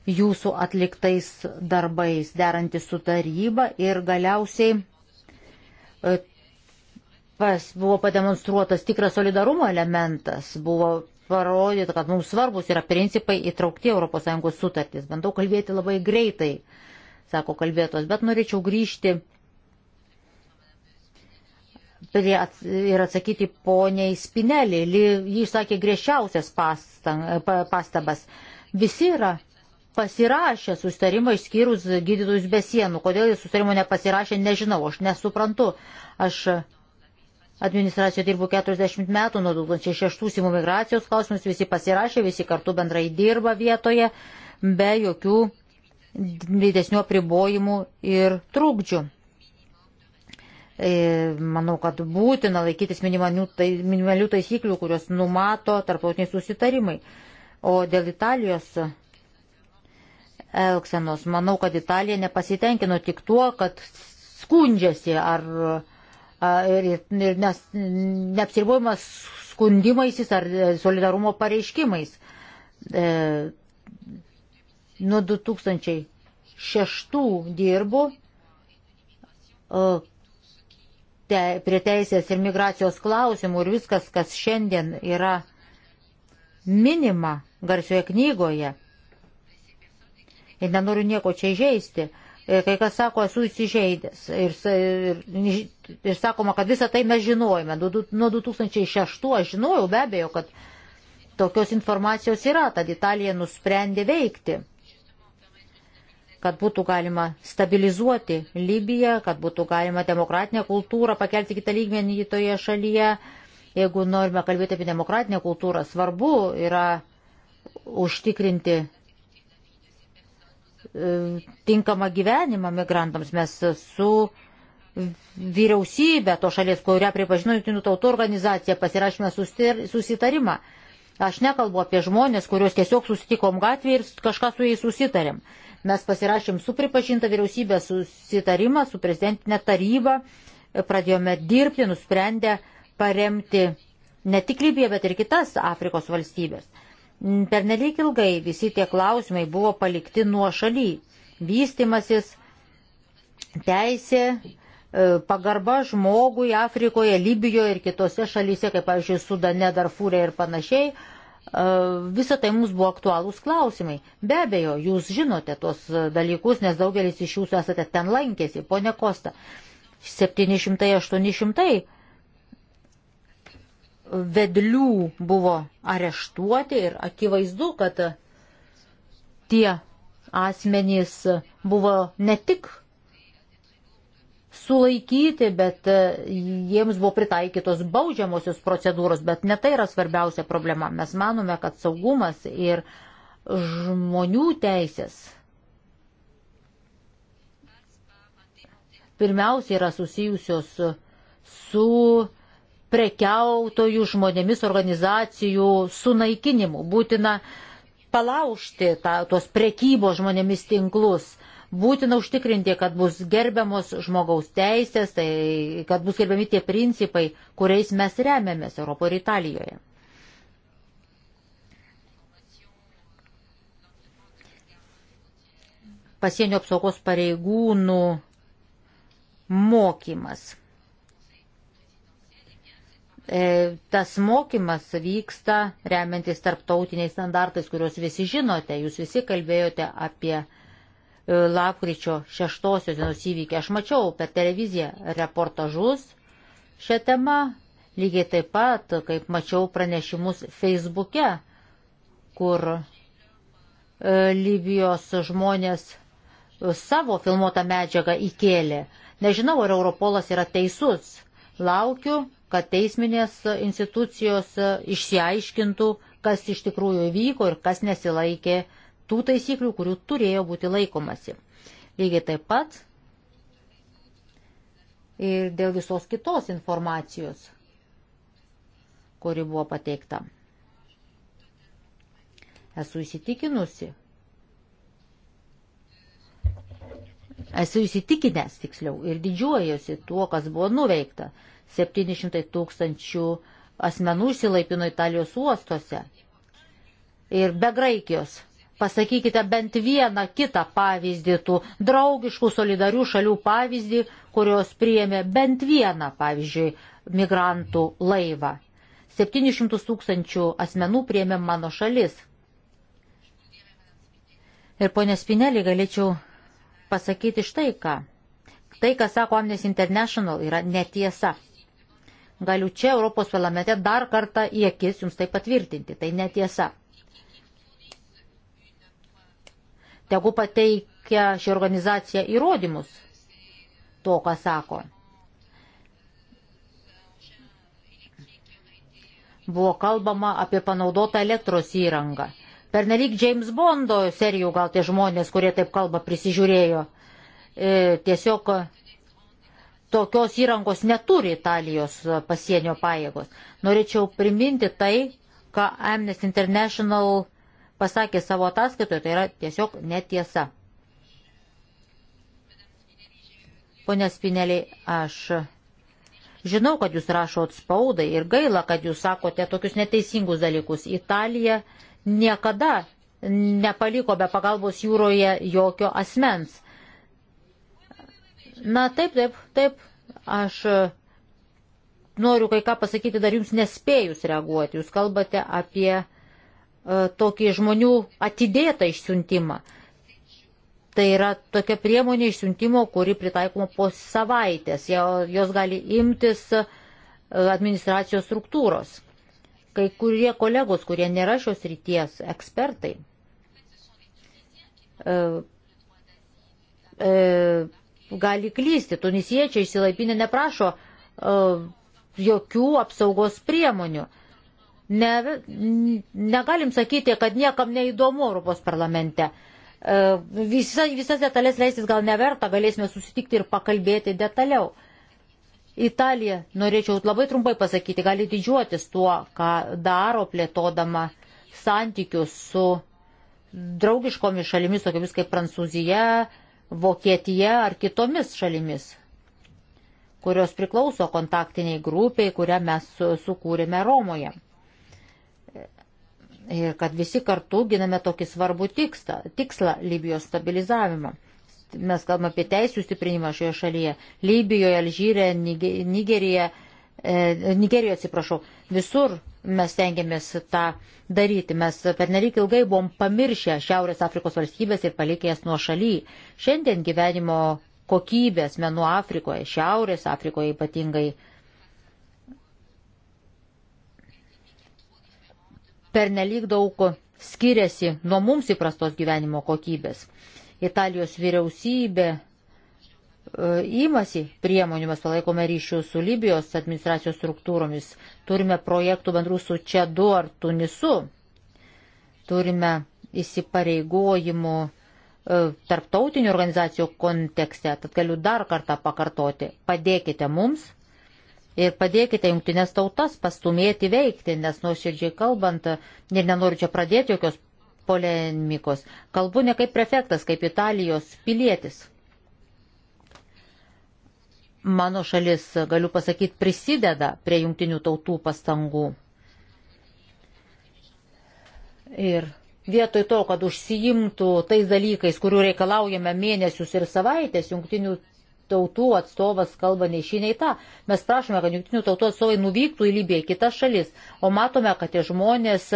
jūsų atliktais darbais, derantis su taryba ir galiausiai e, pas, buvo pademonstruotas tikras solidarumo elementas, buvo parodyta, kad mums svarbus yra principai įtraukti ES sutartys. Bandau kalbėti labai greitai, sako kalbėtos, bet norėčiau grįžti prie, ir atsakyti poniai Spinelį. Ji išsakė griežčiausias pastabas. Visi yra pasirašė sustarimą išskyrus gydytojus be sienų. Kodėl jis sustarimo nepasirašė, nežinau, aš nesuprantu. Aš administracijoje dirbu 40 metų, nuo 2006 simų migracijos klausimus visi pasirašė, visi kartu bendrai dirba vietoje, be jokių didesnių apribojimų ir trūkdžių. E, manau, kad būtina laikytis tai, minimalių taisyklių, kurios numato tarptautiniai susitarimai. O dėl Italijos elgsenos. Manau, kad Italija nepasitenkino tik tuo, kad skundžiasi ar, ar ir, ir nes, neapsiribojimas skundimaisis ar solidarumo pareiškimais. E, nuo 2006 dirbu e, te, prie teisės ir migracijos klausimų ir viskas, kas šiandien yra minima garsioje knygoje Ir nenoriu nieko čia įžeisti. Kai kas sako, esu įsižeidęs. Ir, ir, ir sakoma, kad visą tai mes žinojame. Nuo 2006 aš žinojau be abejo, kad tokios informacijos yra, tad Italija nusprendė veikti, kad būtų galima stabilizuoti Libiją, kad būtų galima demokratinę kultūrą pakelti kitą lygmenį toje šalyje. Jeigu norime kalbėti apie demokratinę kultūrą, svarbu yra užtikrinti tinkamą gyvenimą migrantams. Mes su vyriausybė to šalies, kurią pripažino Junktinių tautų organizacija, pasirašėme susitarimą. Aš nekalbu apie žmonės, kuriuos tiesiog susitikom gatvėje ir kažką su jais susitarėm. Mes pasirašėm su pripažinta vyriausybė susitarimą, su prezidentinė taryba, pradėjome dirbti, nusprendę paremti ne tik Libiją, bet ir kitas Afrikos valstybės. Per nelik ilgai visi tie klausimai buvo palikti nuo šaly. Vystimasis, teisė, e, pagarba žmogui Afrikoje, Libijoje ir kitose šalyse, kaip, pavyzdžiui, Sudane, Darfūrė ir panašiai, e, visą tai mums buvo aktualūs klausimai. Be abejo, jūs žinote tos dalykus, nes daugelis iš jūsų esate ten lankėsi, ponė Kosta. 700-800 vedlių buvo areštuoti ir akivaizdu, kad tie asmenys buvo ne tik sulaikyti, bet jiems buvo pritaikytos baudžiamosios procedūros, bet ne tai yra svarbiausia problema. Mes manome, kad saugumas ir žmonių teisės pirmiausia yra susijusios su prekiautojų žmonėmis organizacijų sunaikinimu. Būtina palaužti tą, tos prekybos žmonėmis tinklus. Būtina užtikrinti, kad bus gerbiamos žmogaus teisės, tai, kad bus gerbiami tie principai, kuriais mes remiamės Europoje ir Italijoje. Pasienio apsaugos pareigūnų mokymas. E, tas mokymas vyksta remiantis tarptautiniais standartais, kuriuos visi žinote, jūs visi kalbėjote apie e, lapkričio šeštosios dienos įvykį. Aš mačiau per televiziją reportažus šią temą, lygiai taip pat, kaip mačiau pranešimus Facebook'e, kur e, Libijos žmonės e, savo filmuotą medžiagą įkėlė. Nežinau, ar Europolas yra teisus. Laukiu kad teisminės institucijos išsiaiškintų, kas iš tikrųjų vyko ir kas nesilaikė tų taisyklių, kurių turėjo būti laikomasi. Lygiai taip pat ir dėl visos kitos informacijos, kuri buvo pateikta. Esu įsitikinusi. Esu įsitikinęs tiksliau ir didžiuojusi tuo, kas buvo nuveikta. 700 tūkstančių asmenų išsilaipino Italijos uostuose. Ir be Graikijos. Pasakykite bent vieną kitą pavyzdį tų draugiškų, solidarių šalių pavyzdį, kurios priėmė bent vieną, pavyzdžiui, migrantų laivą. 700 tūkstančių asmenų priėmė mano šalis. Ir ponė Spinelį galėčiau pasakyti štai ką. Tai, ką sako Amnesty International, yra netiesa. Galiu čia Europos parlamente dar kartą į akis jums tai patvirtinti. Tai netiesa. Tegu pateikia ši organizacija įrodymus to, ką sako. Buvo kalbama apie panaudotą elektros įrangą. Pernelyg James Bondo serijų gal tie žmonės, kurie taip kalba, prisižiūrėjo. E, tiesiog tokios įrangos neturi Italijos pasienio pajėgos. Norėčiau priminti tai, ką Amnesty International pasakė savo ataskaitoje, tai yra tiesiog netiesa. Pone Spinelį, aš žinau, kad jūs rašot spaudai ir gaila, kad jūs sakote tokius neteisingus dalykus. Italija niekada nepaliko be pagalbos jūroje jokio asmens Na taip, taip, taip, aš e, noriu kai ką pasakyti dar jums nespėjus reaguoti. Jūs kalbate apie uh, tokį žmonių atidėtą išsiuntimą. Tai yra tokia priemonė išsiuntimo, kuri pritaikoma po savaitės. Jos gali imtis e, administracijos struktūros. Kai kurie kolegos, kurie nėra šios ryties ekspertai, e, e, gali klysti. Tunisiečiai įsilaipinę neprašo uh, jokių apsaugos priemonių. Ne, negalim sakyti, kad niekam neįdomu Europos parlamente. Uh, visa, visas detalės leistis gal neverta, galėsime susitikti ir pakalbėti detaliau. Italija, norėčiau labai trumpai pasakyti, gali didžiuotis tuo, ką daro plėtodama santykius su draugiškomis šalimis, tokiamis kaip Prancūzija, uh, Vokietija ar kitomis šalimis, kurios priklauso kontaktiniai grupiai, kurią mes sukūrėme Romoje. Ir kad visi kartu giname tokį svarbų tikslą, tikslą Libijos stabilizavimą. Mes kalbame apie teisų stiprinimą šioje šalyje. Libijoje, Alžyre, Nigerija, e, Nigerijoje, atsiprašau, visur mes tengiamės tą daryti. Mes per nelik ilgai buvom pamiršę Šiaurės Afrikos valstybės ir palikę jas nuo šaly. Šiandien gyvenimo kokybės menų Afrikoje, Šiaurės Afrikoje ypatingai. Per nelik daug skiriasi nuo mums įprastos gyvenimo kokybės. Italijos vyriausybė įmasi e, priemonių, mes palaikome ryšių su Libijos administracijos struktūromis, turime projektų bendrų su Čedu ar Tunisu, turime įsipareigojimų e, tarptautinių organizacijų kontekste, tad galiu dar kartą pakartoti, padėkite mums ir padėkite jungtinės tautas pastumėti veikti, nes nuoširdžiai kalbant, ir nenoriu čia pradėti jokios polemikos, kalbu ne kaip prefektas, kaip Italijos pilietis mano šalis, galiu pasakyti, prisideda prie jungtinių tautų pastangų. Ir vietoj to, kad užsijimtų tais dalykais, kurių reikalaujame mėnesius ir savaitės, jungtinių tautų atstovas kalba nei šį, nei tą. Mes prašome, kad jungtinių tautų atstovai nuvyktų į Libiją, kitas šalis, o matome, kad tie žmonės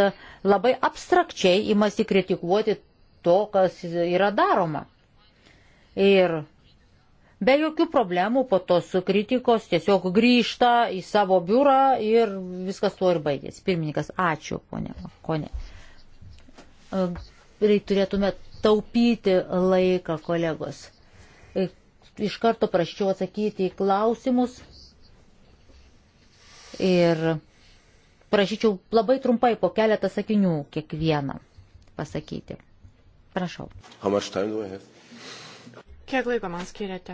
labai abstrakčiai imasi kritikuoti to, kas yra daroma. Ir be jokių problemų po tos kritikos tiesiog grįžta į savo biurą ir viskas tuo ir baigėsi. Pirmininkas, ačiū, ponė. Konė. E, tai turėtume taupyti laiką, kolegos. E, iš karto praščiau atsakyti į klausimus ir prašyčiau labai trumpai po keletą sakinių kiekvieną pasakyti. Prašau. How much time do I have? Kiek laiko man skiriate?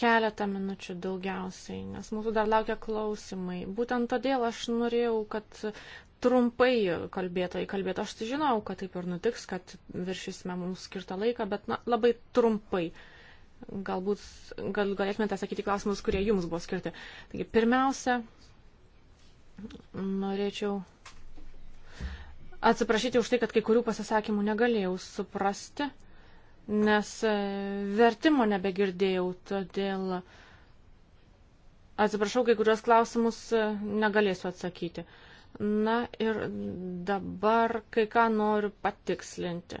Keletą minučių daugiausiai, nes mūsų dar laukia klausimai. Būtent todėl aš norėjau, kad trumpai kalbėtojai kalbėtų. Aš žinau, kad taip ir nutiks, kad viršysime mums skirtą laiką, bet na, labai trumpai. Galbūt gal, galėtumėte sakyti klausimus, kurie jums buvo skirti. Taigi, pirmiausia, norėčiau atsiprašyti už tai, kad kai kurių pasisakymų negalėjau suprasti nes e, vertimo nebegirdėjau, todėl atsiprašau, kai kurios klausimus e, negalėsiu atsakyti. Na ir dabar kai ką noriu patikslinti.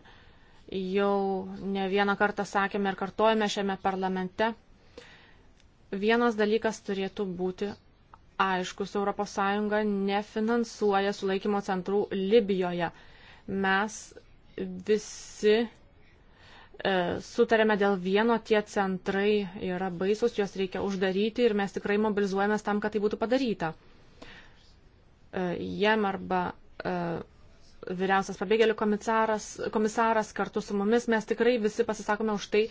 Jau ne vieną kartą sakėme ir kartojame šiame parlamente. Vienas dalykas turėtų būti aiškus. ES nefinansuoja sulaikymo centrų Libijoje. Mes visi E, sutarėme dėl vieno, tie centrai yra baisus, juos reikia uždaryti ir mes tikrai mobilizuojamės tam, kad tai būtų padaryta. E, Jem arba e, vyriausias pabėgėlių komisaras, komisaras kartu su mumis mes tikrai visi pasisakome už tai,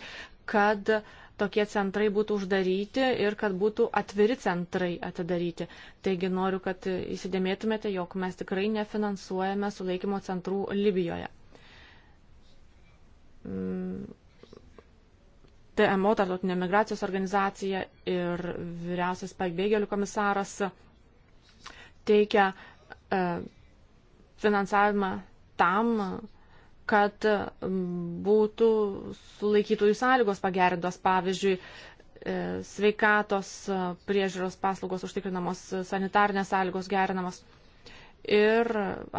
kad tokie centrai būtų uždaryti ir kad būtų atviri centrai atidaryti. Taigi noriu, kad įsidėmėtumėte, jog mes tikrai nefinansuojame sulaikymo centrų Libijoje. TMO, Tartautinė migracijos organizacija ir vyriausias pabėgėlių komisaras teikia e, finansavimą tam, kad būtų sulaikytųjų sąlygos pagerintos, pavyzdžiui, e, sveikatos priežiūros paslaugos užtikrinamos, sanitarnės sąlygos gerinamos ir,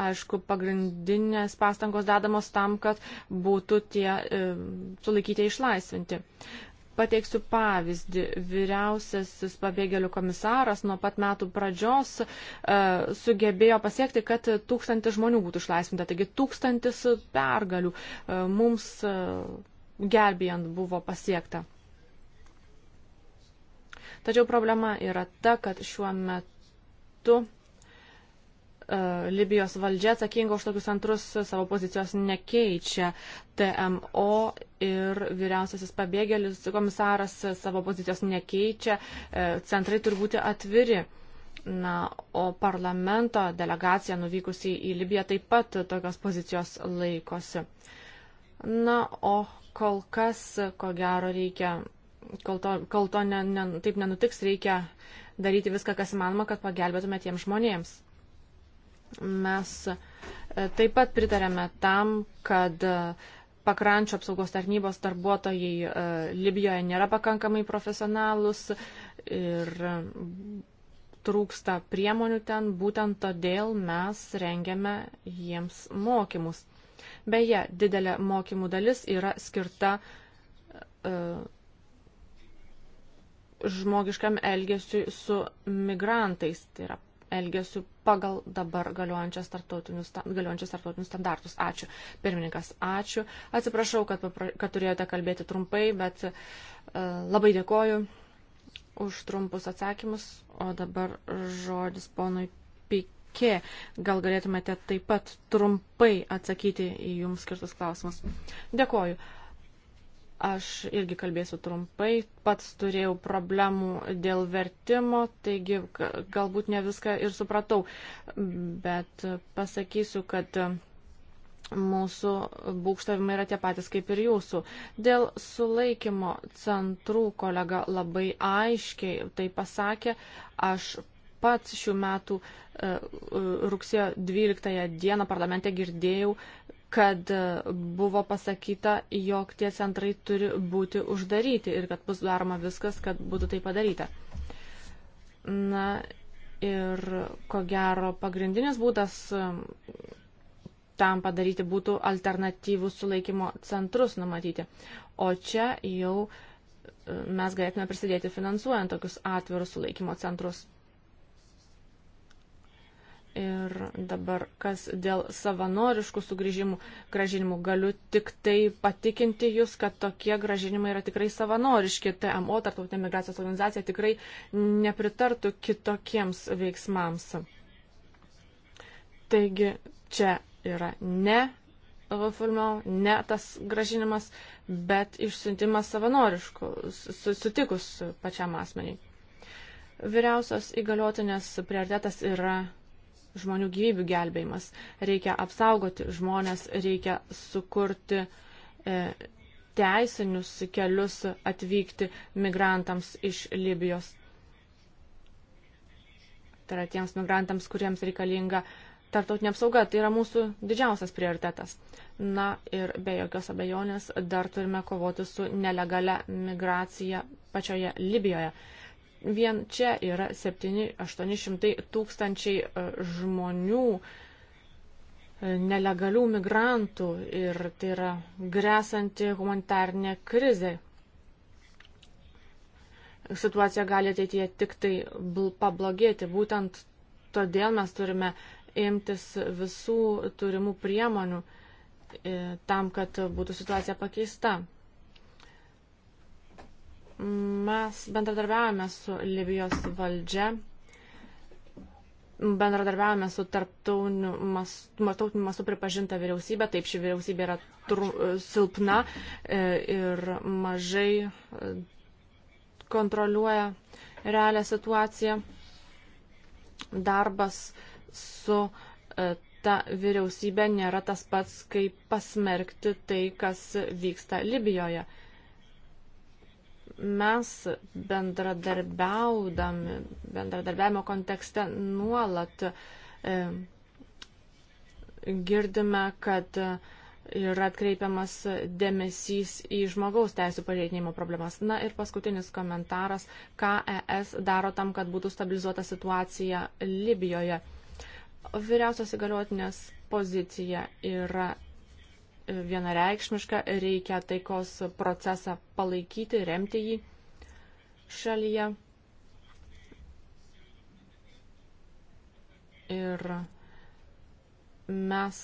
aišku, pagrindinės pastangos dedamos tam, kad būtų tie e, sulaikyti išlaisvinti. Pateiksiu pavyzdį. Vyriausiasis pabėgėlių komisaras nuo pat metų pradžios e, sugebėjo pasiekti, kad tūkstantis žmonių būtų išlaisvinta. Taigi tūkstantis pergalių e, mums e, gelbėjant buvo pasiekta. Tačiau problema yra ta, kad šiuo metu E, Libijos valdžia atsakinga už tokius antrus savo pozicijos nekeičia. TMO ir vyriausiasis pabėgėlis komisaras savo pozicijos nekeičia. E, centrai turi būti atviri. Na, o parlamento delegacija nuvykusi į Libiją taip pat tokios pozicijos laikosi. Na, o kol kas, ko gero, reikia, kol to, kol to ne, ne, taip nenutiks, reikia daryti viską, kas įmanoma, kad pagelbėtume tiems žmonėms. Mes e, taip pat pritarėme tam, kad e, pakrančio apsaugos tarnybos darbuotojai e, Libijoje nėra pakankamai profesionalus ir trūksta priemonių ten, būtent todėl mes rengiame jiems mokymus. Beje, didelė mokymų dalis yra skirta uh, žmogiškam elgesiu su migrantais, tai yra elgesiu pagal dabar galiojančius tarptautinius, galiojančius tarptautinius standartus. Ačiū. Pirmininkas, ačiū. Atsiprašau, kad, kad turėjote kalbėti trumpai, bet uh, labai dėkoju už trumpus atsakymus. O dabar žodis ponui Pikė. Gal galėtumėte taip pat trumpai atsakyti į jums skirtus klausimus. Dėkoju. Uh, Aš irgi kalbėsiu trumpai, pats turėjau problemų dėl vertimo, taigi galbūt ne viską ir supratau, bet pasakysiu, kad mūsų būkštavimai yra tie patys kaip ir jūsų. Dėl sulaikymo centrų kolega labai aiškiai tai pasakė, aš pats šių metų e, rugsėjo 12 dieną parlamente girdėjau kad e, buvo pasakyta, jog tie centrai turi būti uždaryti ir kad bus daroma viskas, kad būtų tai padaryta. Na ir ko gero pagrindinis būdas e, tam padaryti būtų alternatyvų sulaikymo centrus numatyti. O čia jau e, mes galėtume prisidėti finansuojant tokius atvirus sulaikymo centrus. Ir dabar, kas dėl savanoriškų sugrįžimų, gražinimų, galiu tik tai patikinti Jūs, kad tokie gražinimai yra tikrai savanoriški. TMO, Tartautinė migracijos organizacija, tikrai nepritartų kitokiems veiksmams. Taigi čia yra ne filmo, ne tas gražinimas, bet išsiuntimas savanoriškų, sutikus pačiam asmeniai. Vyriausios įgaliotinės prioritetas yra žmonių gyvybių gelbėjimas. Reikia apsaugoti žmonės, reikia sukurti e, teisinius kelius atvykti migrantams iš Libijos. Tai yra tiems migrantams, kuriems reikalinga tartautinė apsauga. Tai yra mūsų didžiausias prioritetas. Na ir be jokios abejonės dar turime kovoti su nelegale migracija pačioje Libijoje. Vien čia yra 7-800 tūkstančiai e, žmonių, e, nelegalių migrantų ir tai yra grėsanti humanitarnė krizė. Situacija gali ateityje tik tai pablogėti. Būtent todėl mes turime imtis visų turimų priemonių e, tam, kad būtų situacija pakeista. Mes bendradarbiavame su Libijos valdžia, bendradarbiavame su tarptautiniu mastu pripažinta vyriausybė, taip ši vyriausybė yra tru, silpna e, ir mažai e, kontroliuoja realią situaciją. Darbas su e, ta vyriausybė nėra tas pats, kaip pasmerkti tai, kas vyksta Libijoje mes bendradarbiaudami, bendradarbiavimo kontekste nuolat e, girdime, kad yra atkreipiamas dėmesys į žmogaus teisų pažeidinimo problemas. Na ir paskutinis komentaras, ką ES daro tam, kad būtų stabilizuota situacija Libijoje. Vyriausios įgaliotinės pozicija yra vienareikšmiška, reikia taikos procesą palaikyti, remti jį šalyje. Ir mes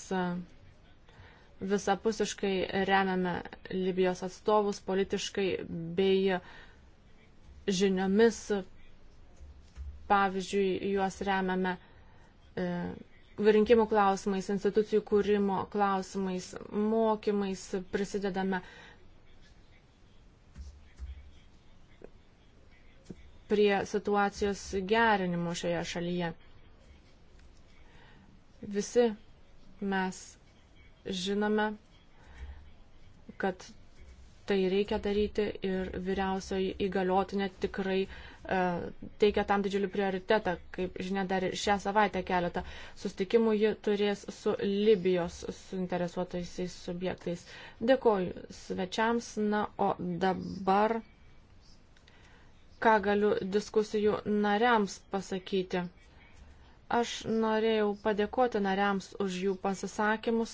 visapusiškai remiame Libijos atstovus politiškai bei žiniomis, pavyzdžiui, juos remiame. E, rinkimų klausimais, institucijų kūrimo klausimais, mokymais prisidedame prie situacijos gerinimo šioje šalyje. Visi mes žinome, kad tai reikia daryti ir vyriausioji įgaliotinė tikrai uh, E, teikia tam didžiulį prioritetą, kaip žinia, dar ir šią savaitę keletą sustikimų ji turės su Libijos suinteresuotaisiais subjektais. Dėkoju svečiams, na, o dabar ką galiu diskusijų nariams pasakyti. Aš norėjau padėkoti nariams už jų pasisakymus.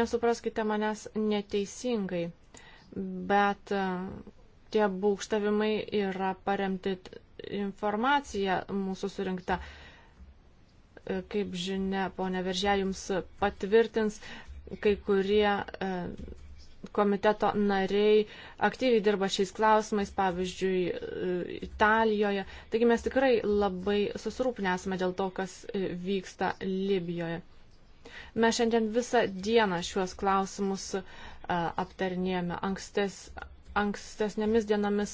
Nesupraskite manęs neteisingai, bet tie būkštavimai yra paremti informacija mūsų surinkta. Kaip žinia, ponia Veržė jums patvirtins, kai kurie e, komiteto nariai aktyviai dirba šiais klausimais, pavyzdžiui, e, Italijoje. Taigi mes tikrai labai susirūpinę esame dėl to, kas e, vyksta Libijoje. Mes šiandien visą dieną šiuos klausimus aptarnėjome. Ankstes, ankstesnėmis dienomis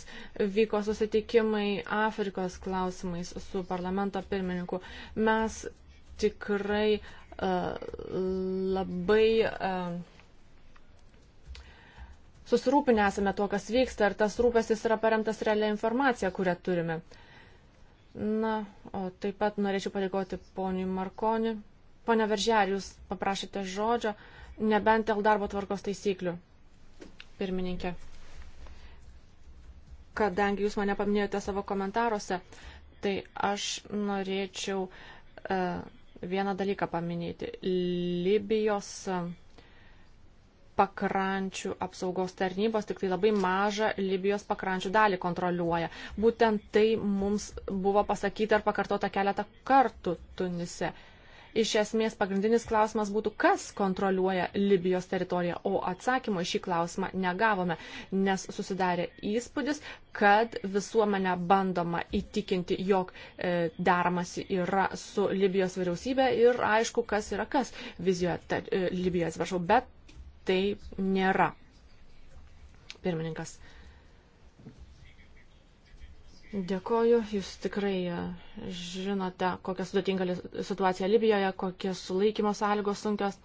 vyko susitikimai Afrikos klausimais su parlamento pirmininku. Mes tikrai uh, labai uh, susirūpinę esame tuo, kas vyksta, ar tas rūpestis yra paremtas realią informaciją, kurią turime. Na, o taip pat norėčiau padėkoti poniui Markoniui. Pone Verželį, jūs paprašėte žodžio, nebent dėl darbo tvarkos taisyklių. Pirmininkė kadangi jūs mane paminėjote savo komentaruose, tai aš norėčiau e, vieną dalyką paminėti. Libijos e, pakrančių apsaugos tarnybos tik tai labai mažą Libijos pakrančių dalį kontroliuoja. Būtent tai mums buvo pasakyta ir pakartota keletą kartų Tunise iš esmės pagrindinis klausimas būtų, kas kontroliuoja Libijos teritoriją, o atsakymo į šį klausimą negavome, nes susidarė įspūdis, kad visuomenę bandoma įtikinti, jog e, deramasi yra su Libijos vyriausybė ir aišku, kas yra kas vizijoje ta, e, Libijoje, atsiprašau, bet tai nėra. Pirmininkas. Dėkoju, jūs tikrai e, žinote, kokia sudėtinga situacija Libijoje, kokios sulaikymo sąlygos sunkios.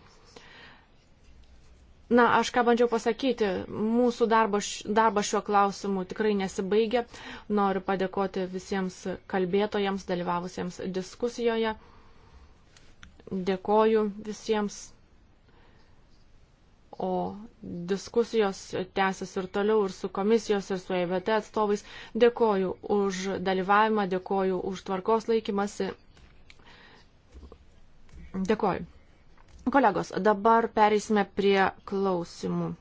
Na, aš ką bandžiau pasakyti, mūsų darbas darba šiuo klausimu tikrai nesibaigia. Noriu padėkoti visiems kalbėtojams, dalyvavusiems diskusijoje. Dėkoju visiems. O diskusijos tęsis ir toliau ir su komisijos, ir su EVT atstovais. Dėkoju už dalyvavimą, dėkoju už tvarkos laikymasi. Dėkoju. Kolegos, dabar pereisime prie klausimų.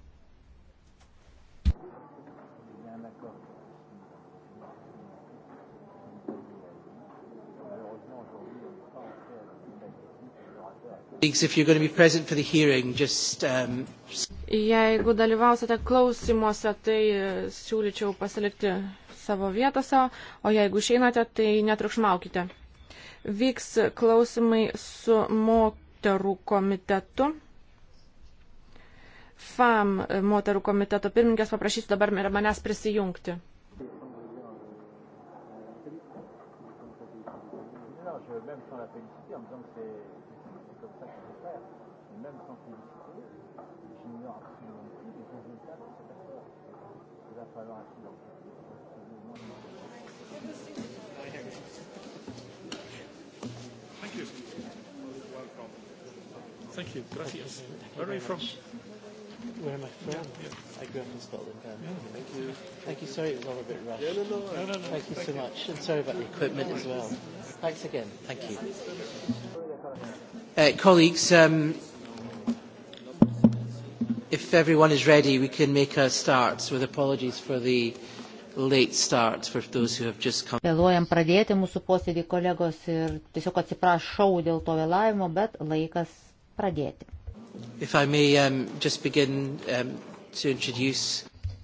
Um, jeigu dalyvausite klausimuose, tai e, siūlyčiau pasilikti savo vietose, o jeigu išeinate, tai netrukšmaukite. Vyks klausimai su moterų komitetu. FAM moterų komiteto pirmininkės paprašysiu dabar manęs prisijungti. Même sur la félicité en disant que c'est même quand on j'ignore absolument plus les résultats de cette affaire. Il va falloir s'identifier. Thank you. Welcome. Thank you. Gracias. Where are you from? Where am I from? Yeah, yeah. I grew up in Scotland. Yeah. Thank you. Thank you. Sorry, it was all a bit rushed. Yeah, no, no, no, no, no. Thank you thank so you. much, and sorry about the equipment as well. Thanks again. Thank you. Uh, colleagues, um, if everyone is ready, we can make a start with apologies for the late start for those who have just come. Vėluojam pradėti mūsų posėdį kolegos ir tiesiog atsiprašau dėl to vėlavimo, bet laikas pradėti. If I may um, just begin um, to introduce.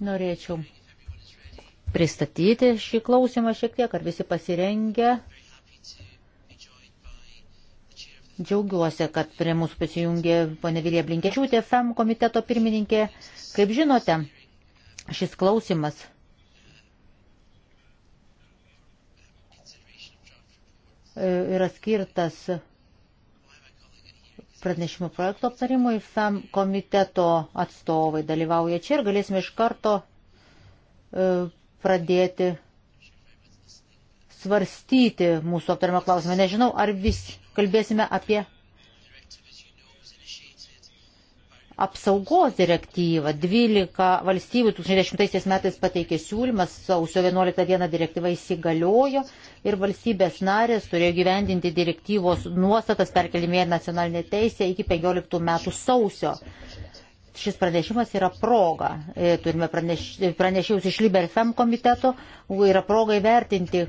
Norėčiau pristatyti šį klausimą šiek tiek, ar visi pasirengę Džiaugiuosi, kad prie mūsų pasijungė ponė Vilija Blinkečiūtė, FEM komiteto pirmininkė. Kaip žinote, šis klausimas e, yra skirtas pranešimo projekto aptarimui. FEM komiteto atstovai dalyvauja čia ir galėsime iš karto e, pradėti svarstyti mūsų aptarimo klausimą. Nežinau, ar visi Kalbėsime apie apsaugos direktyvą. 12 valstybių 2010 metais pateikė siūlymas, sausio 11 dieną direktyva įsigaliojo ir valstybės narės turėjo gyvendinti direktyvos nuostatas perkelimėje nacionalinė teisė iki 15 metų sausio. Šis pranešimas yra proga. E, turime praneš, pranešėjus iš Liberfem komiteto, yra proga įvertinti,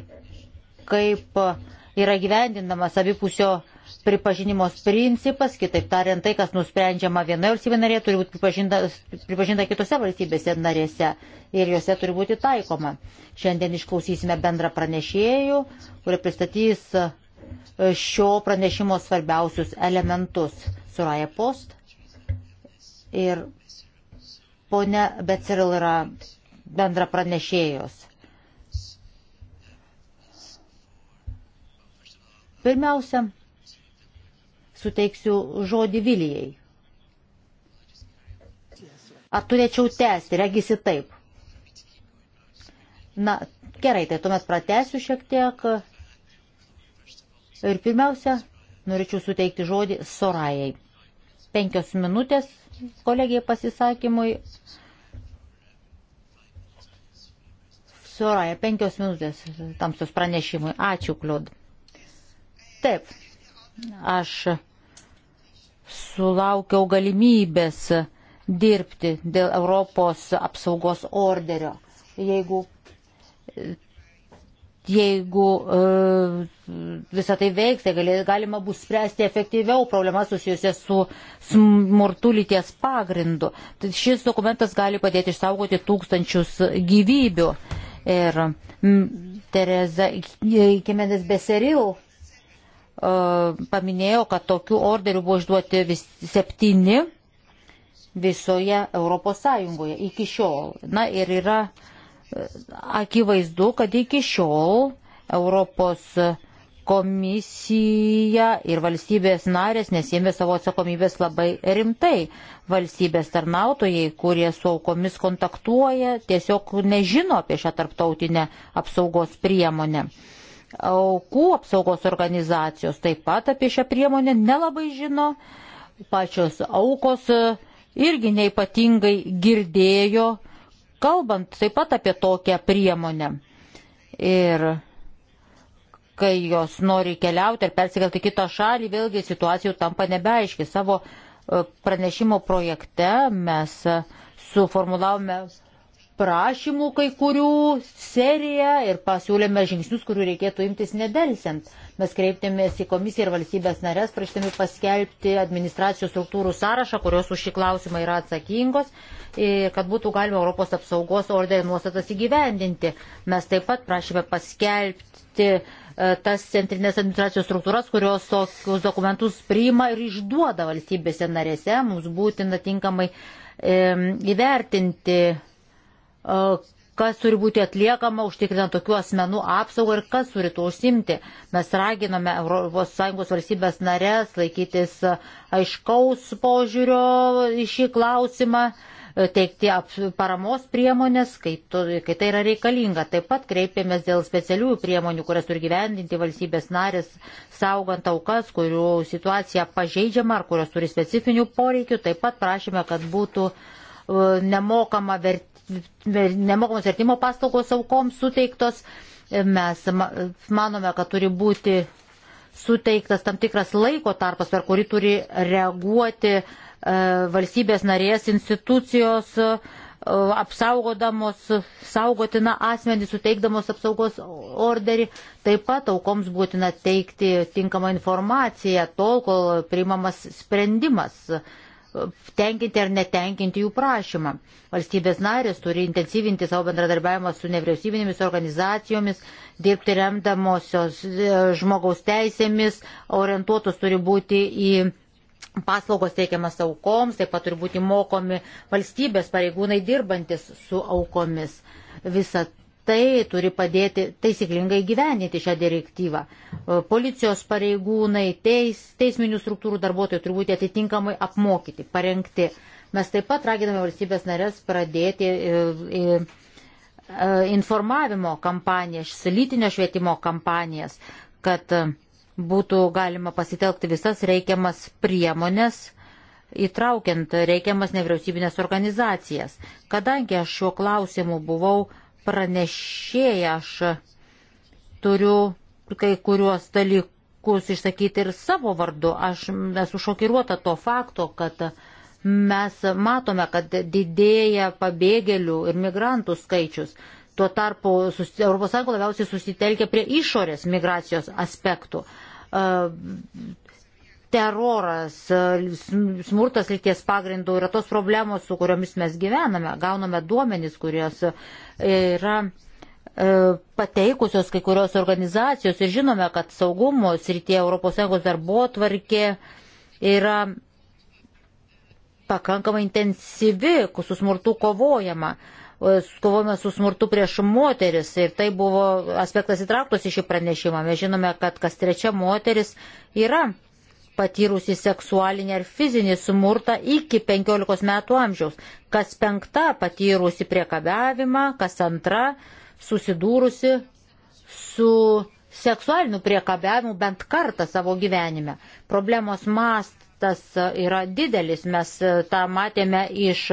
kaip uh, yra gyvendinamas abipusio pripažinimos principas, kitaip tariant, tai, kas nusprendžiama vienoje valstybėje narėje, turi būti pripažinta, pripažinta kitose valstybėse narėse ir juose turi būti taikoma. Šiandien išklausysime bendrą pranešėjų, kurie pristatys e, šio pranešimo svarbiausius elementus. Suraja Post ir ponia Beciril yra bendra pranešėjos. Pirmiausia, suteiksiu žodį Vilijai. Ar turėčiau tęsti, regisi taip. Na, gerai, tai tuomet pratesiu šiek tiek. Ir pirmiausia, norėčiau suteikti žodį Sorajai. Penkios minutės kolegijai pasisakymui. Soraja, penkios minutės tamsios pranešimui. Ačiū, Kliud. Taip, aš sulaukiau galimybės dirbti dėl Europos apsaugos orderio. Jeigu, jeigu e, visą tai veiks, tai galima bus spręsti efektyviau problemas susijusias su smurtu lyties pagrindu. Tai šis dokumentas gali padėti išsaugoti tūkstančius gyvybių. Ir Tereza Kemenis Beseril E, paminėjo, kad tokių orderių buvo išduoti vis, septyni visoje Europos Sąjungoje iki šiol. Na ir yra e, akivaizdu, kad iki šiol Europos komisija ir valstybės narės nesėmė savo atsakomybės labai rimtai. Valstybės tarnautojai, kurie su aukomis kontaktuoja, tiesiog nežino apie šią tarptautinę apsaugos priemonę. Aukų apsaugos organizacijos taip pat apie šią priemonę nelabai žino, pačios aukos e, irgi neipatingai girdėjo, kalbant taip pat apie tokią priemonę. Ir kai jos nori keliauti ar persikelti kitą šalį, vėlgi situacijų tampa nebeaiški. Savo e, pranešimo projekte mes e, suformulavome prašymų kai kurių seriją ir pasiūlėme žingsnius, kurių reikėtų imtis nedelsiant. Mes kreiptėmės į komisiją ir valstybės narės, prašydami paskelbti administracijos struktūrų sąrašą, kurios už šį klausimą yra atsakingos, kad būtų galima Europos apsaugos orderio nuostatas įgyvendinti. Mes taip pat prašėme paskelbti e, tas centrinės administracijos struktūras, kurios tokius dokumentus priima ir išduoda valstybėse narėse. Mums būtina tinkamai e, įvertinti kas turi būti atliekama, užtikrinant tokių asmenų apsaugą ir kas turi to užsimti. Mes raginame ES valstybės narės laikytis aiškaus požiūrio į šį klausimą, teikti paramos priemonės, kai, to, kai tai yra reikalinga. Taip pat kreipėmės dėl specialiųjų priemonių, kurias turi gyvendinti valstybės narės, saugant aukas, kurių situacija pažeidžiama ar kurios turi specifinių poreikių. Taip pat prašėme, kad būtų nemokama vertė nemokamos vertimo paslaugos aukoms suteiktos. Mes manome, kad turi būti suteiktas tam tikras laiko tarpas, per kurį turi reaguoti e, valstybės narės institucijos e, apsaugodamos saugotina asmenį, suteikdamos apsaugos orderį. Taip pat aukoms būtina teikti tinkamą informaciją tol, kol priimamas sprendimas tenkinti ar netenkinti jų prašymą. Valstybės narės turi intensyvinti savo bendradarbiavimą su nevyriausybinėmis organizacijomis, dirbti remdamosios e, žmogaus teisėmis, orientuotos turi būti į paslaugos teikiamas aukoms, taip pat turi būti mokomi valstybės pareigūnai dirbantis su aukomis. Visa tai turi padėti taisyklingai gyveninti šią direktyvą. E, policijos pareigūnai, teis, teisminių struktūrų darbuotojai turi būti atitinkamai apmokyti, parengti. Mes taip pat raginame valstybės narės pradėti e, e, informavimo kampanijas, lytinio švietimo kampanijas, kad būtų galima pasitelkti visas reikiamas priemonės įtraukiant reikiamas nevyriausybinės organizacijas. Kadangi aš šiuo klausimu buvau uh, pranešėja aš turiu kai kuriuos dalykus išsakyti ir savo vardu. Aš esu šokiruota to fakto, kad mes matome, kad didėja pabėgėlių ir migrantų skaičius. Tuo tarpu ES labiausiai susitelkia prie išorės migracijos aspektų teroras, smurtas lyties pagrindų yra tos problemos, su kuriomis mes gyvename. Gauname duomenys, kurios yra e, pateikusios kai kurios organizacijos ir žinome, kad saugumo srityje ES darbo tvarkė yra pakankamai intensyvi, su smurtu kovojama e, kovojame su smurtu prieš moteris ir tai buvo aspektas įtrauktas į šį pranešimą. Mes žinome, kad kas trečia moteris yra patyrusi seksualinį ar fizinį smurtą iki 15 metų amžiaus, kas penkta patyrusi priekabiavimą, kas antra susidūrusi su seksualiniu priekabiavimu bent kartą savo gyvenime. Problemos mastas yra didelis, mes e, tą matėme iš,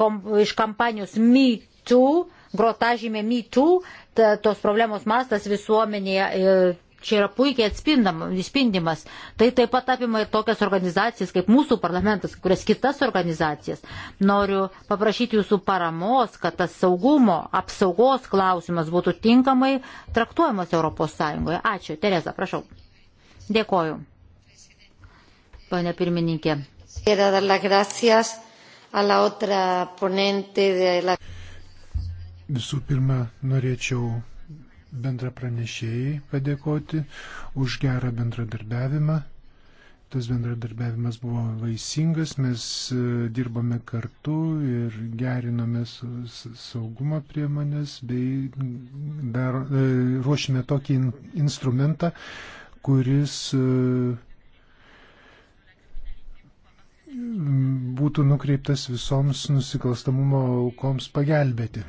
kom, iš kampanijos MeToo, grotažymė MeToo, tos problemos mastas visuomenėje. E, čia yra puikiai atspindimas. Tai taip pat apima ir tokias organizacijas kaip mūsų parlamentas, kurias kitas organizacijas. Noriu paprašyti jūsų paramos, kad tas saugumo, apsaugos klausimas būtų tinkamai traktuojamas ES. Ačiū. Tereza, prašau. Dėkoju. Pane pirmininkė. Visų pirma, norėčiau bendra pranešėjai padėkoti už gerą bendradarbiavimą. Tas bendradarbiavimas buvo vaisingas, mes e, dirbome kartu ir gerinome saugumo priemonės bei dar, e, ruošime tokį instrumentą, kuris e, būtų nukreiptas visoms nusikalstamumo aukoms pagelbėti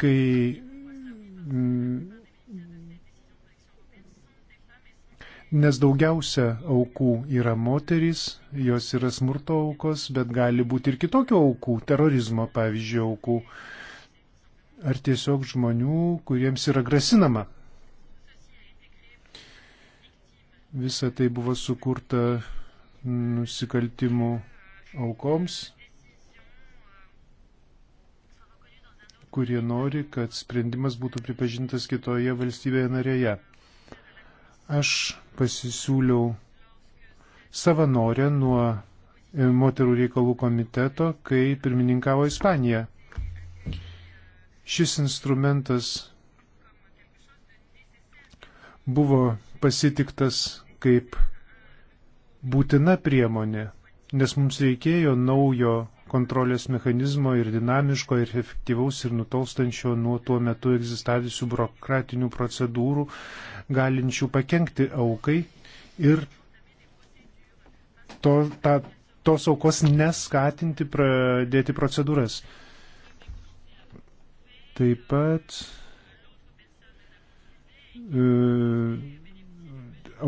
kai mm, nes daugiausia aukų yra moterys, jos yra smurto aukos, bet gali būti ir kitokių aukų, terorizmo pavyzdžiui aukų, ar tiesiog žmonių, kuriems yra grasinama. Visa tai buvo sukurta nusikaltimų aukoms, kurie nori, kad sprendimas būtų pripažintas kitoje valstybėje narėje. Aš pasisiūliau savanorę nuo e, moterų reikalų komiteto, kai pirmininkavo Ispanija. Šis instrumentas buvo pasitiktas kaip būtina priemonė, nes mums reikėjo naujo kontrolės mechanizmo ir dinamiško ir efektyvaus ir nutolstančio nuo tuo metu egzistavusių biurokratinių procedūrų, galinčių pakengti aukai ir to, ta, tos aukos neskatinti pradėti procedūras. Taip pat e,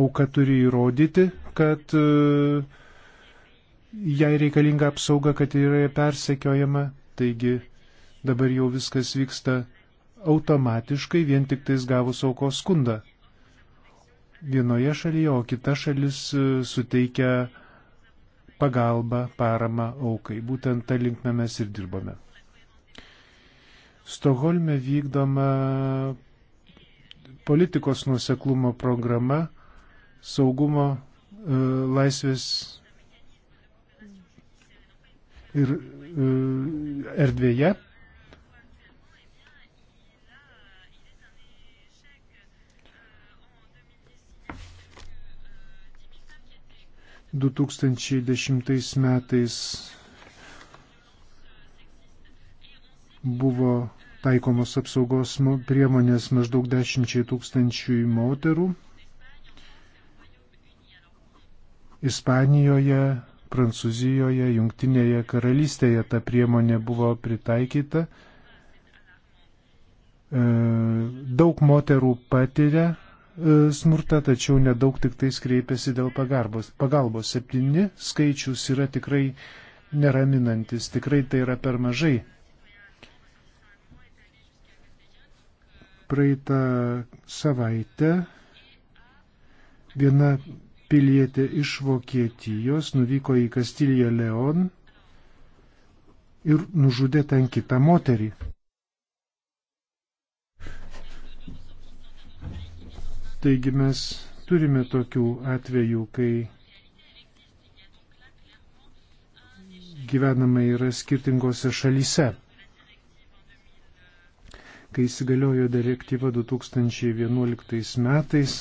auka turi įrodyti, kad e, jai reikalinga apsauga, kad yra persekiojama, taigi dabar jau viskas vyksta automatiškai, vien tik tais gavus aukos skundą. Vienoje šalyje, o kita šalis e, suteikia pagalbą, paramą aukai. Būtent tą linkmę mes ir dirbame. Stoholme vykdoma politikos nuseklumo programa saugumo, e, laisvės ir e, erdvėje. Du tūkstančiai dešimtais metais buvo taikomos apsaugos priemonės maždaug dešimčiai tūkstančių moterų. Ispanijoje Prancūzijoje, Junktinėje karalystėje ta priemonė buvo pritaikyta. E, daug moterų patiria e, smurtą, tačiau nedaug tik tais kreipiasi dėl pagarbos. pagalbos. Septyni skaičius yra tikrai neraminantis, tikrai tai yra per mažai. Praeitą savaitę viena pilietė iš Vokietijos nuvyko į Kastiliją Leon ir nužudė ten kitą moterį. Taigi mes turime tokių atvejų, kai gyvename yra skirtingose šalyse. Kai įsigaliojo direktyva 2011 metais,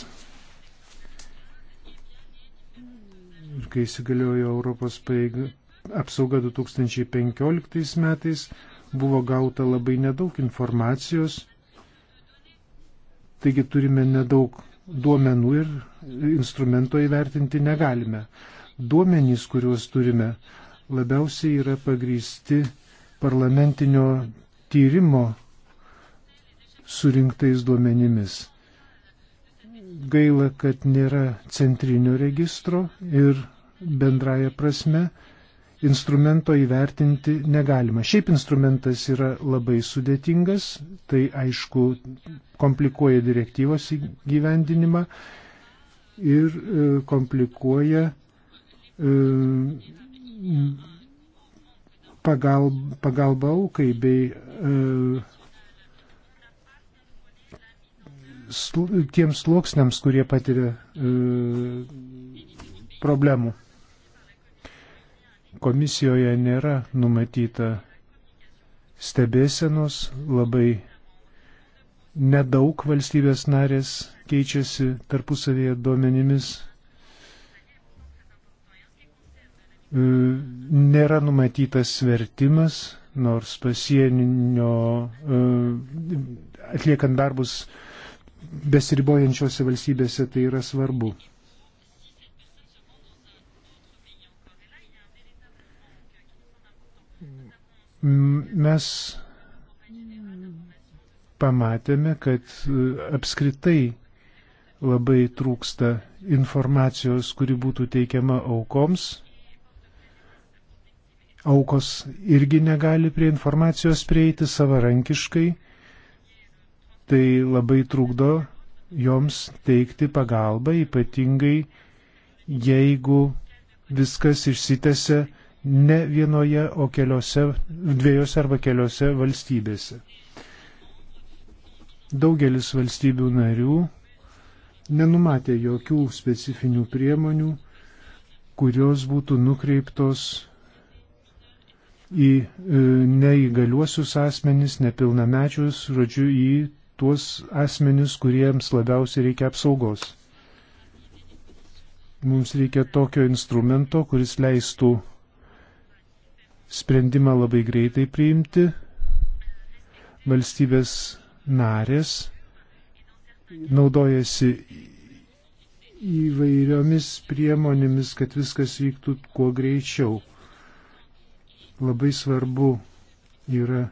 kai įsigaliojo Europos pareiga, apsauga 2015 metais, buvo gauta labai nedaug informacijos, taigi turime nedaug duomenų ir instrumento įvertinti negalime. Duomenys, kuriuos turime, labiausiai yra pagrysti parlamentinio tyrimo surinktais duomenimis. Gaila, kad nėra centrinio registro ir bendraja prasme instrumento įvertinti negalima. Šiaip instrumentas yra labai sudėtingas, tai aišku komplikuoja direktyvos įgyvendinimą ir e, komplikuoja e, pagalba, pagalba aukai bei e, sl tiems sluoksniams, kurie patiria e, problemų. Komisijoje nėra numatyta stebėsenos, labai nedaug valstybės narės keičiasi tarpusavėje duomenimis. E, nėra numatytas vertimas, nors pasieninio e, atliekant darbus besiribojančiose valstybėse tai yra svarbu. Mes pamatėme, kad apskritai labai trūksta informacijos, kuri būtų teikiama aukoms. Aukos irgi negali prie informacijos prieiti savarankiškai Tai labai trukdo joms teikti pagalbą, ypatingai jeigu viskas išsitėse ne vienoje, o keliose, dviejose arba keliose valstybėse. Daugelis valstybių narių nenumatė jokių specifinių priemonių, kurios būtų nukreiptos į e, neįgaliuosius asmenys, nepilnamečius, žodžiu, į tuos asmenis, kuriems labiausiai reikia apsaugos. Mums reikia tokio instrumento, kuris leistų sprendimą labai greitai priimti. Valstybės narės naudojasi įvairiomis priemonėmis, kad viskas vyktų kuo greičiau. Labai svarbu yra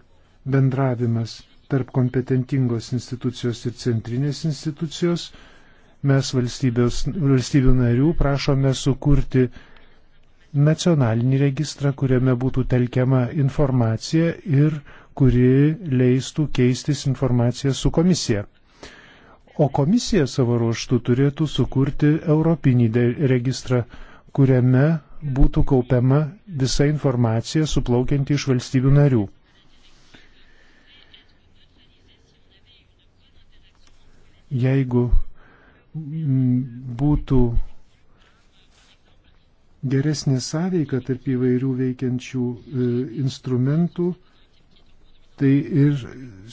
bendravimas tarp kompetentingos institucijos ir centrinės institucijos. Mes valstybių narių prašome sukurti nacionalinį registrą, kuriame būtų telkiama informacija ir kuri leistų keistis informaciją su komisija. O komisija savo ruoštų turėtų sukurti Europinį registrą, kuriame būtų kaupiama visa informacija suplaukianti iš valstybių narių. jeigu būtų geresnė sąveika tarp įvairių veikiančių e, instrumentų, tai ir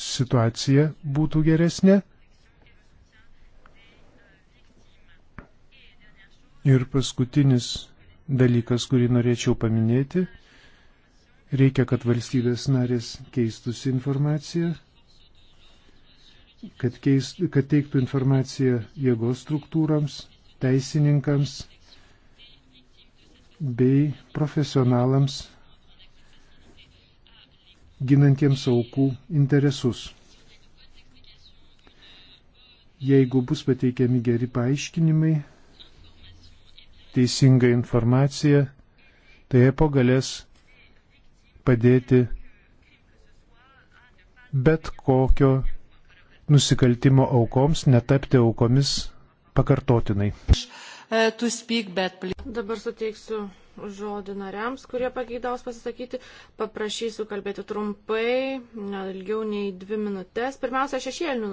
situacija būtų geresnė. Ir paskutinis dalykas, kurį norėčiau paminėti, reikia, kad valstybės narės keistųsi informaciją kad, keis, kad teiktų informaciją jėgos struktūrams, teisininkams bei profesionalams ginantiems aukų interesus. Jeigu bus pateikiami geri paaiškinimai, teisinga informacija, tai EPO galės padėti bet kokio nusikaltimo aukoms netapti aukomis pakartotinai. Uh, speak, but... Dabar suteiksiu žodį nariams, kurie pageidaus pasisakyti. Paprašysiu kalbėti trumpai, ilgiau nei dvi minutės. Pirmiausia, šešėlinių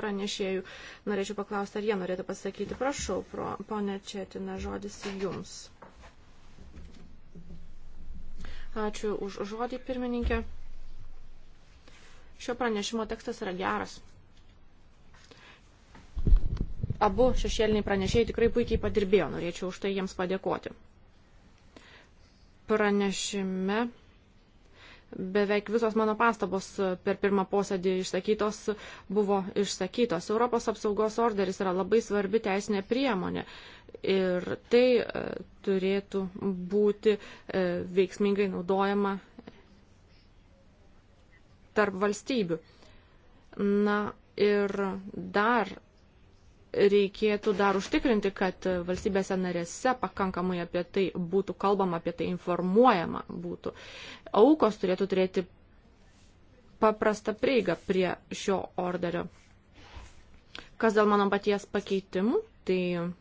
pranešėjų. Norėčiau paklausti, ar jie norėtų pasakyti. Prašau, pro, ponė Četina, žodis jums. Ačiū už žodį, pirmininkė. Šio pranešimo tekstas yra geras abu šešėliniai pranešėjai tikrai puikiai padirbėjo, norėčiau už tai jiems padėkoti. Pranešime beveik visos mano pastabos per pirmą posėdį išsakytos buvo išsakytos. Europos apsaugos orderis yra labai svarbi teisinė priemonė ir tai e, turėtų būti e, veiksmingai naudojama tarp valstybių. Na ir dar reikėtų dar užtikrinti, kad valstybėse narėse pakankamai apie tai būtų kalbama, apie tai informuojama būtų. Aukos turėtų turėti paprastą prieigą prie šio orderio. Kas dėl mano paties pakeitimų, tai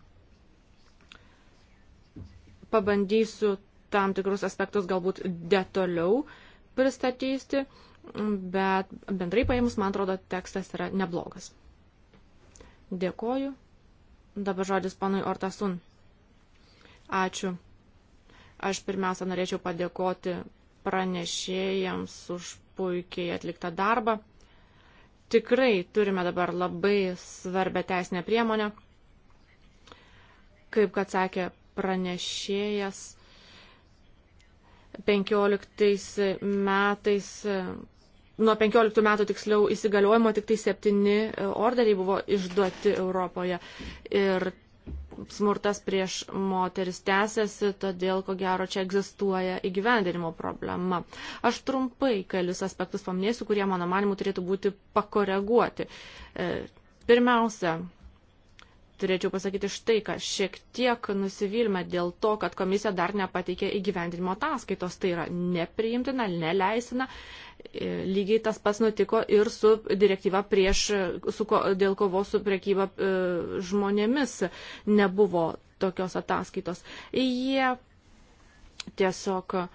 pabandysiu tam tikrus aspektus galbūt detaliau pristatyti, bet bendrai paėmus, man atrodo, tekstas yra neblogas. Dėkoju. Dabar žodis panui Ortasun. Ačiū. Aš pirmiausia norėčiau padėkoti pranešėjams už puikiai atliktą darbą. Tikrai turime dabar labai svarbę teisinę priemonę. Kaip kad sakė pranešėjas, 15 metais nuo 15 metų tiksliau įsigaliojimo tik tai septyni e, orderiai buvo išduoti Europoje. Ir smurtas prieš moteris tęsiasi, todėl ko gero čia egzistuoja įgyvendinimo problema. Aš trumpai kelius aspektus paminėsiu, kurie mano manimu turėtų būti pakoreguoti. E, pirmiausia, turėčiau pasakyti štai, kad šiek tiek nusivylime dėl to, kad komisija dar nepateikė įgyvendinimo ataskaitos. Tai yra nepriimtina, neleisina. E, lygiai tas pats nutiko ir su direktyva prieš, su, dėl kovos su priekyba e, žmonėmis. Nebuvo tokios ataskaitos. Jie tiesiog e,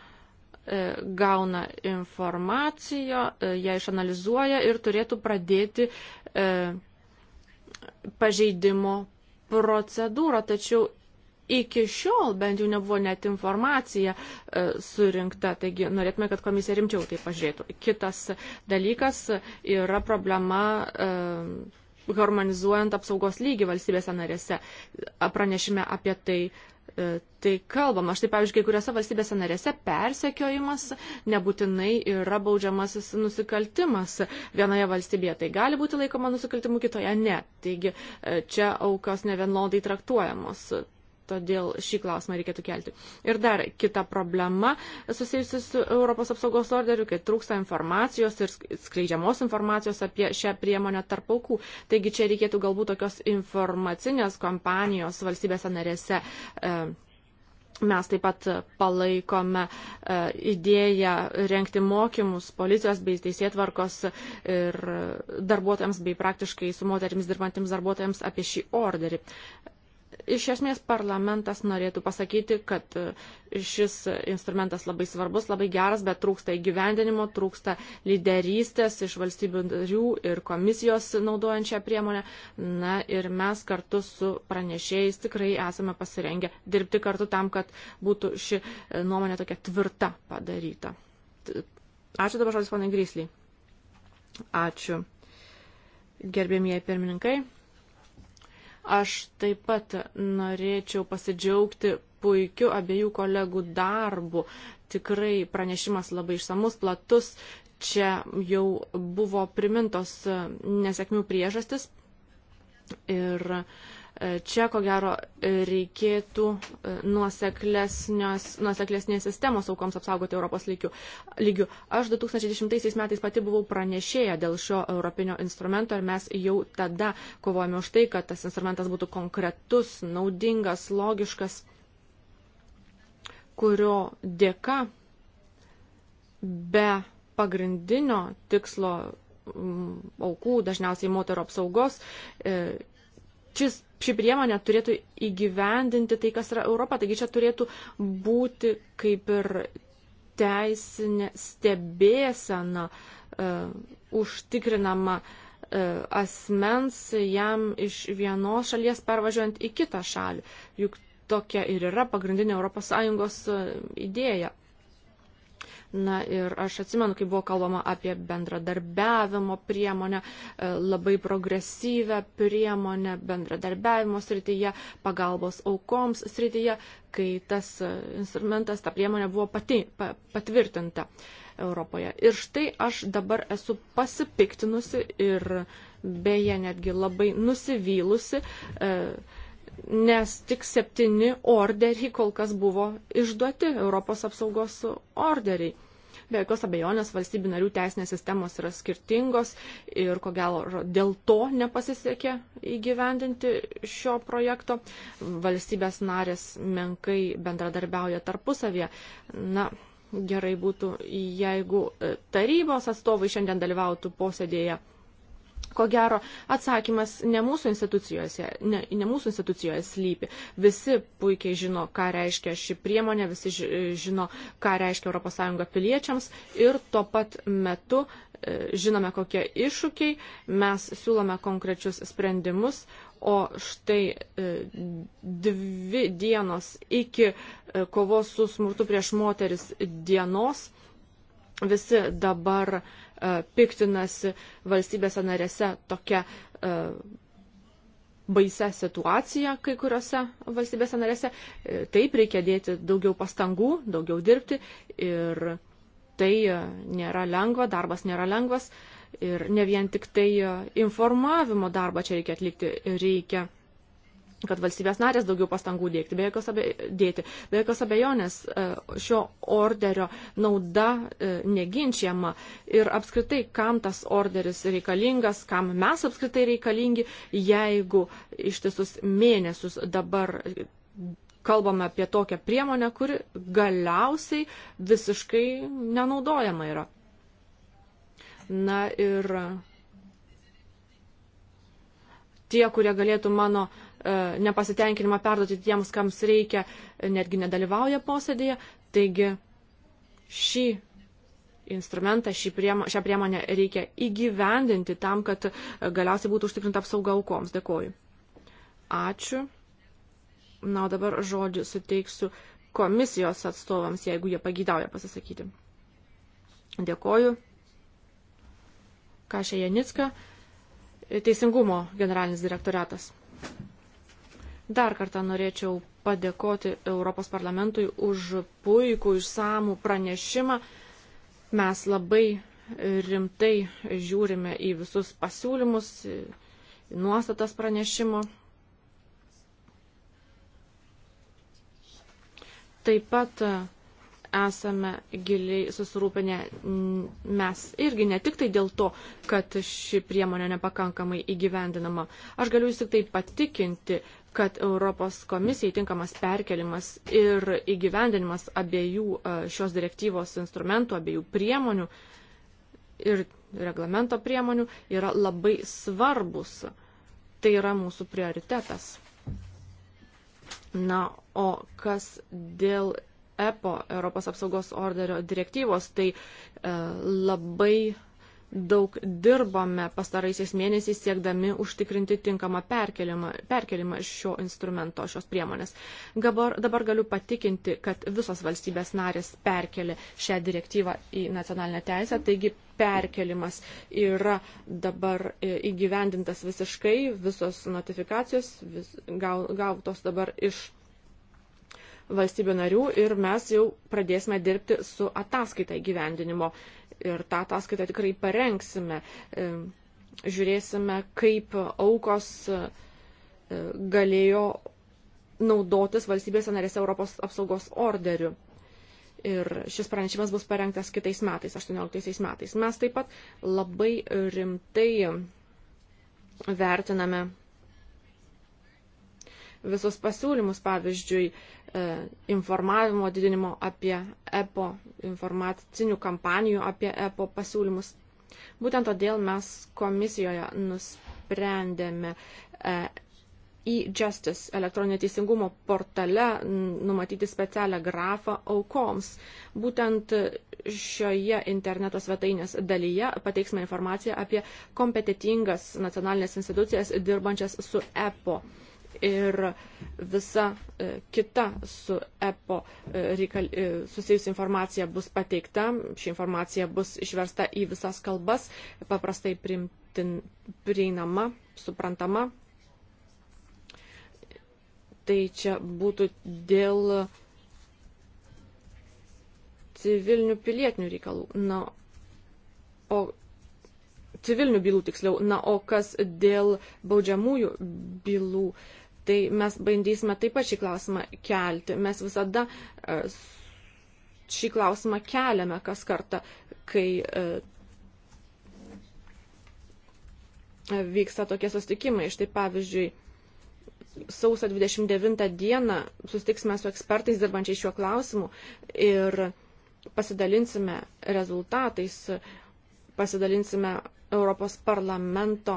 gauna informaciją, ją išanalizuoja ir turėtų pradėti pažeidimo procedūrą, tačiau iki šiol bent jau nebuvo net informacija e, surinkta, taigi norėtume, kad komisija rimčiau tai pažiūrėtų. Kitas dalykas yra problema. E, harmonizuojant apsaugos lygį valstybėse narėse. Pranešime apie tai E, tai kalbama. Štai, pavyzdžiui, kai kuriuose valstybėse narėse persekiojimas nebūtinai yra baudžiamasis nusikaltimas. Vienoje valstybėje tai gali būti laikoma nusikaltimu, kitoje ne. Taigi e, čia aukos nevienodai traktuojamos. Todėl šį klausimą reikėtų kelti. Ir dar kita problema susijusi su Europos apsaugos orderiu, kai trūksta informacijos ir skleidžiamos informacijos apie šią priemonę tarp aukų. Taigi čia reikėtų galbūt tokios informacinės kompanijos valstybėse narėse. E, mes taip pat palaikome e, idėją renkti mokymus policijos bei teisėtvarkos ir darbuotojams bei praktiškai su moterimis dirbantiems darbuotojams apie šį orderį. Iš esmės parlamentas norėtų pasakyti, kad e, šis instrumentas labai svarbus, labai geras, bet trūksta įgyvendinimo, trūksta lyderystės iš valstybių narių ir komisijos naudojant šią priemonę. Na ir mes kartu su pranešėjais tikrai esame pasirengę dirbti kartu tam, kad būtų ši e, nuomonė tokia tvirta padaryta. Ačiū dabar žodis, ponai Grysly. Ačiū. Gerbėmieji pirmininkai. Aš taip pat norėčiau pasidžiaugti puikiu abiejų kolegų darbu. Tikrai pranešimas labai išsamus, platus. Čia jau buvo primintos nesėkmių priežastis. Ir uh, Čia, ko gero, reikėtų e, nuoseklesnės sistemos aukoms apsaugoti Europos lygių. Aš 2010 metais pati buvau pranešėja dėl šio europinio instrumento ir mes jau tada kovojame už tai, kad tas instrumentas būtų konkretus, naudingas, logiškas, kurio dėka be pagrindinio tikslo aukų, dažniausiai moterų apsaugos, e, šis, ši priemonė turėtų įgyvendinti tai, kas yra Europa. Taigi čia turėtų būti kaip ir teisinė stebėsena e, užtikrinama e, asmens jam iš vienos šalies pervažiuojant į kitą šalį. Juk tokia ir yra pagrindinė ES e, idėja. Na ir aš atsimenu, kai buvo kalbama apie bendradarbiavimo priemonę, e, labai progresyvę priemonę bendradarbiavimo srityje, pagalbos aukoms srityje, kai tas e, instrumentas, ta priemonė buvo pati, pa, patvirtinta. Europoje. Ir štai aš dabar esu pasipiktinusi ir beje netgi labai nusivylusi. E, nes tik septyni orderiai kol kas buvo išduoti, Europos apsaugos orderiai. Be jokios abejonės valstybių narių teisinės sistemos yra skirtingos ir ko gero dėl to nepasisekė įgyvendinti šio projekto. Valstybės narės menkai bendradarbiauja tarpusavėje. Na, gerai būtų, jeigu tarybos atstovai šiandien dalyvautų posėdėje ko gero atsakymas ne mūsų institucijose, ne, ne mūsų institucijoje slypi. Visi puikiai žino, ką reiškia ši priemonė, visi žino, ką reiškia ES piliečiams ir tuo pat metu e, žinome, kokie iššūkiai, mes siūlome konkrečius sprendimus, o štai e, dvi dienos iki e, kovos su smurtu prieš moteris dienos visi dabar uh, E, piktinasi valstybėse narėse tokia e, baisa situacija kai kuriuose valstybėse narėse. E, taip reikia dėti daugiau pastangų, daugiau dirbti ir tai nėra lengva, darbas nėra lengvas ir ne vien tik tai informavimo darbą čia reikia atlikti, reikia kad valstybės narės daugiau pastangų dėkti, be jokios, abe, dėti. Be jokios abejonės e, šio orderio nauda e, neginčiama ir apskritai, kam tas orderis reikalingas, kam mes apskritai reikalingi, jeigu ištisus mėnesius dabar kalbame apie tokią priemonę, kuri galiausiai visiškai nenaudojama yra. Na ir tie, kurie galėtų mano uh, E, nepasitenkinimą perduoti tiems, kams reikia, e, netgi nedalyvauja posėdėje. Taigi šį instrumentą, šį priemo, šią priemonę reikia įgyvendinti tam, kad e, galiausiai būtų užtikrinta apsauga aukoms. Dėkoju. Ačiū. Na, o dabar žodį suteiksiu komisijos atstovams, jeigu jie pagydauja pasisakyti. Dėkoju. Kašė Janicka, Teisingumo generalinis direktoratas. Dar kartą norėčiau padėkoti Europos parlamentui už puikų išsamų pranešimą. Mes labai rimtai žiūrime į visus pasiūlymus, nuostatas pranešimo. Taip pat esame giliai susirūpinę mes irgi ne tik tai dėl to, kad ši priemonė nepakankamai įgyvendinama. Aš galiu jūs tik tai patikinti, kad Europos komisijai tinkamas perkelimas ir įgyvendinimas abiejų e, šios direktyvos instrumentų, abiejų priemonių ir reglamento priemonių yra labai svarbus. Tai yra mūsų prioritetas. Na, o kas dėl EPO, Europos apsaugos orderio direktyvos, tai e, labai daug dirbome pastaraisiais mėnesiais siekdami užtikrinti tinkamą perkelimą, perkelimą šio instrumento, šios priemonės. Gabar, dabar galiu patikinti, kad visos valstybės narės perkelė šią direktyvą į nacionalinę teisę, taigi perkelimas yra dabar e, įgyvendintas visiškai, visos notifikacijos vis, gautos dabar iš valstybių narių ir mes jau pradėsime dirbti su ataskaita įgyvendinimo. Ir tą ataskaitą tikrai parengsime. E, žiūrėsime, kaip aukos e, galėjo naudotis valstybėse narėse Europos apsaugos orderiu. Ir šis pranešimas bus parengtas kitais metais, 18 metais. Mes taip pat labai rimtai vertiname visus pasiūlymus, pavyzdžiui, e, informavimo didinimo apie EPO, informacinių kampanijų apie EPO pasiūlymus. Būtent todėl mes komisijoje nusprendėme e-justice elektroninio teisingumo portale numatyti specialią grafą aukoms. Būtent šioje interneto svetainės dalyje pateiksime informaciją apie kompetitingas nacionalinės institucijas dirbančias su EPO. E, ir visa e, kita su EPO e, reikal... E, susijusi informacija bus pateikta, ši informacija bus išversta į visas kalbas, paprastai primtin, prieinama, suprantama. Tai čia būtų dėl civilinių pilietinių reikalų. Na, o civilinių bylų tiksliau. Na, o kas dėl baudžiamųjų bylų? E, tai mes bandysime taip pat šį klausimą kelti. Mes visada e, šį klausimą keliame kas kartą, kai e, vyksta tokie sustikimai. Štai pavyzdžiui, sausio 29 dieną sustiksime su ekspertais dirbančiai šiuo klausimu ir pasidalinsime rezultatais, pasidalinsime Europos parlamento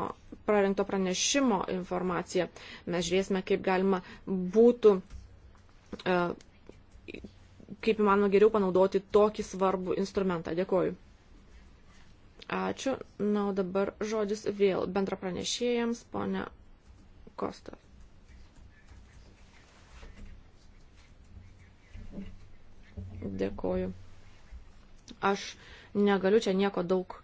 parengto pranešimo informaciją. Mes žiūrėsime, kaip galima būtų, e, kaip įmanoma geriau panaudoti tokį svarbų instrumentą. Dėkoju. Ačiū. Na, o dabar žodis vėl bendra pranešėjams, ponia Kosta. Dėkoju. Aš negaliu čia nieko daug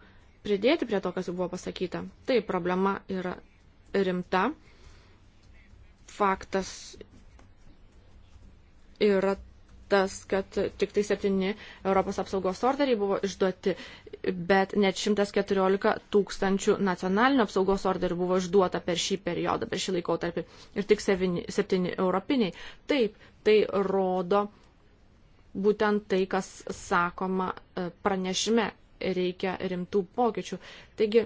pridėti prie to, kas jau buvo pasakyta. Tai problema yra rimta. Faktas yra tas, kad tik tai septyni Europos apsaugos orderiai buvo išduoti, bet net 114 tūkstančių nacionalinio apsaugos orderių buvo išduota per šį periodą, per šį laikotarpį ir tik septyni europiniai. Taip, tai rodo būtent tai, kas sakoma e, pranešime reikia rimtų pokyčių. Taigi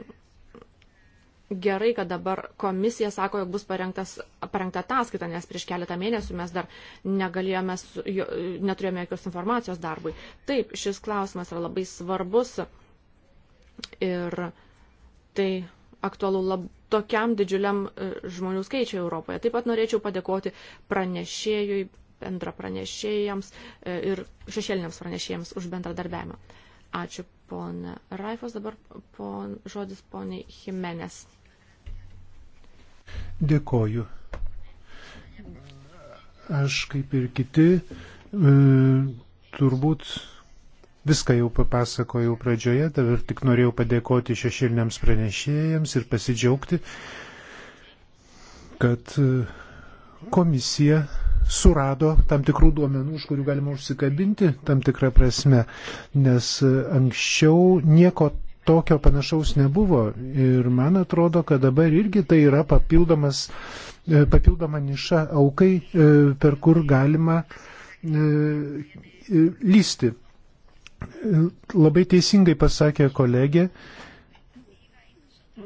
gerai, kad dabar komisija sako, jog bus parengta ataskaita, nes prieš keletą mėnesių mes dar negalėjome, neturėjome jokios informacijos darbui. Taip, šis klausimas yra labai svarbus ir tai aktualu lab, tokiam didžiuliam e, žmonių skaičiui Europoje. Taip pat norėčiau padėkoti pranešėjui, bendra pranešėjams e, ir šešėliniams pranešėjams už bendradarbiavimą. Ačiū pona Raifos, dabar pon, žodis poniai Jimenez. Dėkoju. Aš kaip ir kiti e, turbūt viską jau papasakojau pradžioje, dabar tik norėjau padėkoti šešiliniams pranešėjams ir pasidžiaugti, kad e, komisija surado tam tikrų duomenų, už kurių galima užsikabinti tam tikrą prasme, nes e, anksčiau nieko tokio panašaus nebuvo ir man atrodo, kad dabar irgi tai yra papildomas, e, papildoma niša aukai, e, per kur galima lysti. Labai teisingai pasakė kolegė,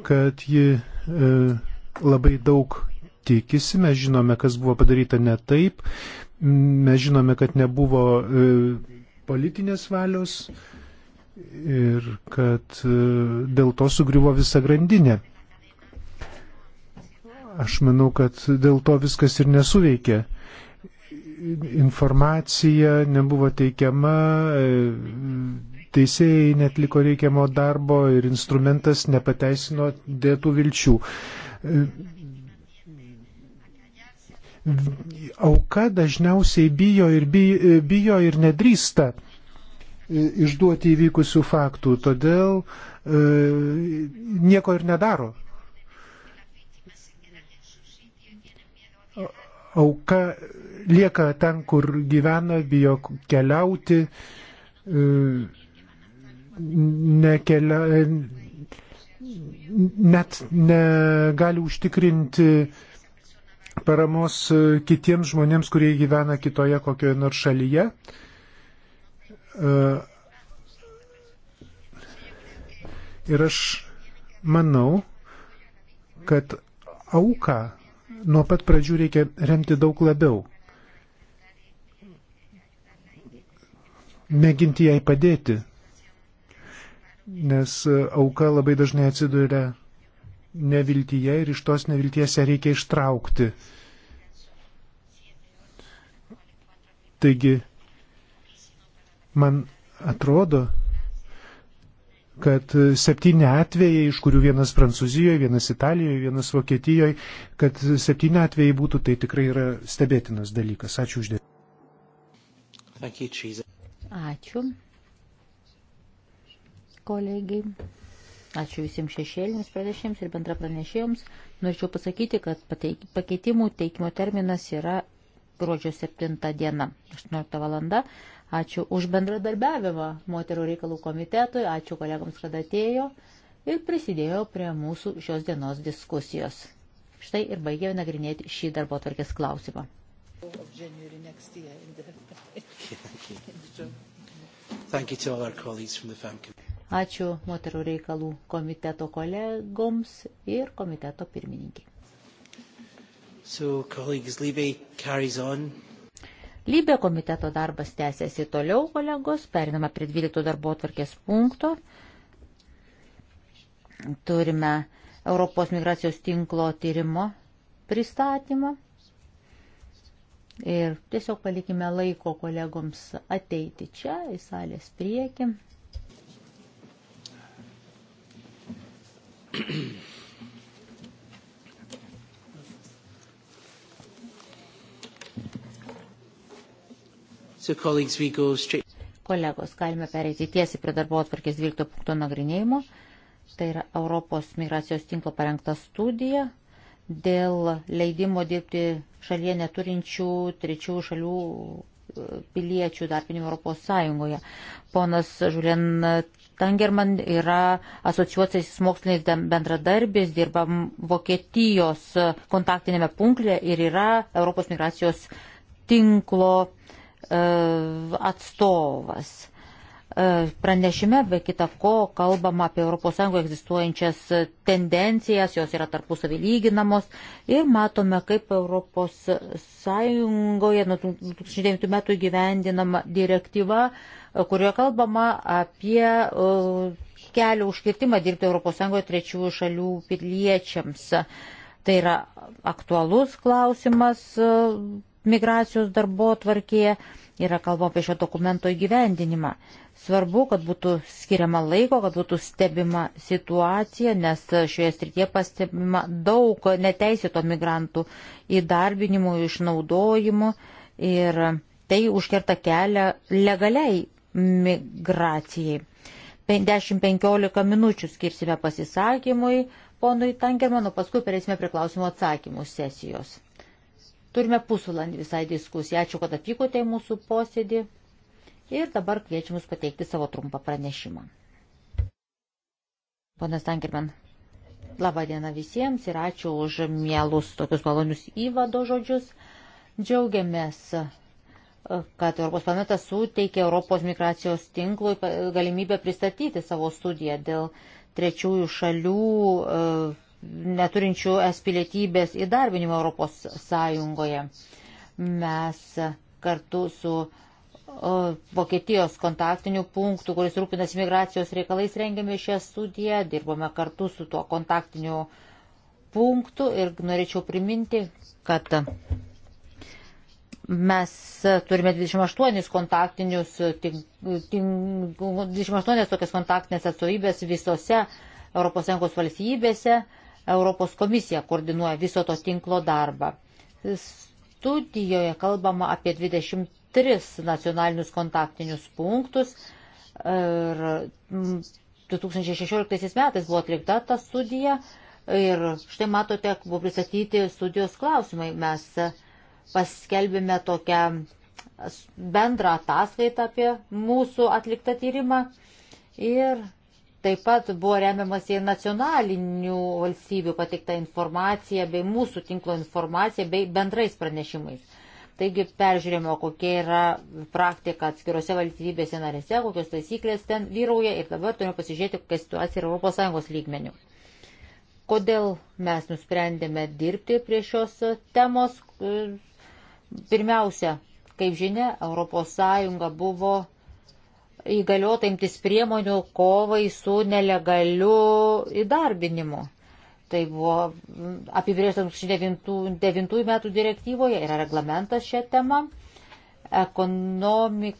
kad ji labai daug tikisi, mes žinome, kas buvo padaryta ne taip, mes žinome, kad nebuvo e, politinės valios ir kad e, dėl to sugriuvo visa grandinė. Aš manau, kad dėl to viskas ir nesuveikė. Informacija nebuvo teikiama, e, teisėjai netliko reikiamo darbo ir instrumentas nepateisino dėtų vilčių. Auka dažniausiai bijo ir, bijo, bijo ir nedrįsta e, išduoti įvykusių faktų, todėl e, nieko ir nedaro. Auka lieka ten, kur gyvena, bijo keliauti, e, nekelia, e, net negali užtikrinti e, paramos e, kitiems žmonėms, kurie gyvena kitoje kokioje nors šalyje. E, ir aš manau, kad auką nuo pat pradžių reikia remti daug labiau. Mėginti jai padėti, nes auka labai dažnai atsiduria neviltyje ir iš tos nevilties ją reikia ištraukti. Taigi, man atrodo, kad septyni atvejai, iš kurių vienas Prancūzijoje, vienas Italijoje, vienas Vokietijoje, kad septyni atvejai būtų, tai tikrai yra stebėtinas dalykas. Ačiū uždėmesi. Ačiū. Kolegiai. Ačiū visiems šešėlinis pranešėjams ir bendra pranešėjams. Norėčiau pasakyti, kad pateik, pakeitimų teikimo terminas yra gruodžio 7 diena, 18 valanda. Ačiū už bendradarbiavimą moterų reikalų komitetui, ačiū kolegams, kad atėjo ir prisidėjo prie mūsų šios dienos diskusijos. Štai ir baigėme nagrinėti šį darbo tvarkės klausimą. Thank you to all our colleagues from the FAM committee. Ačiū moterų reikalų komiteto kolegoms ir komiteto pirmininkiai. So, Lybė komiteto darbas tęsiasi toliau, kolegos. Periname prie 12 darbo atvarkės punkto. Turime Europos migracijos tinklo tyrimo pristatymą. Ir tiesiog palikime laiko kolegoms ateiti čia į salės priekį. So colleagues, we go straight. Kolegos, galime pereiti tiesiai prie darbo atvarkės 12 punkto nagrinėjimo. Tai yra Europos migracijos tinklo parengta studija dėl leidimo dirbti šalyje neturinčių trečių šalių e, piliečių darbinimo Europos Sąjungoje. Ponas Žulien Tangerman yra asociuotasis mokslinis bendradarbis, dirba Vokietijos kontaktinėme punklė ir yra Europos migracijos tinklo e, atstovas. E, pranešime be kita ko kalbama apie ES egzistuojančias tendencijas, jos yra tarpusavį lyginamos ir matome, kaip ES nuo 2009 metų gyvendinama direktyva uh, kurioje kalbama apie e, kelių užkirtimą dirbti ES trečiųjų šalių piliečiams. Tai yra aktualus klausimas e, migracijos darbo tvarkėje, yra kalba apie šio dokumento įgyvendinimą. Svarbu, kad būtų skiriama laiko, kad būtų stebima situacija, nes šioje srityje pastebima daug neteisėto migrantų įdarbinimų, išnaudojimų ir tai užkerta kelią legaliai migracijai. 10-15 minučių skirsime pasisakymui ponui Tankermanu, paskui perėsime prie klausimų atsakymų sesijos. Turime pusvalandį visai diskusiją. Ačiū, kad atvykote į mūsų posėdį. Ir dabar kviečiu mus pateikti savo trumpą pranešimą. Ponas Tankerman, laba diena visiems ir ačiū už mielus tokius malonius įvado žodžius. Džiaugiamės kad Europos planetas suteikė Europos migracijos tinklui galimybę pristatyti savo studiją dėl trečiųjų šalių e, neturinčių es pilietybės įdarbinimo Europos Sąjungoje. Mes kartu su e, Vokietijos kontaktinių punktų, kuris rūpinasi migracijos reikalais, rengėme šią studiją, dirbome kartu su tuo kontaktiniu punktu ir norėčiau priminti, kad Mes turime 28 kontaktinius, tink, tink, 28 tokias kontaktinės atstovybės visose ES valstybėse. Europos komisija koordinuoja viso to tinklo darbą. Studijoje kalbama apie 23 nacionalinius kontaktinius punktus ir 2016 metais buvo atlikta ta studija ir štai matote, buvo pristatyti studijos klausimai. Mes paskelbėme tokią bendrą ataskaitą apie mūsų atliktą tyrimą ir taip pat buvo remiamas į nacionalinių valstybių pateiktą informaciją bei mūsų tinklo informaciją bei bendrais pranešimais. Taigi peržiūrėjome, kokia yra praktika atskirose valstybėse narėse, kokios taisyklės ten vyrauja ir dabar turime pasižiūrėti, kokia situacija yra ES lygmenių. Kodėl mes nusprendėme dirbti prie šios temos, Pirmiausia, kaip žinia, ES buvo įgaliota imtis priemonių kovai su nelegaliu įdarbinimu. Tai buvo apibrėžta 2009 metų direktyvoje, yra reglamentas šią temą. Ekonomik...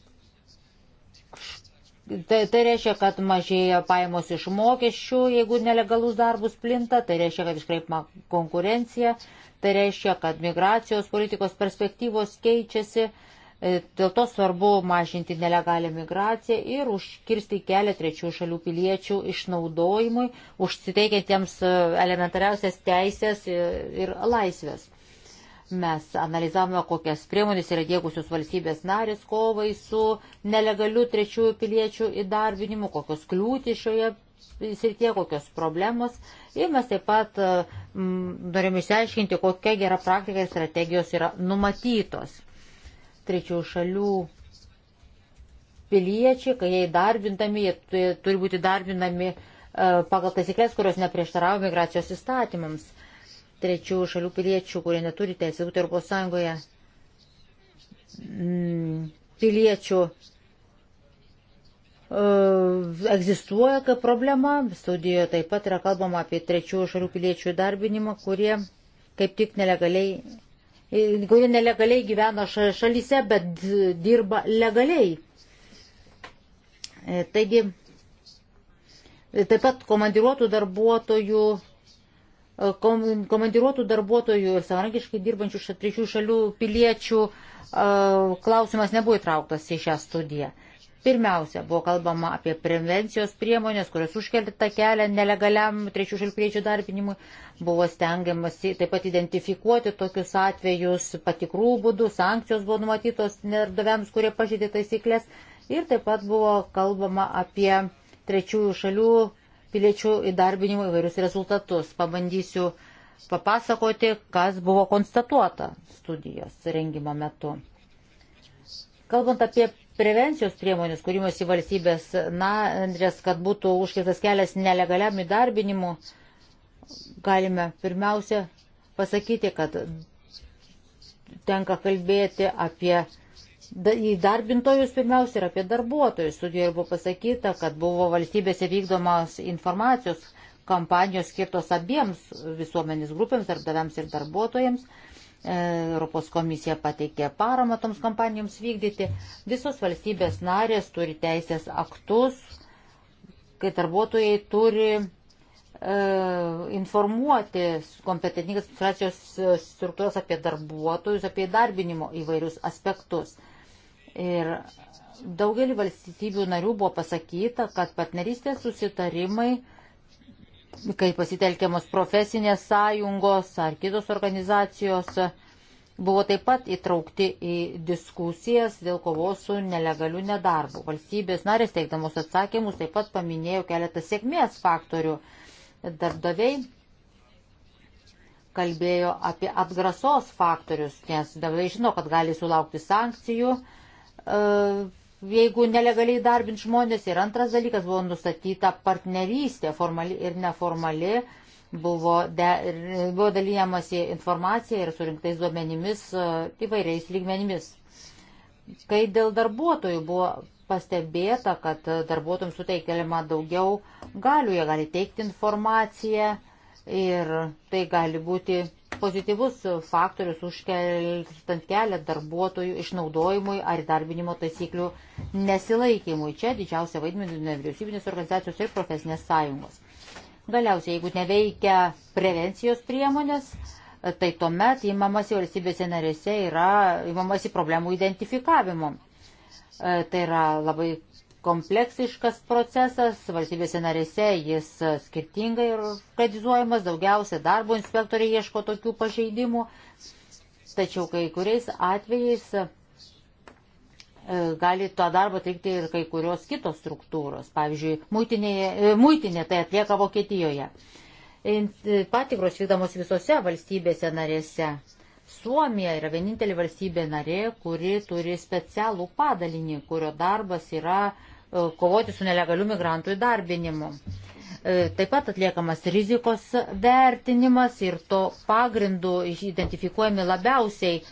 Tai, tai reiškia, kad mažėja pajamos iš mokesčių, jeigu nelegalus darbus plinta, tai reiškia, kad iškreipma konkurencija, Tai reiškia, kad migracijos politikos perspektyvos keičiasi, e, dėl to svarbu mažinti nelegalią migraciją ir užkirsti kelią trečių šalių piliečių išnaudojimui, užsiteikiantiems e, elementariausias teisės ir laisvės. Mes analizavome, kokias priemonės yra dėgusios valstybės narės kovai su nelegaliu trečiųjų piliečių įdarbinimu, kokios kliūtis šioje srityje, kokios problemos. Ir mes taip pat e, norime išsiaiškinti, kokia gera praktika ir strategijos yra numatytos. Trečių šalių piliečiai, kai jie įdarbintami, jie turi būti darbinami e, pagal taisyklės, kurios neprieštarauja migracijos įstatymams. Trečių šalių piliečių, kurie neturi teisės būti Europos Sąjungoje, piliečių egzistuoja kaip problema. Studijoje taip pat yra kalbama apie trečiųjų šalių piliečių įdarbinimą, kurie kaip tik nelegaliai, kurie nelegaliai gyvena šalyse, bet dirba legaliai. Taigi, taip pat komandiruotų darbuotojų komandiruotų darbuotojų ir savarankiškai dirbančių trečių šalių piliečių klausimas nebuvo įtrauktas į šią studiją. Pirmiausia, buvo kalbama apie prevencijos priemonės, kurios užkerta kelią nelegaliam trečių šalių piliečių darbinimui. Buvo stengiamasi taip pat identifikuoti tokius atvejus patikrų būdų, sankcijos buvo numatytos nerdaviams, kurie pažydė taisyklės. Ir taip pat buvo kalbama apie trečiųjų šalių piliečių įdarbinimo įvairius rezultatus. Pabandysiu papasakoti, kas buvo konstatuota studijos rengimo metu. Kalbant apie prevencijos priemonės kūrimas į valstybės narės, kad būtų užkirtas kelias nelegaliam įdarbinimu, galime pirmiausia pasakyti, kad tenka kalbėti apie įdarbintojus pirmiausia ir apie darbuotojus. Studijoje buvo pasakyta, kad buvo valstybėse vykdomas informacijos kampanijos skirtos abiems visuomenės grupėms, darbdaviams ir darbuotojams. E, Europos komisija pateikė paramą toms kompanijoms vykdyti. Visos valstybės narės turi teisės aktus, kai darbuotojai turi e, informuoti kompetentingas administracijos struktūros apie darbuotojus, apie darbinimo įvairius aspektus. Ir daugelį valstybių narių buvo pasakyta, kad partnerystės susitarimai kai pasitelkiamos profesinės sąjungos ar kitos organizacijos, buvo taip pat įtraukti į diskusijas dėl kovos su nelegaliu nedarbu. Valstybės narės teikdamos atsakymus taip pat paminėjo keletą sėkmės faktorių. Darbdaviai kalbėjo apie atgrasos faktorius, nes darbdaviai žino, kad gali sulaukti sankcijų. E, jeigu nelegaliai darbint žmonės. Ir antras dalykas buvo nustatyta partnerystė, formali ir neformali, buvo, de, buvo dalyjamasi informacija ir surinktais duomenimis e, įvairiais lygmenimis. Kai dėl darbuotojų buvo pastebėta, kad darbuotojams suteikiama daugiau galių, jie gali teikti informaciją ir tai gali būti pozityvus faktorius užkeltant kelią darbuotojų išnaudojimui ar darbinimo taisyklių nesilaikymui. Čia didžiausia vaidmenį nevyriausybinės organizacijos ir profesinės sąjungos. Galiausiai, jeigu neveikia prevencijos priemonės, tai tuomet įmamasi valstybėse narėse yra įmamasi problemų identifikavimo. E, tai yra labai kompleksiškas procesas, valstybėse narėse jis skirtingai organizuojamas, daugiausia darbo inspektoriai ieško tokių pažeidimų, tačiau kai kuriais atvejais e, gali tą darbą atlikti ir kai kurios kitos struktūros, pavyzdžiui, muitinė, e, muitinė tai atlieka Vokietijoje. E, patikros vykdamos visose valstybėse narėse. Suomija yra vienintelė valstybė narė, kuri turi specialų padalinį, kurio darbas yra uh, E, kovoti su nelegaliu migrantų įdarbinimu. E, taip pat atliekamas rizikos vertinimas ir to pagrindu identifikuojami labiausiai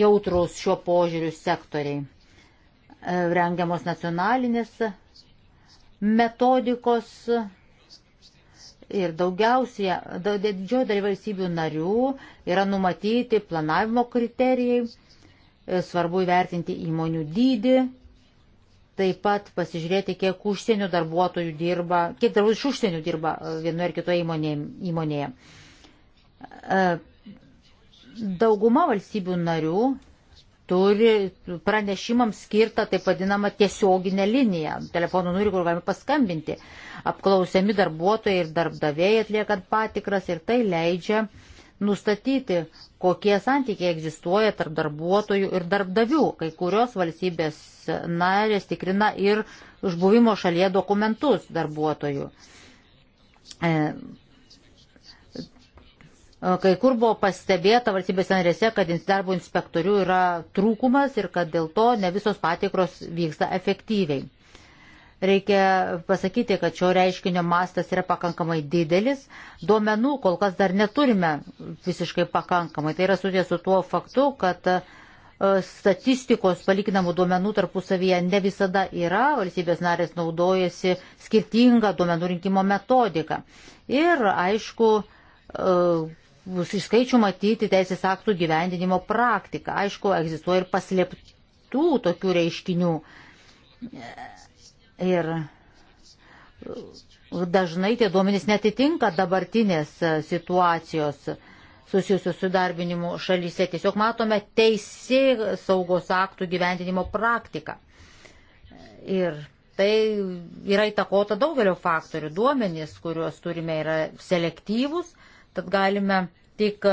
jautrus šiuo požiūriu sektoriai. E, rengiamos nacionalinės metodikos ir daugiausia, didžioji dalis valstybių narių yra numatyti planavimo kriterijai, svarbu įvertinti įmonių dydį, taip pat pasižiūrėti, kiek užsienio darbuotojų dirba, kiek darbuotojų iš užsienio dirba e, vienoje ar kitoje įmonėje. įmonėje. Dauguma valstybių narių turi pranešimams skirtą taip vadinamą tiesioginę liniją, telefonų numerį, kur galime paskambinti. Apklausiami darbuotojai ir darbdaviai atliekant patikras ir tai leidžia nustatyti, kokie santykiai egzistuoja tarp darbuotojų ir darbdavių. Kai kurios valstybės narės tikrina ir užbuvimo šalyje dokumentus darbuotojų. E, kai kur buvo pastebėta valstybės narėse, kad darbo inspektorių yra trūkumas ir kad dėl to ne visos patikros vyksta efektyviai. Reikia pasakyti, kad šio reiškinio mastas yra pakankamai didelis. Duomenų kol kas dar neturime visiškai pakankamai. Tai yra susijęs su tuo faktu, kad e, statistikos palyginamų duomenų tarpusavyje ne visada yra, valstybės narės naudojasi skirtingą duomenų rinkimo metodiką. Ir aišku, e, iš skaičių matyti teisės aktų gyvendinimo praktiką. Aišku, egzistuoja ir paslėptų tokių reiškinių. Ir dažnai tie duomenys netitinka dabartinės situacijos susijusios su darbinimu šalyse. Tiesiog matome teisė saugos aktų gyventinimo praktiką. Ir tai yra įtakota daugelio faktorių. Duomenys, kuriuos turime, yra selektyvus, tad galime tik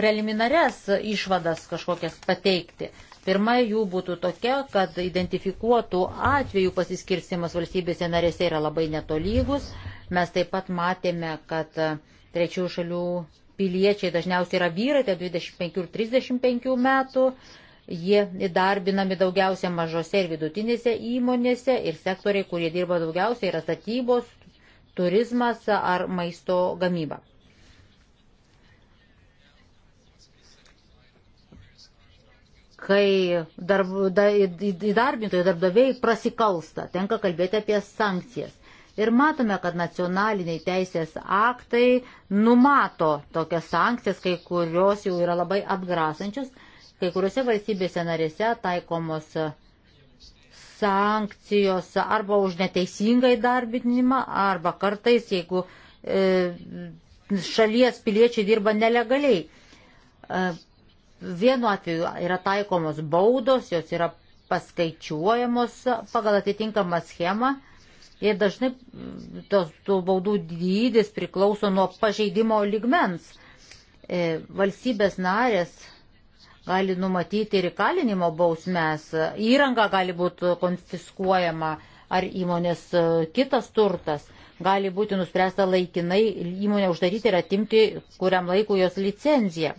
preliminarias išvadas kažkokias pateikti. Pirma jų būtų tokia, kad identifikuotų atvejų pasiskirstimas valstybėse narėse yra labai netolygus. Mes taip pat matėme, kad trečių šalių piliečiai dažniausiai yra vyrai, tai 25 ir 35 metų. Jie įdarbinami daugiausia mažose ir vidutinėse įmonėse ir sektoriai, kurie dirba daugiausia, yra statybos, turizmas ar maisto gamyba. kai darb, da, įdarbintojai darbdaviai prasikalsta, tenka kalbėti apie sankcijas. Ir matome, kad nacionaliniai teisės aktai numato tokias sankcijas, kai kurios jau yra labai atgrasančios, kai kuriuose valstybėse narėse taikomos sankcijos arba už neteisingą įdarbinimą, arba kartais, jeigu e, šalies piliečiai dirba nelegaliai. E, Vienu atveju yra taikomos baudos, jos yra paskaičiuojamos pagal atitinkamą schemą ir dažnai tos tų baudų dydis priklauso nuo pažeidimo ligmens. E, valstybės narės gali numatyti ir įkalinimo bausmes, įranga gali būti konfiskuojama ar įmonės e, kitas turtas, gali būti nuspręsta laikinai įmonę uždaryti ir atimti kuriam laiku jos licenciją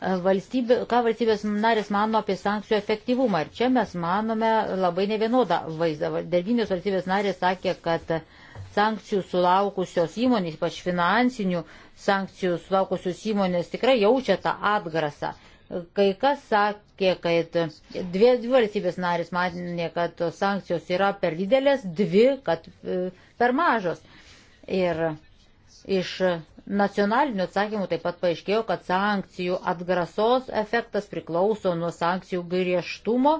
valstybė, ką valstybės narės mano apie sankcijų efektyvumą. Ir čia mes manome labai nevienodą vaizdą. Devynios valstybės narės sakė, kad sankcijų sulaukusios įmonės, ypač finansinių sankcijų sulaukusios įmonės tikrai jaučia tą atgrasą. Kai kas sakė, kad dvi, dvi valstybės narės matė, kad tos sankcijos yra per didelės, dvi, kad e, per mažos. Ir iš nacionalinių atsakymų taip pat paaiškėjo, kad sankcijų atgrasos efektas priklauso nuo sankcijų griežtumo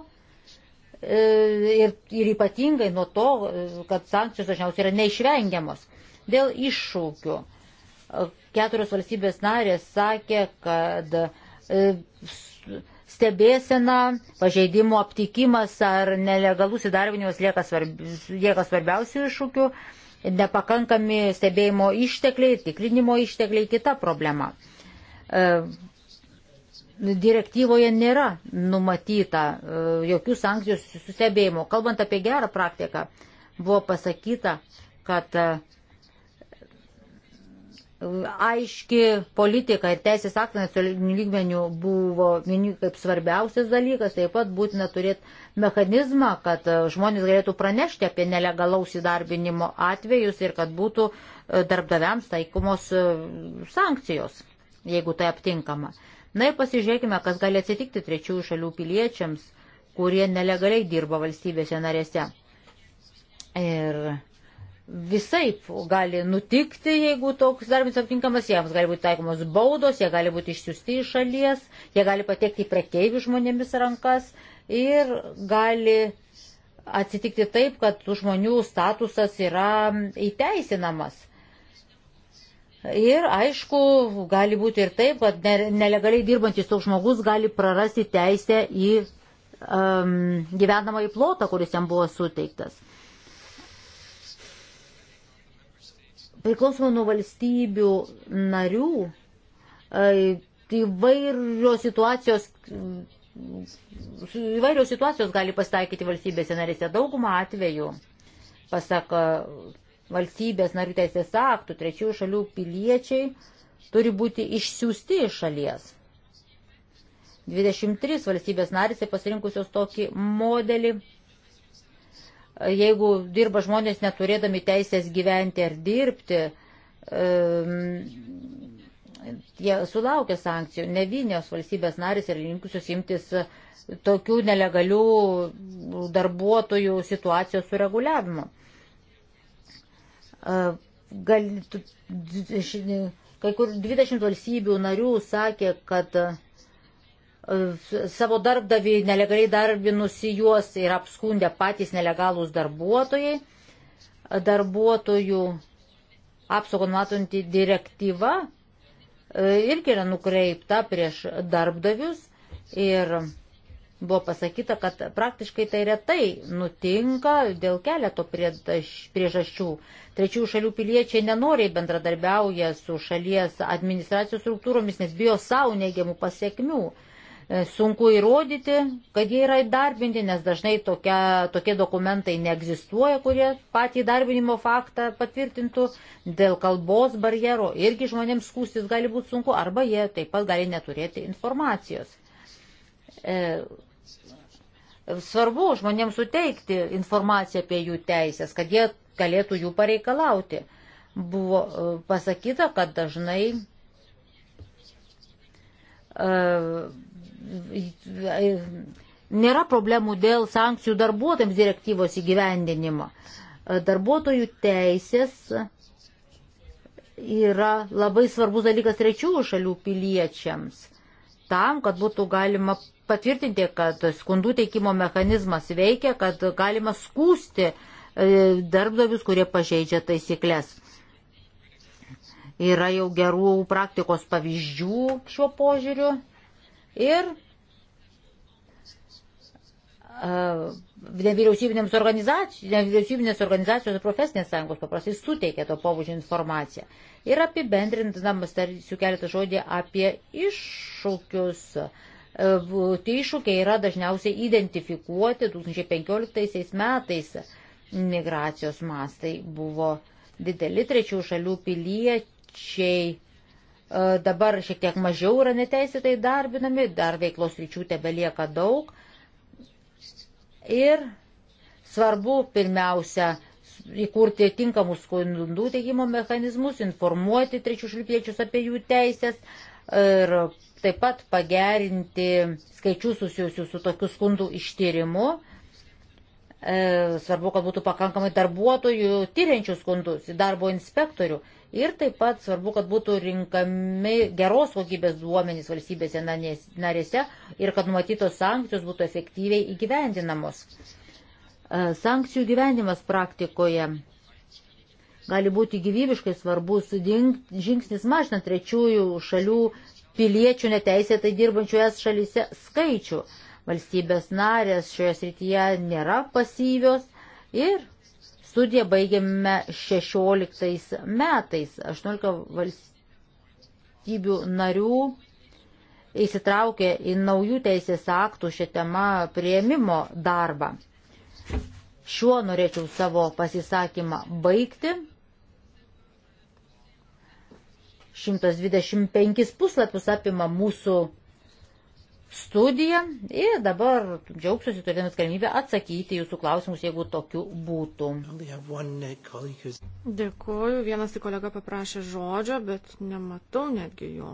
e, ir, ir ypatingai nuo to, e, kad sankcijos dažniausiai yra neišvengiamos. Dėl iššūkių e, keturios valstybės narės sakė, kad stebėsena, pažeidimų aptikimas ar nelegalus įdarbinimas lieka, svarbi, lieka svarbiausių iššūkių nepakankami stebėjimo ištekliai, tikrinimo ištekliai, kita problema. E, Direktyvoje nėra numatyta e, jokių sankcijų susibėjimo. Kalbant apie gerą praktiką, buvo pasakyta, kad e, aiški politika ir teisės aktai nacionalinių lygmenių buvo vieni kaip svarbiausias dalykas, taip pat būtina turėti mechanizmą, kad e, žmonės galėtų pranešti apie nelegalaus įdarbinimo atvejus ir kad būtų e, darbdaviams taikomos e, sankcijos, jeigu tai aptinkama. Na ir pasižiūrėkime, kas gali atsitikti trečiųjų šalių piliečiams, kurie nelegaliai dirba valstybėse narėse. Ir visai gali nutikti, jeigu toks darbas aptinkamas, jiems gali būti taikomos baudos, jie gali būti išsiųsti iš šalies, jie gali patekti į prekeivių žmonėmis rankas ir gali atsitikti taip, kad tų žmonių statusas yra įteisinamas. Ir aišku, gali būti ir taip, kad nelegaliai dirbantis toks žmogus gali prarasti teisę į um, gyvenamąjį plotą, kuris jam buvo suteiktas. priklausomai nuo valstybių narių e, tai įvairios situacijos įvairios situacijos gali pasitaikyti valstybėse narėse. Daugumą atvejų, pasak e, valstybės narių teisės aktų, trečiųjų šalių piliečiai turi būti išsiųsti iš šalies. 23 valstybės narėse pasirinkusios tokį modelį jeigu dirba žmonės neturėdami teisės gyventi ar dirbti, jie sulaukia sankcijų. Ne vienos valstybės narys yra linkusios imtis tokių nelegalių darbuotojų situacijos sureguliavimo. E, gal, kai kur 20 valstybių narių sakė, kad savo darbdavį nelegaliai darbinusi juos ir apskundė patys nelegalūs darbuotojai. Darbuotojų apsaugą matanti direktyva e, irgi yra nukreipta prieš darbdavius ir buvo pasakyta, kad praktiškai tai retai nutinka dėl keleto priežasčių. Trečiųjų šalių piliečiai nenoriai bendradarbiauja su šalies administracijos struktūromis, nes bijo savo neigiamų pasiekmių. E, sunku įrodyti, kad jie yra įdarbinti, nes dažnai tokia, tokie dokumentai neegzistuoja, kurie patį įdarbinimo faktą patvirtintų. Dėl kalbos barjero irgi žmonėms skūstis gali būti sunku, arba jie taip pat gali neturėti informacijos. E, svarbu žmonėms suteikti informaciją apie jų teisės, kad jie galėtų jų pareikalauti. Buvo e, pasakyta, kad dažnai nėra problemų dėl sankcijų darbuotojams direktyvos įgyvendinimo. Darbuotojų teisės yra labai svarbus dalykas trečiųjų šalių piliečiams, tam, kad būtų galima patvirtinti, kad skundų teikimo mechanizmas veikia, kad galima skūsti e, darbdavius, kurie pažeidžia taisyklės. Yra jau gerų praktikos pavyzdžių šiuo požiūriu ir nevyriausybinėms organizacijoms, nevyriausybinės organizacijos ir profesinės sąjungos paprastai suteikia to pobūdžio informaciją. Ir apibendrindamas, tarsiu keletą žodį apie iššūkius. Tai iššūkiai yra dažniausiai identifikuoti 2015 metais migracijos mastai buvo dideli trečių šalių piliečiai E, dabar šiek tiek mažiau yra neteisėtai darbinami, dar veiklos ryčių tebelieka daug. Ir svarbu pirmiausia įkurti tinkamus skundų teikimo mechanizmus, informuoti trečių šalpiečius apie jų teisės ir taip pat pagerinti skaičius susijusius su tokiu skundų ištyrimu. E, svarbu, kad būtų pakankamai darbuotojų tyriančių skundus, darbo inspektorių. Ir taip pat svarbu, kad būtų rinkami geros kokybės duomenys valstybėse narėse ir kad numatytos sankcijos būtų efektyviai įgyvendinamos. E, sankcijų gyvenimas praktikoje gali būti gyvybiškai svarbus žingsnis mažinant trečiųjų šalių piliečių neteisėtai dirbančių es šalyse skaičių. Valstybės narės šioje srityje nėra pasyvios ir Studiją baigėme 16 metais. 18 valstybių narių įsitraukė į naujų teisės aktų šią temą prieimimo darbą. Šiuo norėčiau savo pasisakymą baigti. 125 puslapius apima mūsų studiją ir dabar džiaugsiuosi turėdamas galimybę atsakyti jūsų klausimus, jeigu tokių būtų. Uh, Dėkuoju, vienas tik kolega paprašė žodžio, bet nematau netgi jo.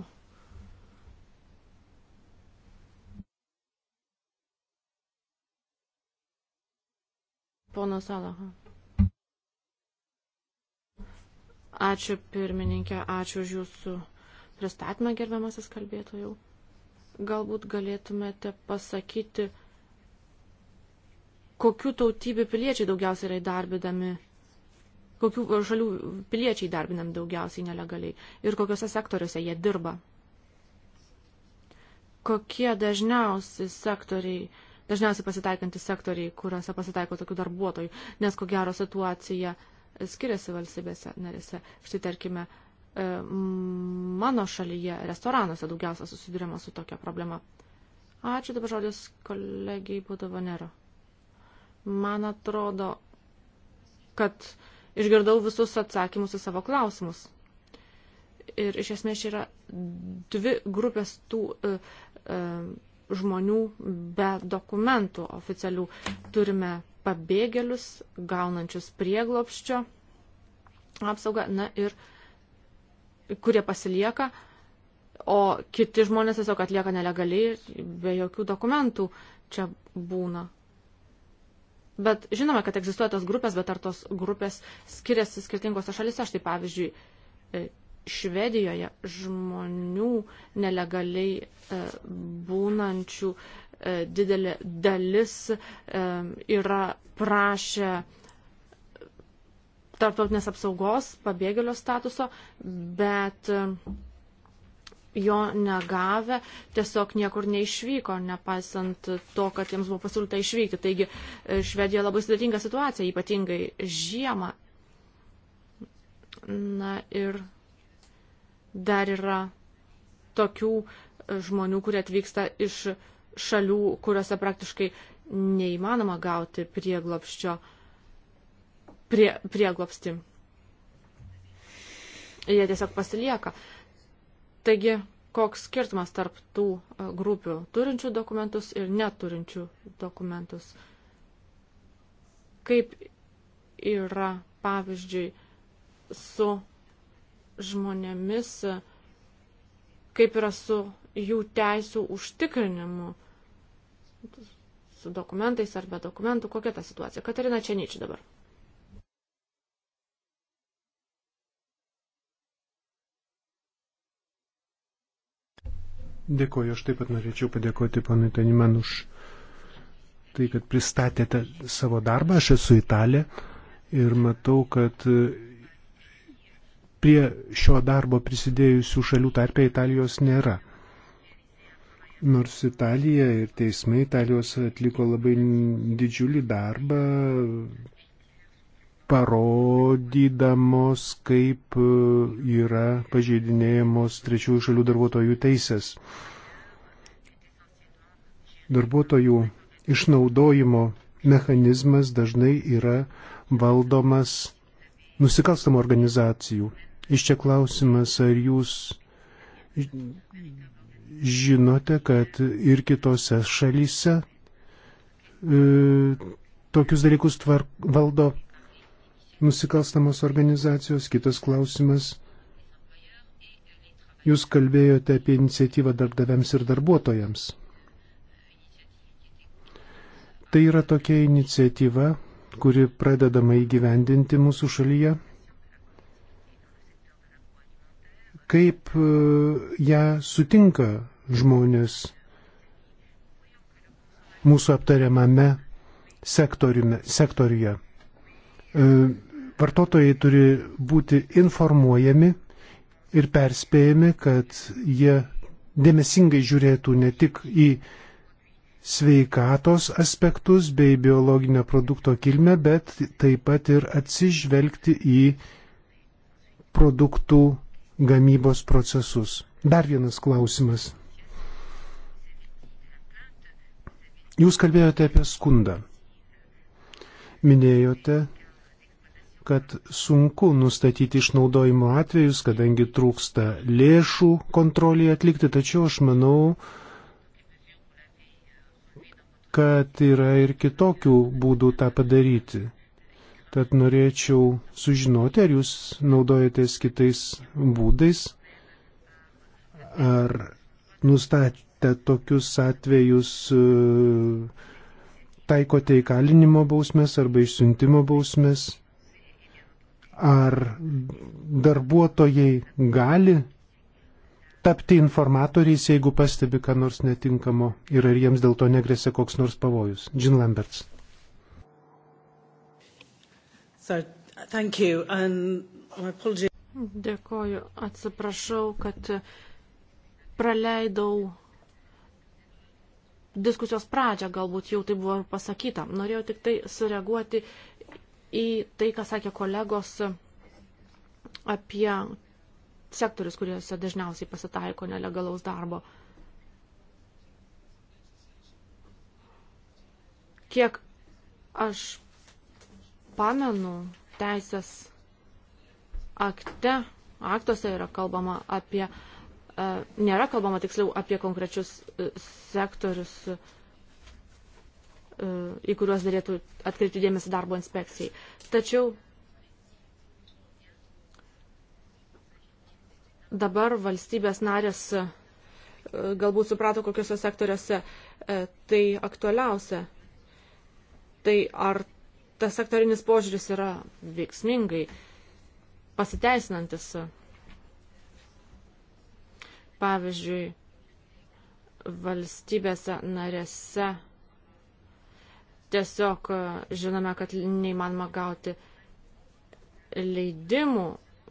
Pono Salaha. Ačiū pirmininkė, ačiū už jūsų pristatymą gerbiamasis kalbėtojau. Galbūt galėtumėte pasakyti, kokių tautybių piliečiai daugiausiai yra įdarbinami, kokių šalių piliečiai įdarbinami daugiausiai nelegaliai ir kokiuose sektoriuose jie dirba. Kokie dažniausi sektoriai, dažniausiai pasitaikantys sektoriai, kuriuose pasitaiko tokių darbuotojų, nes ko gero situacija skiriasi valstybėse narėse. Štai tarkime, E, mano šalyje restoranuose daugiausia susidurima su tokia problema. Ačiū dabar žodis kolegijai Budovanero. Man atrodo, kad išgirdau visus atsakymus į savo klausimus. Ir iš esmės yra dvi grupės tų e, e, žmonių be dokumentų oficialių. Turime pabėgėlius, gaunančius prieglopščio apsaugą, na ir e, kurie pasilieka, o kiti žmonės tiesiog atlieka nelegaliai be jokių dokumentų čia būna. Bet žinome, kad egzistuoja tos grupės, bet ar tos grupės skiriasi skirtingose šalise? Štai pavyzdžiui, e, Švedijoje žmonių nelegaliai e, būnančių e, didelė dalis yra prašę tarptautinės apsaugos, pabėgėlio statuso, bet e, jo negavę tiesiog niekur neišvyko, nepaisant to, kad jiems buvo pasiūlyta išvykti. Taigi e, Švedija labai sudėtinga situacija, ypatingai žiemą. Na ir dar yra tokių e, žmonių, kurie atvyksta iš šalių, kuriuose praktiškai neįmanoma gauti prieglopščio. Uh, prie, prieglopsti. Jie tiesiog pasilieka. Taigi, koks skirtumas tarp tų e, grupių turinčių dokumentus ir neturinčių dokumentus? Kaip yra, pavyzdžiui, su žmonėmis, e, kaip yra su jų teisų užtikrinimu, su dokumentais ar be dokumentų, kokia ta situacija. Katarina Čenyčių dabar. Dėkoju, aš taip pat norėčiau padėkoti panui Taniman už tai, kad pristatėte savo darbą. Aš esu italė ir matau, kad prie šio darbo prisidėjusių šalių tarpė Italijos nėra. Nors Italija ir teismai Italijos atliko labai didžiulį darbą, parodydamos, kaip e, yra pažeidinėjamos trečiųjų šalių darbuotojų teisės. Darbuotojų išnaudojimo mechanizmas dažnai yra valdomas nusikalstamų organizacijų. Iš čia klausimas, ar jūs žinote, kad ir kitose šalyse e, tokius dalykus tvark, valdo nusikalstamos organizacijos. Kitas klausimas. Jūs kalbėjote apie iniciatyvą darbdaviams ir darbuotojams. Tai yra tokia iniciatyva, kuri pradedama įgyvendinti mūsų šalyje. Kaip e, ją sutinka žmonės mūsų aptariamame sektoriuje. E, vartotojai turi būti informuojami ir perspėjami, kad jie dėmesingai žiūrėtų ne tik į sveikatos aspektus bei biologinio produkto kilmę, bet taip pat ir atsižvelgti į produktų gamybos procesus. Dar vienas klausimas. Jūs kalbėjote apie skundą. Minėjote kad sunku nustatyti išnaudojimo atvejus, kadangi trūksta lėšų kontroliai atlikti, tačiau aš manau, kad yra ir kitokių būdų tą padaryti. Tad norėčiau sužinoti, ar jūs naudojatės kitais būdais, ar nustatėte tokius atvejus, e, taikote įkalinimo bausmės arba išsiuntimo bausmės. Ar darbuotojai gali tapti informatoriais, jeigu pastebi, ką nors netinkamo ir ar jiems dėl to negresia koks nors pavojus? Jean Lamberts. So, thank you. And my apologies. Dėkoju, atsiprašau, kad praleidau diskusijos pradžią, galbūt jau tai buvo pasakyta. Norėjau tik tai sureaguoti į tai, ką sakė kolegos apie sektorius, kuriuose dažniausiai pasitaiko nelegalaus darbo. Kiek aš pamenu, teisės akte, aktuose yra kalbama apie, e, nėra kalbama tiksliau apie konkrečius e, sektorius, E, į kuriuos darėtų atkreipti dėmesį darbo inspekcijai. Tačiau dabar valstybės narės e, galbūt suprato, kokiuose sektoriuose e, tai aktualiausia. Tai ar tas sektorinis požiūris yra veiksmingai pasiteisinantis? Pavyzdžiui, valstybėse narėse Tiesiog e, žinome, kad neįmanoma gauti leidimų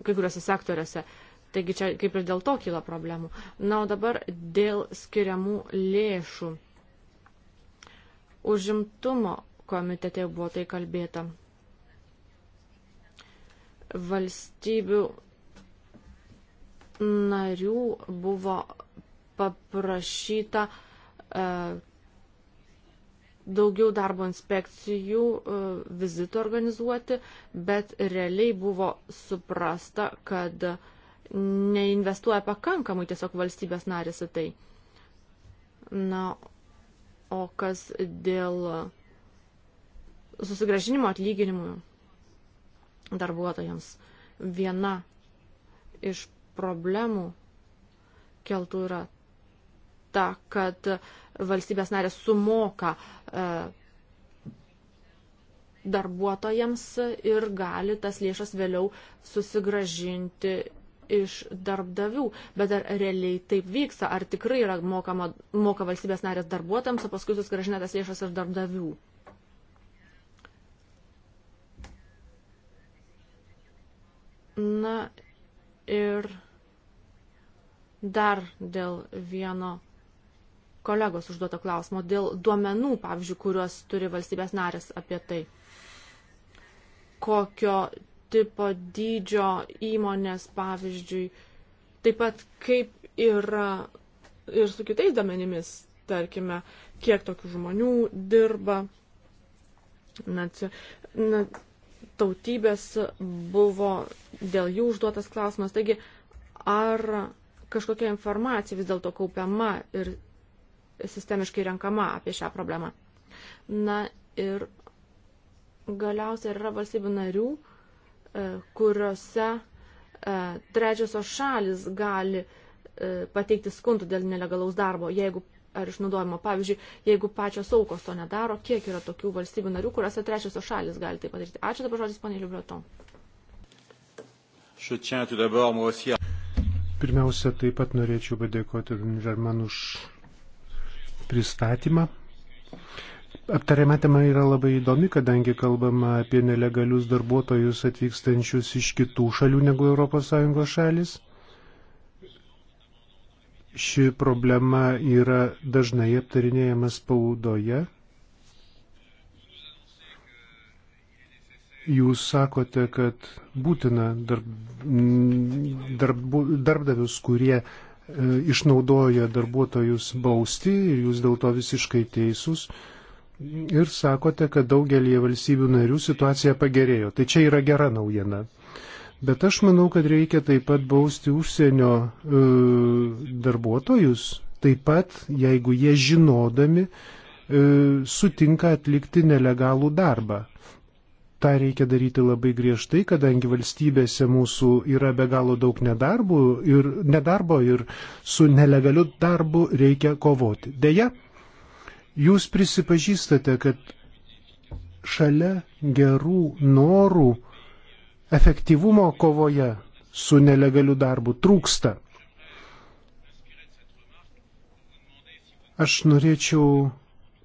kai kuriuose sektoriuose. Taigi čia kaip ir dėl to kyla problemų. Na, o dabar dėl skiriamų lėšų. Užimtumo komitete buvo tai kalbėta. Valstybių narių buvo paprašyta e, daugiau darbo inspekcijų e, vizitų organizuoti, bet realiai buvo suprasta, kad neinvestuoja pakankamai tiesiog valstybės narės į tai. Na, o kas dėl susigražinimo atlyginimų darbuotojams viena iš problemų keltų yra ta, kad valstybės narės sumoka e, darbuotojams ir gali tas lėšas vėliau susigražinti iš darbdavių. Bet ar realiai taip vyksta? Ar tikrai yra mokama, moka valstybės narės darbuotojams, o paskui susigražina tas lėšas iš darbdavių? Na ir dar dėl vieno kolegos užduoto klausimo dėl duomenų, pavyzdžiui, kuriuos turi valstybės narės apie tai. Kokio tipo dydžio įmonės, pavyzdžiui, taip pat kaip yra ir su kitais duomenimis, tarkime, kiek tokių žmonių dirba, naci, na, tautybės buvo dėl jų užduotas klausimas. Taigi, ar kažkokia informacija vis dėlto kaupiama ir sistemiškai renkama apie šią problemą. Na ir galiausiai yra valstybių narių, e, kuriuose e, trečiosios šalis gali e, pateikti skundų dėl nelegalaus darbo, jeigu ar išnaudojimo. Pavyzdžiui, jeigu pačios aukos to nedaro, kiek yra tokių valstybių narių, kuriuose trečiosios šalis gali tai padaryti. Ačiū dabar žodis, ponė Liubreto. Pirmiausia, taip pat norėčiau padėkoti Žerman už pristatymą. Aptariama tema yra labai įdomi, kadangi kalbama apie nelegalius darbuotojus atvykstančius iš kitų šalių negu ES šalis. Ši problema yra dažnai aptarinėjama spaudoje. Jūs sakote, kad būtina darb, darb, darbdavius, kurie E, išnaudoja darbuotojus bausti ir jūs dėl to visiškai teisūs. Ir sakote, kad daugelį valstybių narių situacija pagerėjo. Tai čia yra gera naujiena. Bet aš manau, kad reikia taip pat bausti užsienio e, darbuotojus, taip pat, jeigu jie žinodami e, sutinka atlikti nelegalų darbą tą reikia daryti labai griežtai, kadangi valstybėse mūsų yra be galo daug nedarbų ir nedarbo ir su nelegaliu darbu reikia kovoti. Deja, jūs prisipažįstate, kad šalia gerų norų efektyvumo kovoje su nelegaliu darbu trūksta. Aš norėčiau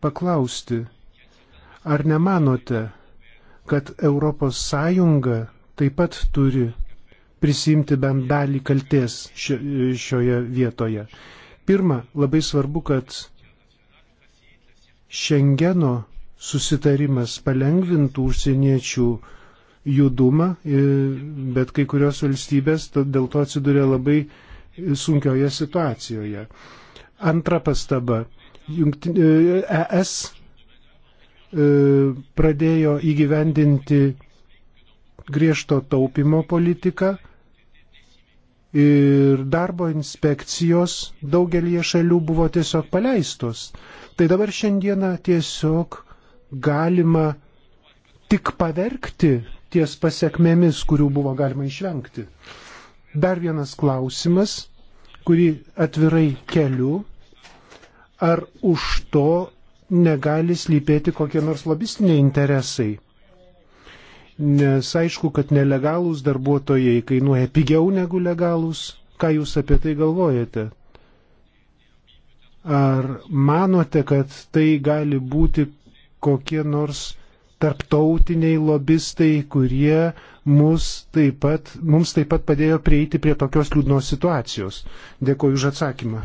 paklausti, ar nemanote, kad ES taip pat turi prisimti bent dalį kalties šioje vietoje. Pirma, labai svarbu, kad Šengeno susitarimas palengvintų užsieniečių judumą, bet kai kurios valstybės dėl to atsiduria labai sunkioje situacijoje. Antra pastaba. ES e E, pradėjo įgyvendinti griežto taupimo politiką ir darbo inspekcijos daugelie šalių buvo tiesiog paleistos. Tai dabar šiandieną tiesiog galima tik paverkti ties pasiekmėmis, kurių buvo galima išvengti. Dar vienas klausimas, kurį atvirai keliu, ar už to negali slypėti kokie nors lobistiniai interesai. Nes aišku, kad nelegalūs darbuotojai kainuoja pigiau negu legalūs. Ką jūs apie tai galvojate? Ar manote, kad tai gali būti kokie nors tarptautiniai lobistai, kurie mus taip pat, mums taip pat padėjo prieiti prie tokios liūdnos situacijos? Dėkuoju už atsakymą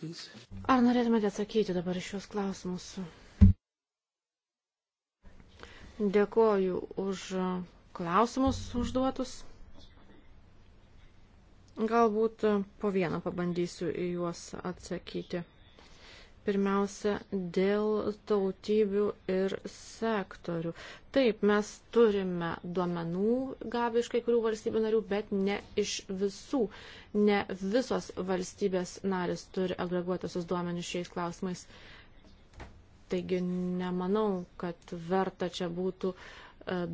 please? Ar norėtumėte atsakyti dabar šios klausimus? Dėkoju už klausimus užduotus. Galbūt po vieną pabandysiu į juos atsakyti pirmiausia, dėl tautybių ir sektorių. Taip, mes turime duomenų gavę iš kai kurių valstybių narių, bet ne iš visų. Ne visos valstybės narės turi agreguotosios duomenys šiais klausimais. Taigi nemanau, kad verta čia būtų e,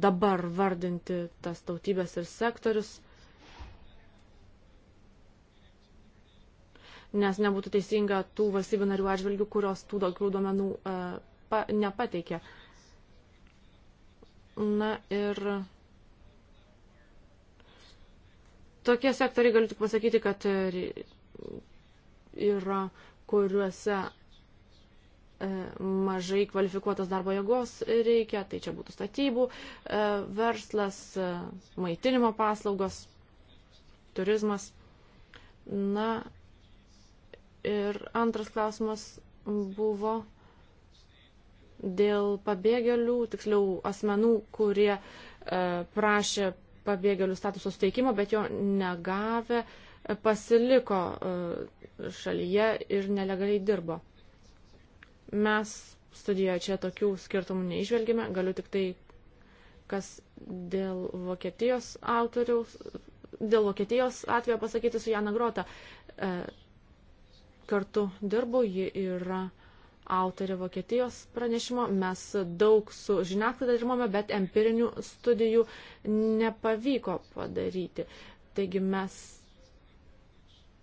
dabar vardinti tas tautybės ir sektorius. nes nebūtų teisinga tų valstybių narių atžvilgių, kurios tų daugiau duomenų e, pa, nepateikė. Na ir tokie sektoriai, galiu tik pasakyti, kad yra, kuriuose e, mažai kvalifikuotos darbo jėgos reikia, tai čia būtų statybų, e, verslas, e, maitinimo paslaugos, turizmas. Na Ir antras klausimas buvo dėl pabėgėlių, tiksliau asmenų, kurie e, prašė pabėgėlių statuso suteikimo, bet jo negavę, e, pasiliko e, šalyje ir nelegaliai dirbo. Mes studijoje čia tokių skirtumų neižvelgime, galiu tik tai, kas dėl Vokietijos autoriaus, dėl Vokietijos atvejo pasakyti su Jana Grota. E, kartu dirbu, ji yra autorė Vokietijos pranešimo. Mes daug su žiniasklaida dirbome, bet empirinių studijų nepavyko padaryti. Taigi mes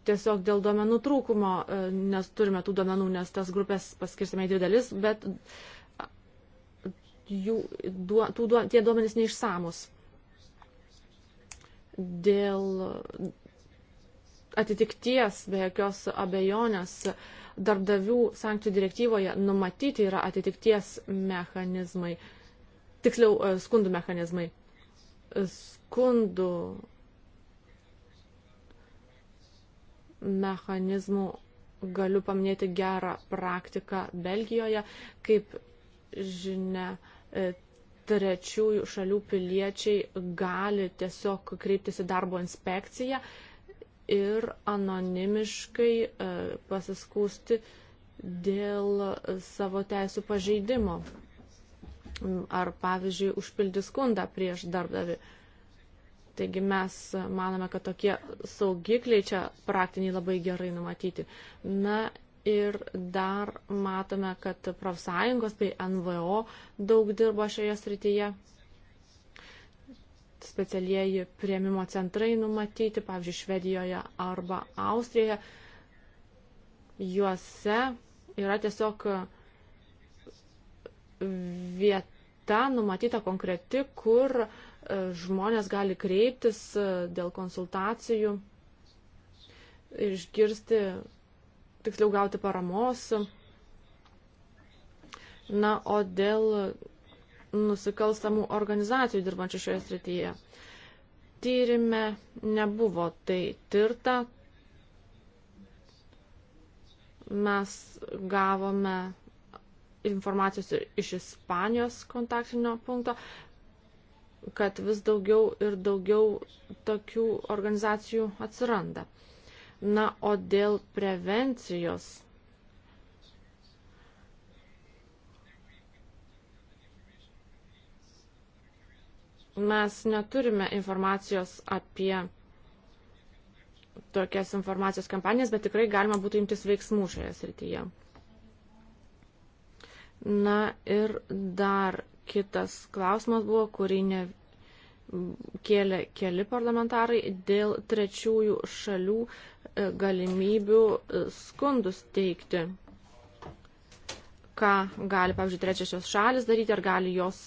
tiesiog dėl duomenų trūkumo, e, nes turime tų duomenų, nes tas grupės paskirstame į dvi dalis, bet jų, duo, tų, duo, tie duomenys neišsamus. Dėl atitikties, be jokios abejonės, darbdavių sankcijų direktyvoje numatyti yra atitikties mechanizmai, tiksliau e, skundų mechanizmai. E, skundų mechanizmų galiu paminėti gerą praktiką Belgijoje, kaip žinia, e, trečiųjų šalių piliečiai gali tiesiog kreiptis į darbo inspekciją ir anonimiškai e, pasiskūsti dėl savo teisų pažeidimo. Ar, pavyzdžiui, užpildi skundą prieš darbdavį. Taigi mes manome, kad tokie saugikliai čia praktiniai labai gerai numatyti. Na ir dar matome, kad profsąjungos bei tai NVO daug dirbo šioje srityje specialieji prieimimo centrai numatyti, pavyzdžiui, Švedijoje arba Austrijoje. Juose yra tiesiog vieta numatyta konkreti, kur e, žmonės gali kreiptis e, dėl konsultacijų ir išgirsti, tiksliau gauti paramos. Na, o dėl nusikalstamų organizacijų dirbančių šioje srityje. Tyrime nebuvo tai tirta. Mes gavome informacijos iš Ispanijos kontaktinio punkto, kad vis daugiau ir daugiau tokių organizacijų atsiranda. Na, o dėl prevencijos Mes neturime informacijos apie tokias informacijos kampanijas, bet tikrai galima būtų imtis veiksmų šioje srityje. Na ir dar kitas klausimas buvo, kurį ne, kėlė keli parlamentarai dėl trečiųjų šalių e, galimybių e, skundus teikti. Ką gali, pavyzdžiui, trečiosios šalis daryti, ar gali jos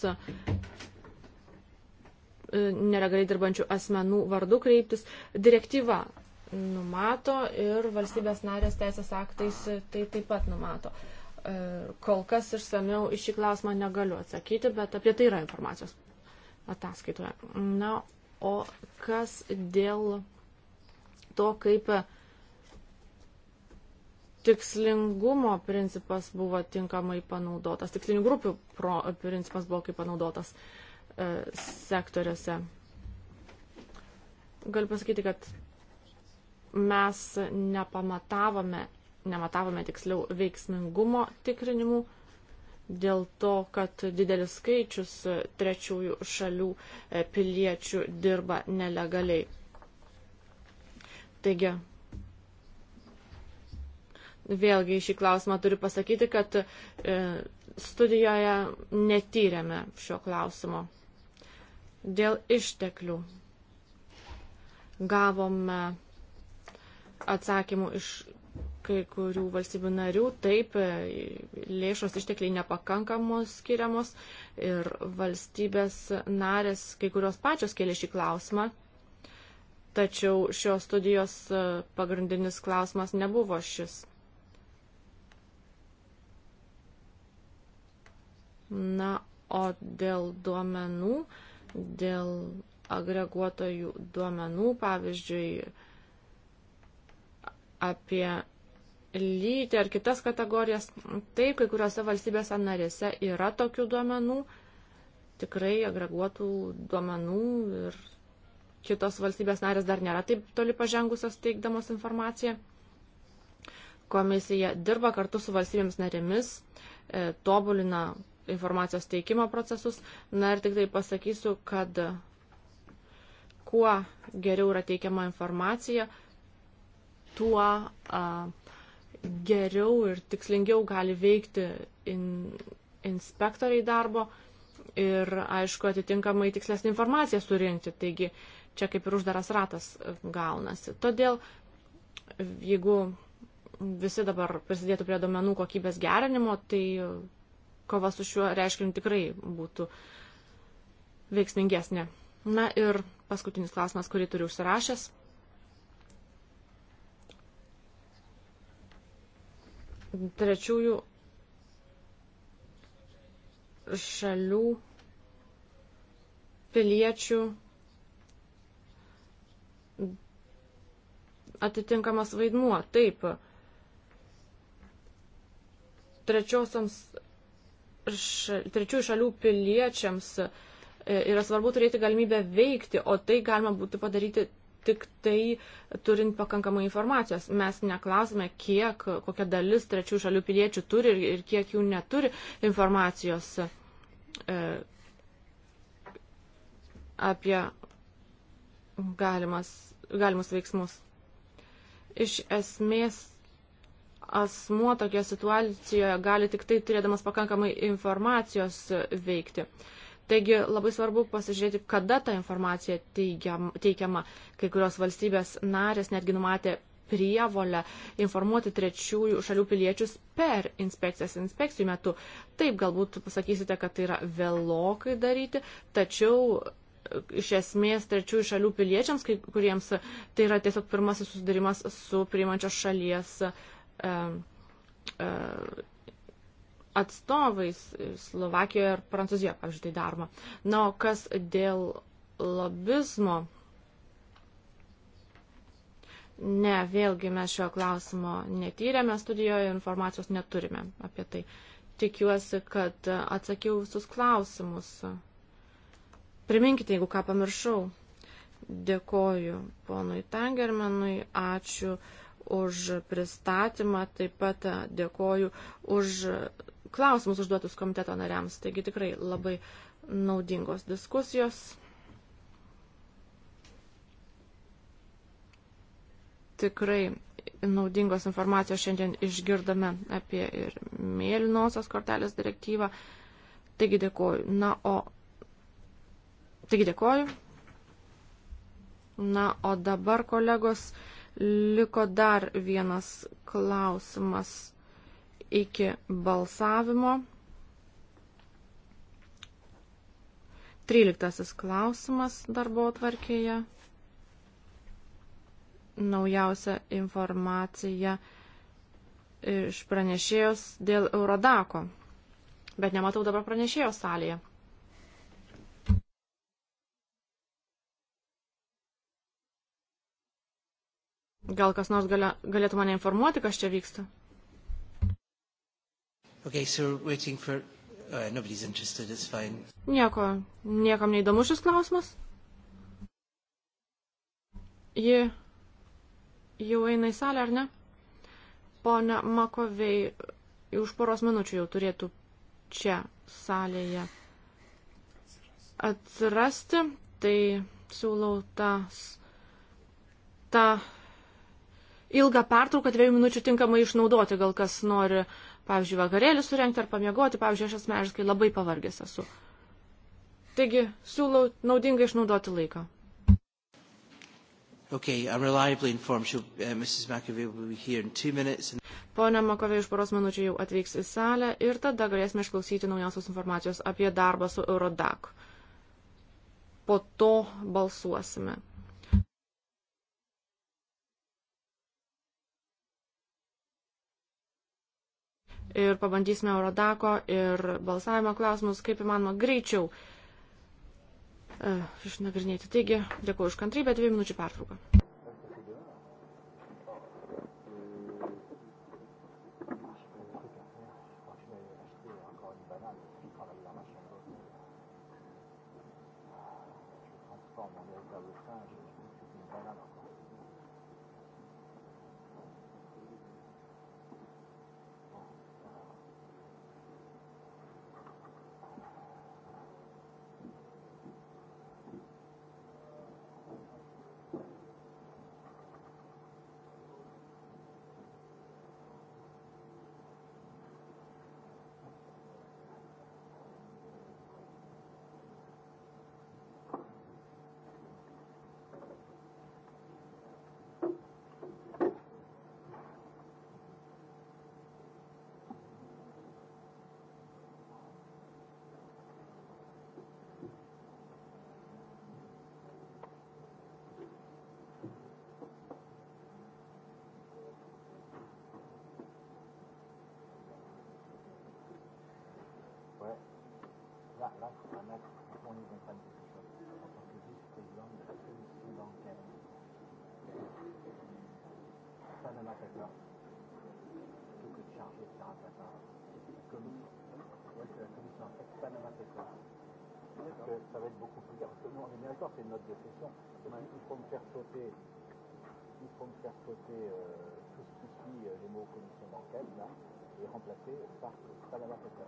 E, nelegaliai dirbančių asmenų vardu kreiptis. Direktyva numato ir valstybės narės teisės aktais tai taip pat numato. E, kol kas išsameu iš šį klausimą negaliu atsakyti, bet apie tai yra informacijos ataskaitoje. Na, o kas dėl to, kaip tikslingumo principas buvo tinkamai panaudotas, tikslinių grupių pro, principas buvo kaip panaudotas. Uh, E, sektoriuose. Galiu pasakyti, kad mes nepamatavome, nematavome tiksliau veiksmingumo tikrinimų dėl to, kad didelis skaičius trečiųjų šalių e, piliečių dirba nelegaliai. Taigi, vėlgi šį klausimą turiu pasakyti, kad e, studijoje netyrėme šio klausimo. Dėl išteklių gavome atsakymų iš kai kurių valstybių narių, taip, lėšos ištekliai nepakankamos skiriamos ir valstybės narės kai kurios pačios kėlė šį klausimą, tačiau šios studijos pagrindinis klausimas nebuvo šis. Na, o dėl duomenų dėl agreguotojų duomenų, pavyzdžiui, apie lytį ar kitas kategorijas. Taip, kai kuriuose valstybėse narėse yra tokių duomenų, tikrai agreguotų duomenų ir kitos valstybės narės dar nėra taip toli pažengusios teikdamos informaciją. Komisija dirba kartu su valstybėms narėmis, e, tobulina informacijos teikimo procesus. Na ir tik tai pasakysiu, kad kuo geriau yra teikiama informacija, tuo a, geriau ir tikslingiau gali veikti in, inspektoriai darbo ir, aišku, atitinkamai tikslesnį informaciją surinkti. Taigi čia kaip ir uždaras ratas gaunasi. Todėl, jeigu visi dabar prisidėtų prie domenų kokybės gerinimo, tai kova su šiuo reiškiniu tikrai būtų veiksmingesnė. Na ir paskutinis klausimas, kurį turiu užsirašęs. Trečiųjų šalių piliečių atitinkamas vaidmuo. Taip, trečiosiams š, trečiųjų šalių piliečiams e, yra svarbu turėti galimybę veikti, o tai galima būtų padaryti tik tai turint pakankamai informacijos. Mes neklausime, kiek, kokia dalis trečių šalių piliečių turi ir, ir kiek jų neturi informacijos e, apie galimas, galimus veiksmus. Iš esmės asmuo tokioje situacijoje gali tik tai turėdamas pakankamai informacijos veikti. Taigi labai svarbu pasižiūrėti, kada ta informacija teigiam, teikiama. Kai kurios valstybės narės netgi numatė prievolę informuoti trečiųjų šalių piliečius per inspekcijas inspekcijų metu. Taip, galbūt pasakysite, kad tai yra vėlokai daryti, tačiau e, iš esmės trečiųjų šalių piliečiams, kai, kuriems tai yra tiesiog pirmasis susidarimas su priimančios šalies uh, E, e, atstovais Slovakijoje ir Prancūzijoje, pavyzdžiui, tai daroma. Na, o kas dėl lobizmo? Ne, vėlgi mes šio klausimo netyrėme studijoje, informacijos neturime apie tai. Tikiuosi, kad atsakiau visus klausimus. Priminkite, jeigu ką pamiršau. Dėkoju ponui Tangermenui, ačiū už pristatymą, taip pat dėkoju už klausimus užduotus komiteto nariams. Taigi tikrai labai naudingos diskusijos. Tikrai naudingos informacijos šiandien išgirdome apie ir mėlynosios kortelės direktyvą. Taigi dėkoju. Na, o. Taigi dėkoju. Na, o dabar, kolegos, Liko dar vienas klausimas iki balsavimo. Tryliktasis klausimas darbo atvarkėje. Naujausia informacija iš pranešėjos dėl Eurodako. Bet nematau dabar pranešėjos salėje. Gal kas nors galia, galėtų mane informuoti, kas čia vyksta? Okay, so waiting for... Uh, nobody's interested, it's fine. Nieko, niekam neįdomu šis klausimas. Ji jau eina į salę, ar ne? Pone Makovei, už poros minučių jau turėtų čia salėje atsirasti, tai siūlau tas, tą ilgą pertrauką dviejų minučių tinkamai išnaudoti. Gal kas nori, pavyzdžiui, vakarėlį surenkti ar pamiegoti. Pavyzdžiui, aš asmeniškai labai pavargęs esu. Taigi, siūlau naudingai išnaudoti laiką. Okay, I'm reliably informed she'll, uh, Mrs. McAvey will be here in two minutes. And... Pone Makovė iš poros minučių jau atvyks į salę ir tada galėsime išklausyti naujausios informacijos apie darbą su Eurodac. Po to balsuosime. ir pabandysime Eurodako ir balsavimo klausimus kaip įmanoma greičiau e, išnagrinėti. Taigi, dėkuoju už kantrybę, dvi minučių pertrauką. that last time I won't even thank you for sure. I thought it was too long, but it was too long getting. Sana na pekla. Tu que chargé ça à pekla. Comme ouais, c'est la commission en fait, sana na pekla. Parce que ça va être beaucoup plus dur. Parce que nous, on est bien d'accord, c'est notre décision. Ouais. Il faut me faire sauter. Il faut me faire sauter euh, tout ce qui suit euh, les mots commission bancaire, là, et remplacer par Panama Paper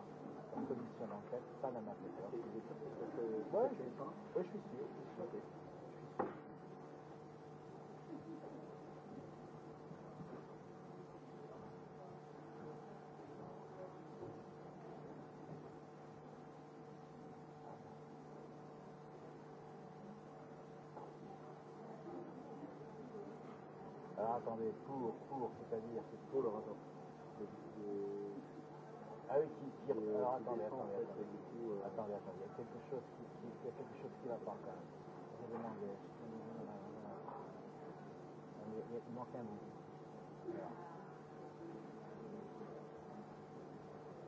une commission d'enquête, ça n'a pas fait peur. Ouais, je suis sûr, je suis sûr. Alors attendez, pour, pour, c'est-à-dire, c'est pour le rapport. Ah oui, qui, qui... Euh, alors attendez, euh, attendez, attendez. Du coup, euh... attendez, attendez. Il y a quelque chose qui, qui, il y a quelque chose qui va pas quand même. J'ai demandé. Euh, il, il, il manque un bout. Voilà.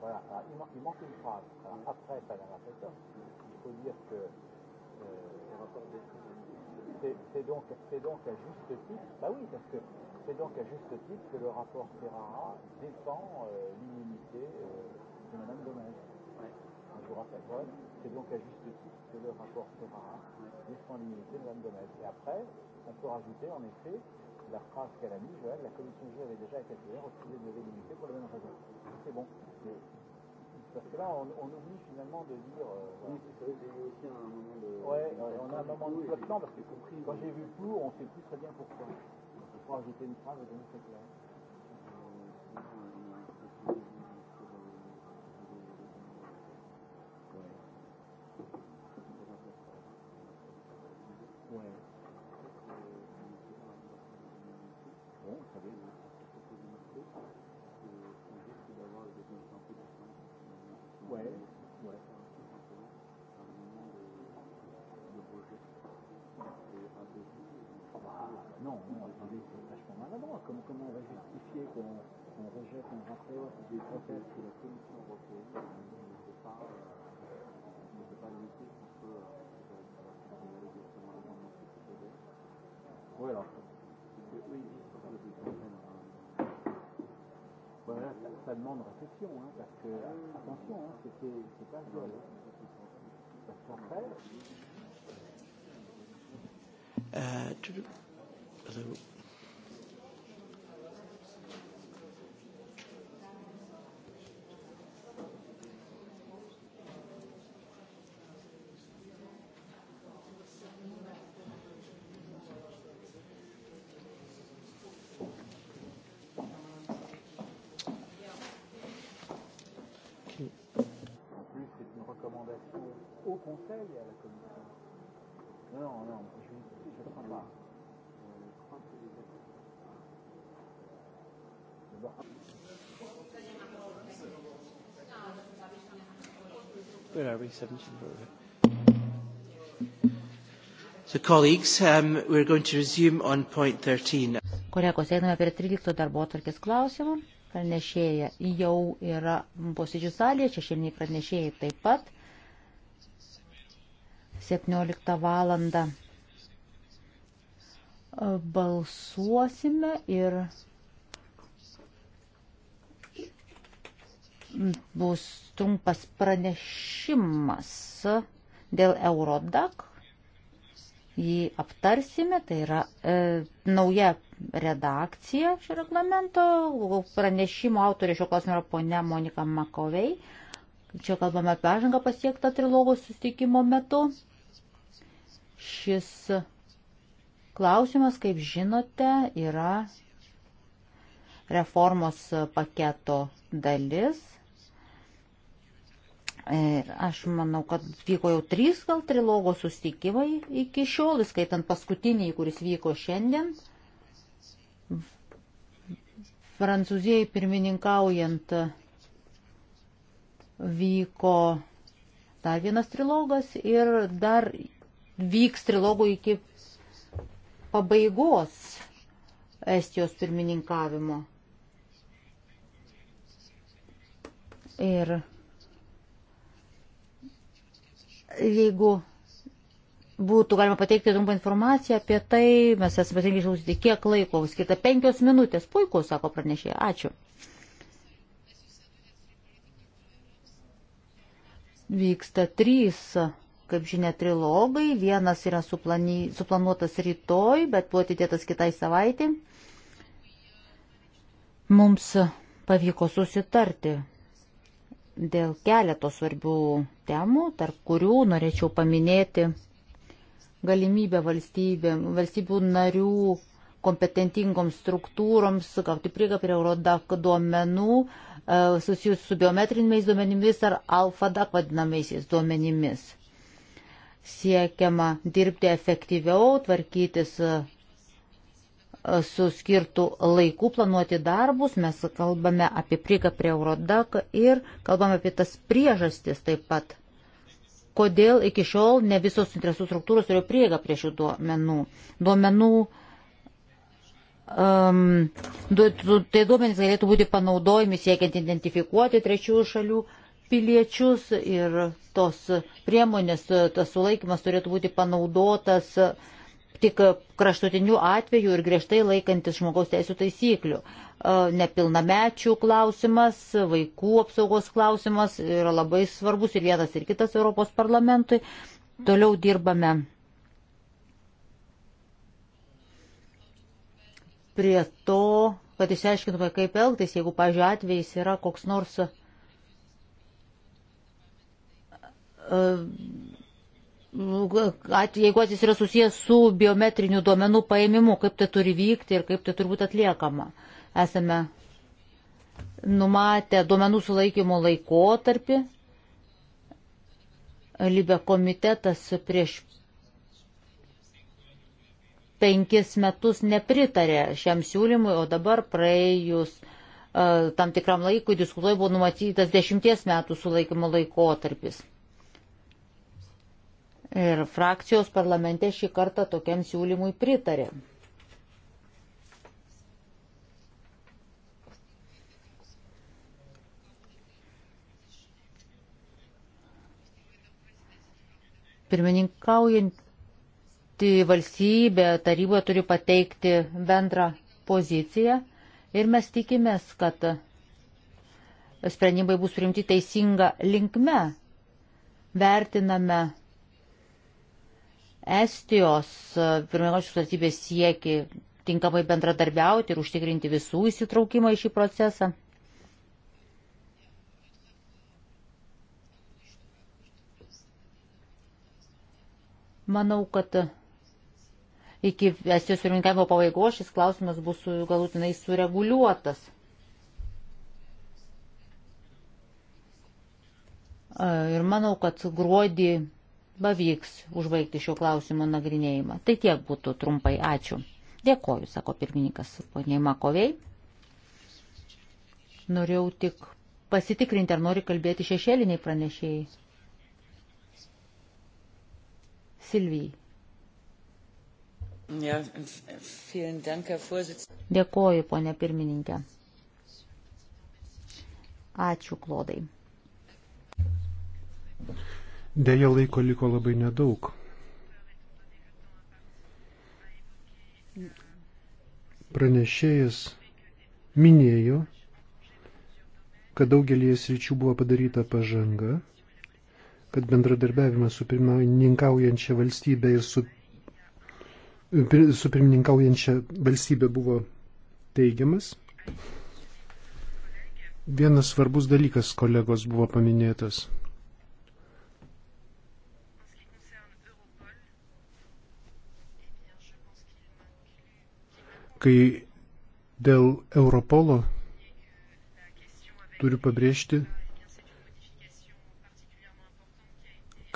voilà. Alors, il, man, il manque une phrase. Alors, après, ça n'a pas tort. Il faut dire que euh, c'est donc, donc à juste titre. Bah oui, parce que C'est donc à juste titre que le rapport Ferrara défend euh, l'immunité euh, de Madame Dommage. Ouais. Je vous rappelle, ouais, c'est donc à juste titre que le rapport Ferrara ouais. défend l'immunité de Madame Dommage. Et après, on peut rajouter en effet la phrase qu'elle a mise, Joël, la commission juive avait déjà été refusé de lever l'immunité pour la même raison. C'est bon. Mais, parce que là, on, on oublie finalement de dire. Euh, oui, c'est vrai, j'ai aussi un moment de. Ouais, de, ouais on a un moment de flottement, parce que quand j'ai vu flou, on ne sait plus très bien pourquoi crois que j'étais une phrase, je ne sais pas. des hypothèses que la Commission européenne ne peut pas, ne peut pas lutter contre l'amendement qui est proposé. Oui, alors. Parce que eux, ils disent que le budget Voilà, ça, ça demande réflexion, hein, parce que, attention, hein, c'est pas viol. Hein. Parce qu'après. Euh, tu... Hello. we? 17. So, colleagues, um, we're going to resume on point 13. Kolegos, einame prie 13 darbo atvarkės klausimų. Pranešėja jau yra posėdžių salėje, šešėliniai pranešėjai taip pat. 17 valandą e, balsuosime ir bus trumpas pranešimas dėl Eurodak. Jį aptarsime, tai yra e, nauja redakcija šio reglamento. Pranešimo autorė šio klausimo yra ponia Monika Makovei. Čia kalbame apie pažangą pasiektą trilogos sustikimo metu. Šis klausimas, kaip žinote, yra reformos paketo dalis Ir aš manau, kad vyko jau trys gal trilogo susitikimai iki šiol, skaitant paskutinį, kuris vyko šiandien. Prancūzijai pirmininkaujant vyko dar vienas trilogas ir dar vyks trilogų iki pabaigos Estijos pirmininkavimo. Ir jeigu būtų galima pateikti trumpą informaciją apie tai, mes esame patenkinti išklausyti, kiek laiko, skirta penkios minutės, puiku, sako pranešėja, ačiū. Vyksta trys, kaip žinia, trilogai, vienas yra suplani, suplanuotas rytoj, bet buvo atidėtas kitai savaitė. Mums pavyko susitarti dėl keleto svarbių temų, tarp kurių norėčiau paminėti galimybę valstybė, valstybių narių kompetentingoms struktūroms gauti prieigą prie Eurodac duomenų e, susijusių su biometriniais duomenimis ar alfadac vadinamaisiais duomenimis. Siekiama dirbti efektyviau, tvarkytis su skirtų laikų planuoti darbus, mes kalbame apie prieigą prie Eurodak ir kalbame apie tas priežastis taip pat, kodėl iki šiol ne visos interesų struktūros turėjo prieigą prie šių duomenų. duomenų um, du, du, tai duomenys galėtų būti panaudojami siekiant identifikuoti trečiųjų šalių piliečius ir tos priemonės, tas sulaikimas turėtų būti panaudotas uh, tik kraštutinių atvejų ir griežtai laikantis žmogaus teisų taisyklių. E, nepilnamečių klausimas, vaikų apsaugos klausimas yra labai svarbus ir vienas ir kitas Europos parlamentui. Toliau dirbame prie to, kad išsiaiškintume, kaip elgtis, jeigu, pažiūrėjau, atvejais yra koks nors e, jeigu atvejis yra susijęs su biometriniu duomenų paėmimu, kaip tai turi vykti ir kaip tai turi būti atliekama. Esame numatę duomenų sulaikymo laikotarpį. Libė komitetas prieš penkis metus nepritarė šiam siūlymui, o dabar praėjus uh, tam tikram laikui diskutuoju buvo numatytas dešimties metų sulaikymo laikotarpis. Ir frakcijos parlamente šį kartą tokiam siūlymui pritarė. Pirmininkaujanti valstybė taryboje turi pateikti bendrą poziciją ir mes tikimės, kad sprendimai bus priimti teisinga linkme. Vertiname Estijos e, pirmiausios valstybės sieki tinkamai bendradarbiauti ir užtikrinti visų įsitraukimą į šį procesą. Manau, kad iki Estijos pirmininkavimo pabaigos šis klausimas bus galutinai sureguliuotas. E, ir manau, kad gruodį pavyks užbaigti šio klausimo nagrinėjimą. Tai tiek būtų trumpai. Ačiū. Dėkoju, sako pirmininkas poniai Makoviai. Norėjau tik pasitikrinti, ar nori kalbėti šešėliniai pranešėjai. Silvijai. Ja, dank, Dėkoju, ponė pirmininkė. Ačiū, Klodai. Deja, laiko liko labai nedaug. Pranešėjas minėjo, kad daugelį sričių buvo padaryta pažanga, kad bendradarbiavimas su pirmininkaujančia valstybė ir su, su pirmininkaujančia valstybė buvo teigiamas. Vienas svarbus dalykas kolegos buvo paminėtas Kai dėl Europolo turiu pabrėžti,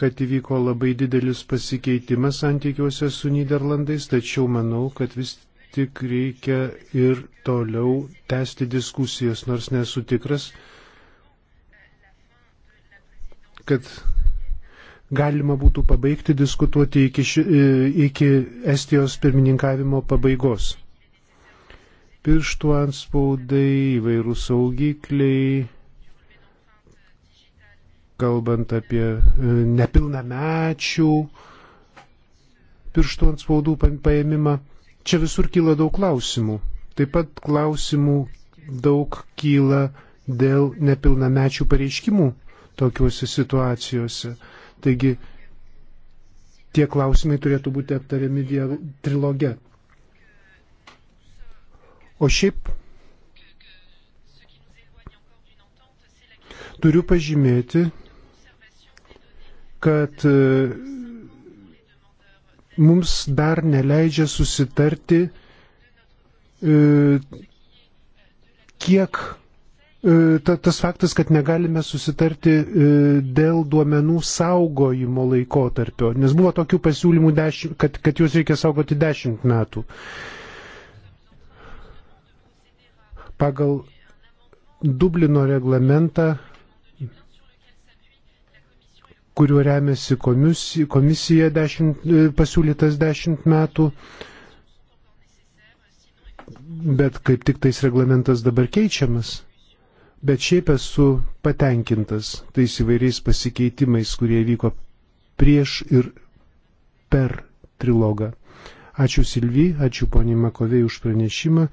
kad įvyko labai didelis pasikeitimas santykiuose su Niderlandais, tačiau manau, kad vis tik reikia ir toliau tęsti diskusijas, nors nesu tikras, kad galima būtų pabaigti diskutuoti iki, ši, iki Estijos pirmininkavimo pabaigos pirštų anspaudai, įvairių saugikliai, kalbant apie e, nepilnamečių pirštų anspaudų paėmimą. Čia visur kyla daug klausimų. Taip pat klausimų daug kyla dėl nepilnamečių pareiškimų tokiuose situacijose. Taigi tie klausimai turėtų būti aptariami triloge. O šiaip turiu pažymėti, kad e, mums dar neleidžia susitarti, e, kiek e, ta, tas faktas, kad negalime susitarti dėl duomenų saugojimo laikotarpio, nes buvo tokių pasiūlymų, dešimt, kad, kad juos reikia saugoti dešimt metų. Pagal Dublino reglamentą, kuriuo remiasi komisija, komisija dešimt, e, pasiūlytas dešimt metų, bet kaip tik tais reglamentas dabar keičiamas. Bet šiaip esu patenkintas tais įvairiais pasikeitimais, kurie vyko prieš ir per trilogą. Ačiū Silvi, ačiū poniai Makovei už pranešimą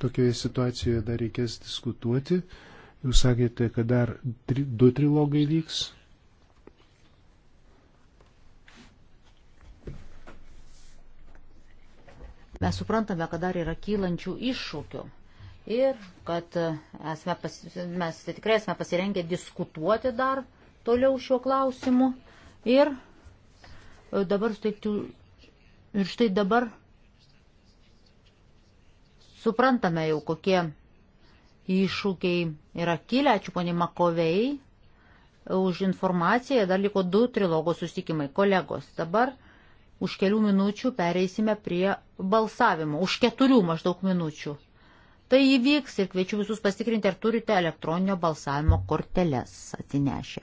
tokioje situacijoje dar reikės diskutuoti. Jūs sakėte, kad dar tri, du trilogai vyks. Mes suprantame, kad dar yra kylančių iššūkių ir kad e, esame pas, mes tikrai esame pasirengę diskutuoti dar toliau šiuo klausimu. Ir e, dabar suteiktų, ir štai dabar Suprantame jau, kokie iššūkiai yra kilę. Ačiū ponė Makovei už informaciją. Dar liko du trilogo susitikimai. Kolegos, dabar už kelių minučių pereisime prie balsavimo. Už keturių maždaug minučių. Tai įvyks ir kviečiu visus pasitikrinti, ar turite elektroninio balsavimo korteles atsinešę.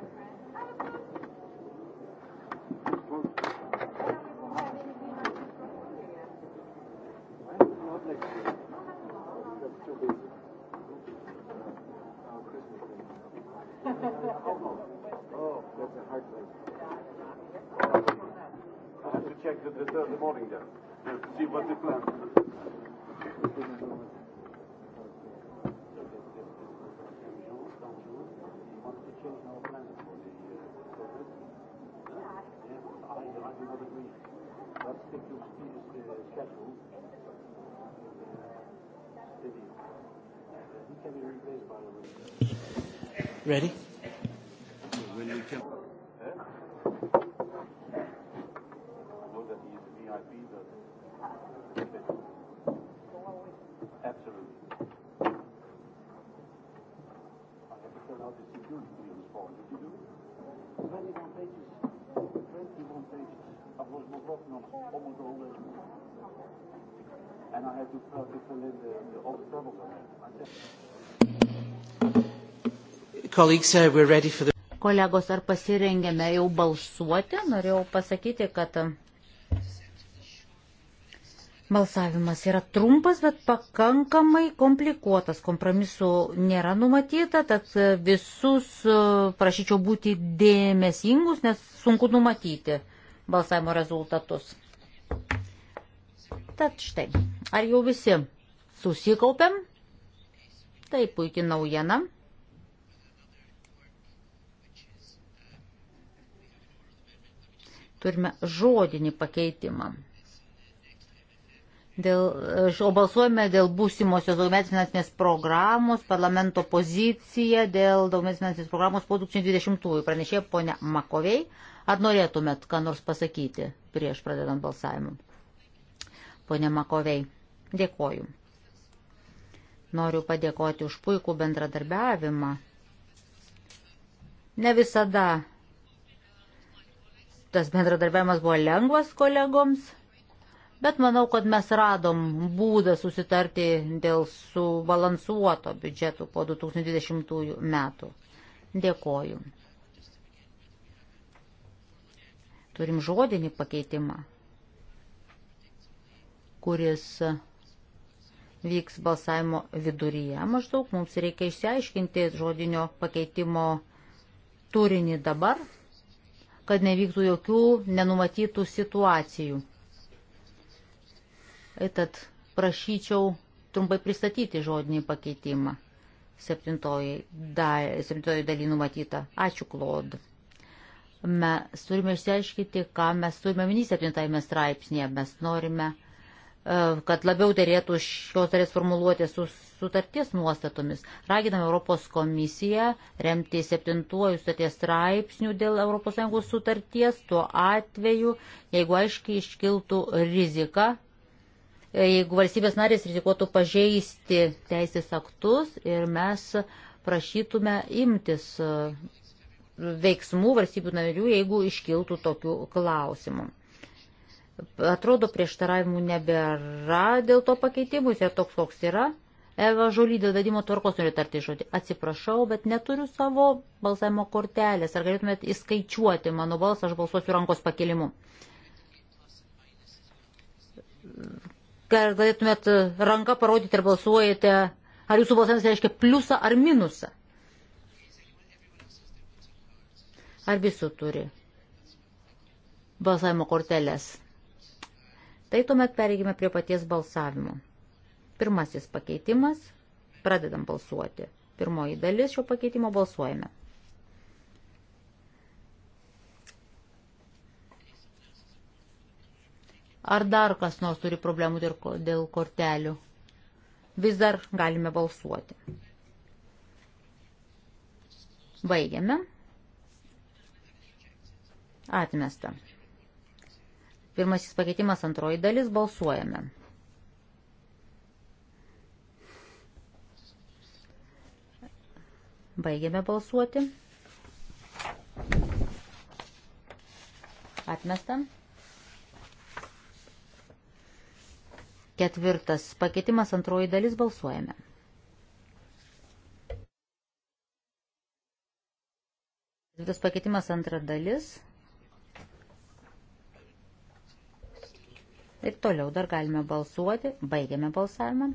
and I had to, uh, to fill in the, the, all the troubles I had. Colleagues, uh, we're ready for the... Kolegos, ar pasirengėme jau balsuoti? Norėjau pasakyti, kad um, Balsavimas yra trumpas, bet pakankamai komplikuotas. Kompromisų nėra numatyta, tad uh, visus uh, prašyčiau būti dėmesingus, nes sunku numatyti balsavimo rezultatus. Tad štai. Ar jau visi susikaupėm? Tai puikiai naujiena. Turime žodinį pakeitimą. Dėl, o balsuojame dėl būsimosios daugmetės finansinės programos, parlamento pozicija dėl daugmetės finansinės programos po 2020-ųjų. Pranešė ponia Makovei. Ar norėtumėt ką nors pasakyti prieš pradedant balsavimą? Pone Makovei. Dėkoju. Noriu padėkoti už puikų bendradarbiavimą. Ne visada tas bendradarbiavimas buvo lengvas kolegoms, bet manau, kad mes radom būdą susitarti dėl subalansuoto biudžetų po 2020 metų. Dėkoju. Turim žodinį pakeitimą, kuris vyks balsavimo viduryje maždaug. Mums reikia išsiaiškinti žodinio pakeitimo turinį dabar, kad nevyktų jokių nenumatytų situacijų. Ir e, tad prašyčiau trumpai pristatyti žodinį pakeitimą. Septintoji, da, septintoji daly numatyta. Ačiū, Klod. Mes turime išsiaiškinti, ką mes turime minį septintajame straipsnėje. Mes norime uh, E, kad labiau dėrėtų šios dalies formuluotė su sutarties nuostatomis. Raginam Europos komisiją remti septintuoju sutarties straipsnių dėl ES sutarties tuo atveju, jeigu aiškiai iškiltų rizika, e, jeigu valstybės narės rizikuotų pažeisti teisės aktus ir mes prašytume imtis e, veiksmų valstybių narių, jeigu iškiltų tokių klausimų. Atrodo, prieštaravimų nebėra dėl to pakeitimus ir toks koks yra. Eva Žolį dėl vedimo tvarkos noriu tarti žodį. Atsiprašau, bet neturiu savo balsavimo kortelės. Ar galėtumėt įskaičiuoti mano balsą, aš balsuosiu rankos pakelimu. Ar galėtumėt ranką parodyti ir balsuojate, ar jūsų balsavimas reiškia pliusą ar minusą? Ar visų turi balsavimo kortelės? Tai tuomet pereigime prie paties balsavimo. Pirmasis pakeitimas. Pradedam balsuoti. Pirmoji dalis šio pakeitimo balsuojame. Ar dar kas nors turi problemų dėl kortelių? Vis dar galime balsuoti. Baigiame. Atmesta. Pirmasis pakeitimas, antroji dalis, balsuojame. Baigiame balsuoti. Atmestam. Ketvirtas pakeitimas, antroji dalis, balsuojame. Ketvirtas pakeitimas, antra dalis, Ir toliau dar galime balsuoti. Baigiame balsavimą.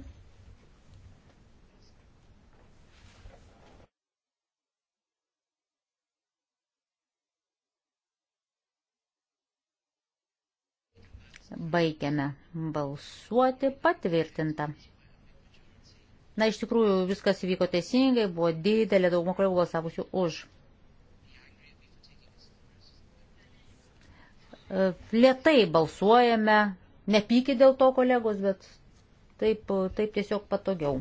Baigiame balsuoti patvirtinta. Na, iš tikrųjų, viskas įvyko teisingai, buvo didelė dauguma kolegų balsavusių už. Lietai balsuojame, Nepykit dėl to, kolegos, bet taip, taip tiesiog patogiau.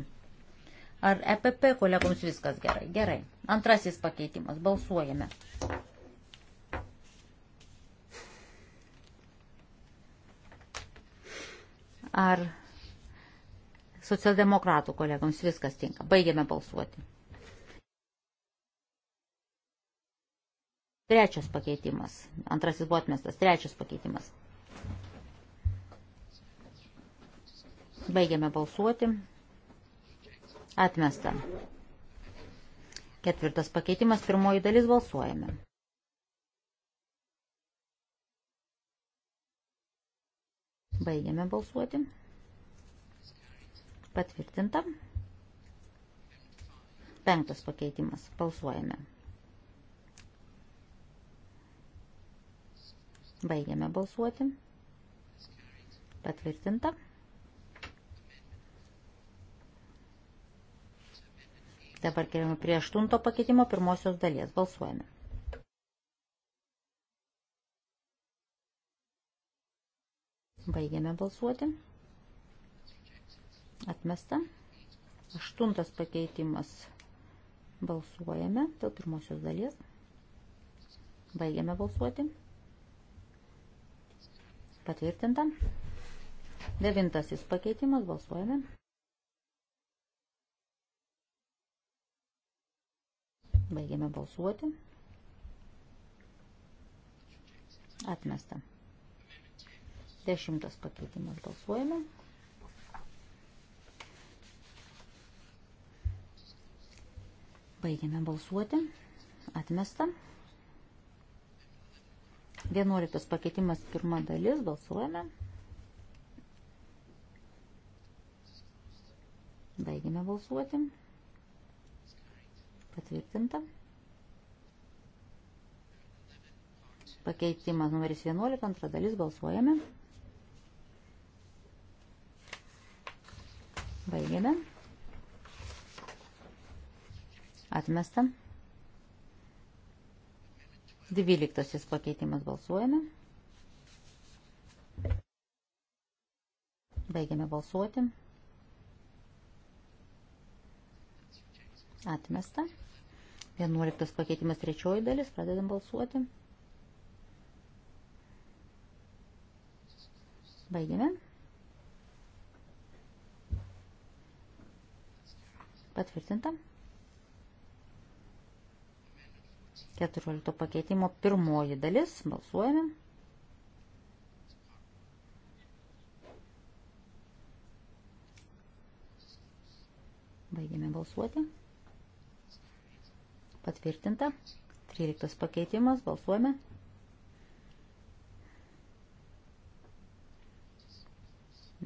Ar EPP kolegoms viskas gerai? Gerai. Antrasis pakeitimas. Balsuojame. Ar socialdemokratų kolegams viskas tinka? Baigiame balsuoti. Trečias pakeitimas. Antrasis buvo atmestas. Trečias pakeitimas. Baigiame balsuoti. Atmesta. Ketvirtas pakeitimas, pirmoji dalis balsuojame. Baigiame balsuoti. Patvirtinta. Penktas pakeitimas. Balsuojame. Baigiame balsuoti. Patvirtinta. Dabar keliame prie aštunto pakeitimo pirmosios dalies. Balsuojame. Baigiame balsuoti. Atmesta. Aštuntas pakeitimas. Balsuojame dėl pirmosios dalies. Baigiame balsuoti. Patvirtinta. Devintasis pakeitimas. Balsuojame. Baigiame balsuoti. Atmesta. Dešimtas pakeitimas balsuojame. Baigiame balsuoti. Atmesta. Vienuoliktas pakeitimas pirma dalis. Balsuojame. Baigiame balsuoti. Patvirtinta. Pakeitimas numeris 11, antra dalis, balsuojame. Baigėme. Atmesta. Dvyliktasis pakeitimas balsuojame. Baigiame balsuoti. Atmesta. 11 pakeitimas trečioji dalis, pradedam balsuoti. Baigiame. Patvirtinta. 14 pakeitimo pirmoji dalis, balsuojame. Baigiame balsuoti. Patvirtinta. 13 pakeitimas. Balsuojame.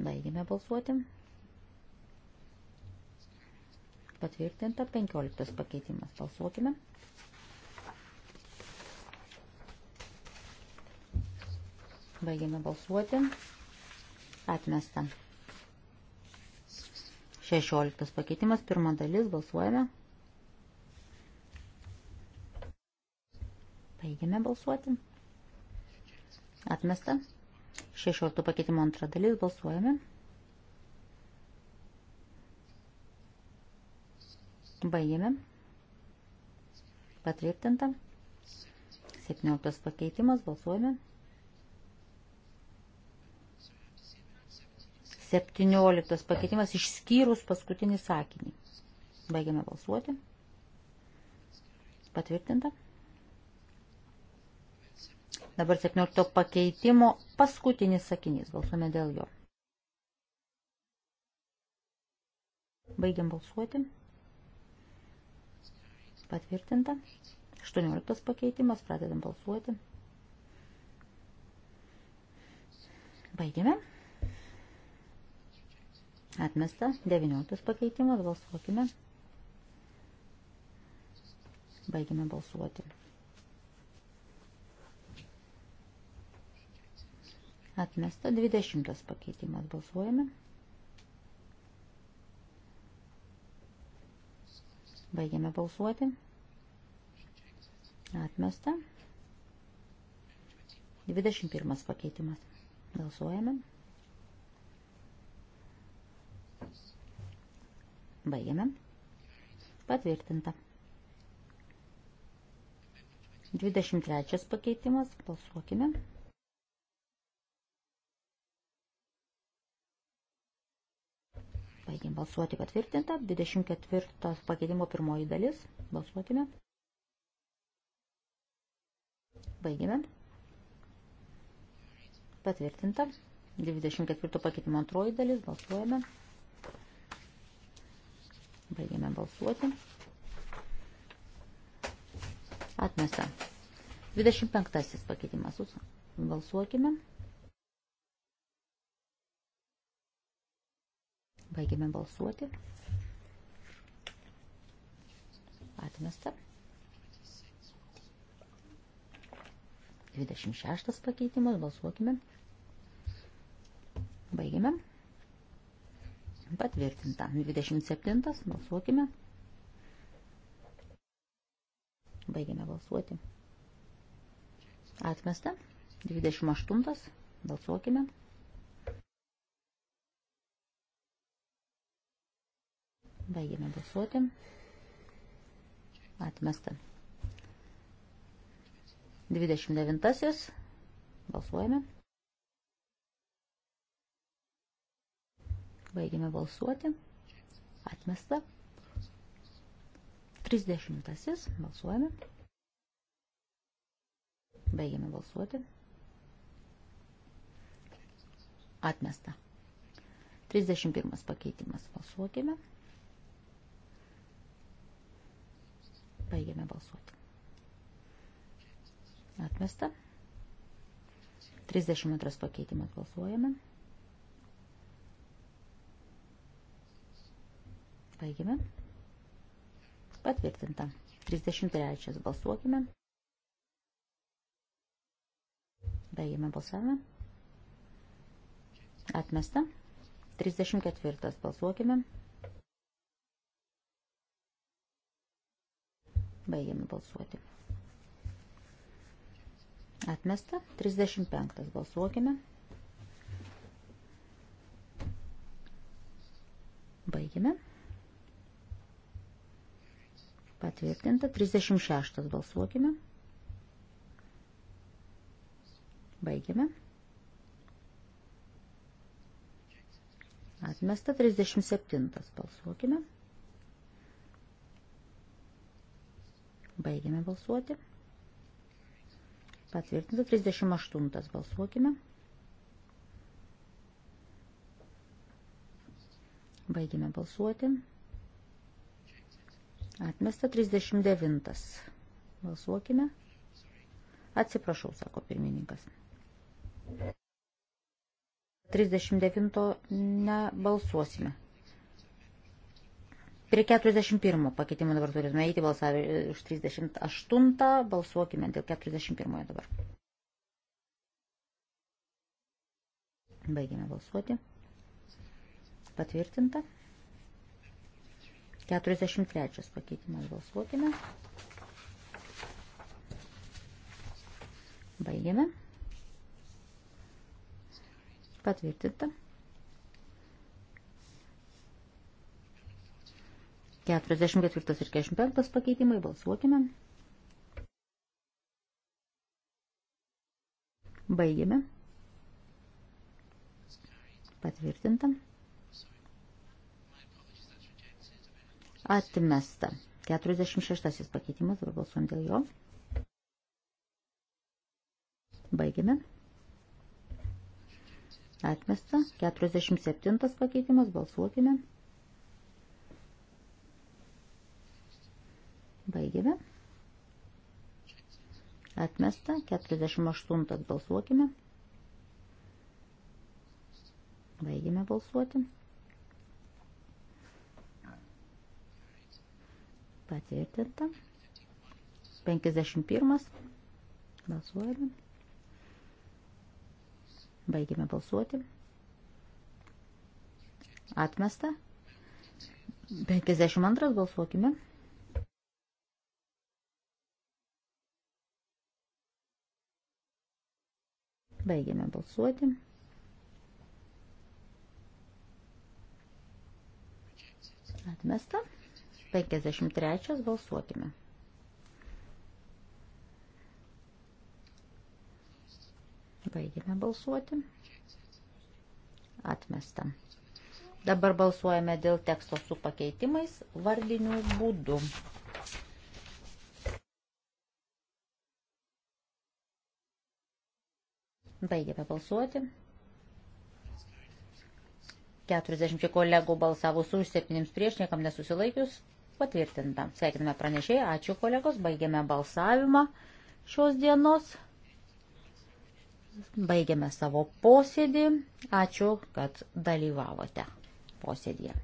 Baigėme balsuoti. Patvirtinta 15 pakeitimas. Balsuokime. Baigėme balsuoti. Atmesta. 16 pakeitimas. Pirma dalis. Balsuojame. Balsuojame. Baigėme balsuoti. Atmesta. 16 pakeitimo antra dalis balsuojame. Baigėme. Patvirtinta. 17 pakeitimas balsuojame. 17 pakeitimas išskyrus paskutinį sakinį. Baigiame balsuoti. Patvirtinta. Dabar 17 pakeitimo paskutinis sakinys. Balsuome dėl jo. Baigiam balsuoti. Patvirtinta. 18 pakeitimas. Pradedam balsuoti. Baigiame. Atmesta. 19 pakeitimas. Balsuokime. Baigiame balsuoti. Atmesta 20 pakeitimas. Balsuojame. Baigiame balsuoti. Atmesta. 21 pakeitimas. Balsuojame. Baigiame. Patvirtinta. 23 pakeitimas. Balsuokime. Baigėm balsuoti patvirtinta. 24 pakeitimo pirmoji dalis. Balsuokime. Baigėme. Patvirtinta. 24 pakeitimo antroji dalis. Balsuojame. Baigėme balsuoti. Atmesta. 25 pakeitimas. Balsuokime. Balsuokime. Baigiame balsuoti. Atmesta. 26 pakeitimas. Balsuokime. Baigiame. Patvirtinta. 27. Balsuokime. Baigiame balsuoti. Atmesta. 28. Balsuokime. Baigėme balsuoti. Atmesta. 29. Balsuojame. Baigėme balsuoti. Atmesta. 30. Balsuojame. Baigėme balsuoti. Atmesta. 31 pakeitimas. Balsuokime. Baigiame balsuoti. Atmesta. 32 pakeitimas balsuojame. Baigiame. Patvirtinta. 33 balsuokime. Baigiame balsavimą. Atmesta. 34 balsuokime. Baigiame balsuoti. Atmesta. 35. Balsuokime. Baigiame. Patvirtinta. 36. Balsuokime. Baigiame. Atmesta. 37. Balsuokime. Baigiame. Baigiame balsuoti. Patvirtinta 38 balsuokime. Baigiame balsuoti. Atmesta 39. Balsuokime. Atsiprašau, sako pirmininkas. 39 nebalsuosime. Prie 41 pakeitimo dabar turėtume eiti balsavę už 38, balsuokime dėl 41 dabar. Baigime balsuoti. Patvirtinta. 43 pakeitimas balsuokime. Baigėme. Patvirtinta. 44 ir 45 pakeitimai. Balsuokime. Baigėme. Patvirtinta. Atmesta. 46 pakeitimas. Dabar balsuom dėl jo. Baigėme. Atmesta. 47 pakeitimas. Balsuokime. Balsuokime. Baigėme. Atmesta. 48 balsuokime. Baigėme balsuoti. Patvirtinta. 51. Balsuojame. Baigėme balsuoti. Atmesta. 52 balsuokime. Baigiame balsuoti. Atmesta. 53 balsuokime. Baigiame balsuoti. Atmesta. Dabar balsuojame dėl teksto su pakeitimais vardinių būdų. Baigėme balsuoti. 40 kolegų balsavus už 7 prieš, niekam nesusilaikius, patvirtinta. Sveikiname pranešėjai, ačiū kolegos, baigėme balsavimą šios dienos. Baigėme savo posėdį, ačiū, kad dalyvavote posėdėje.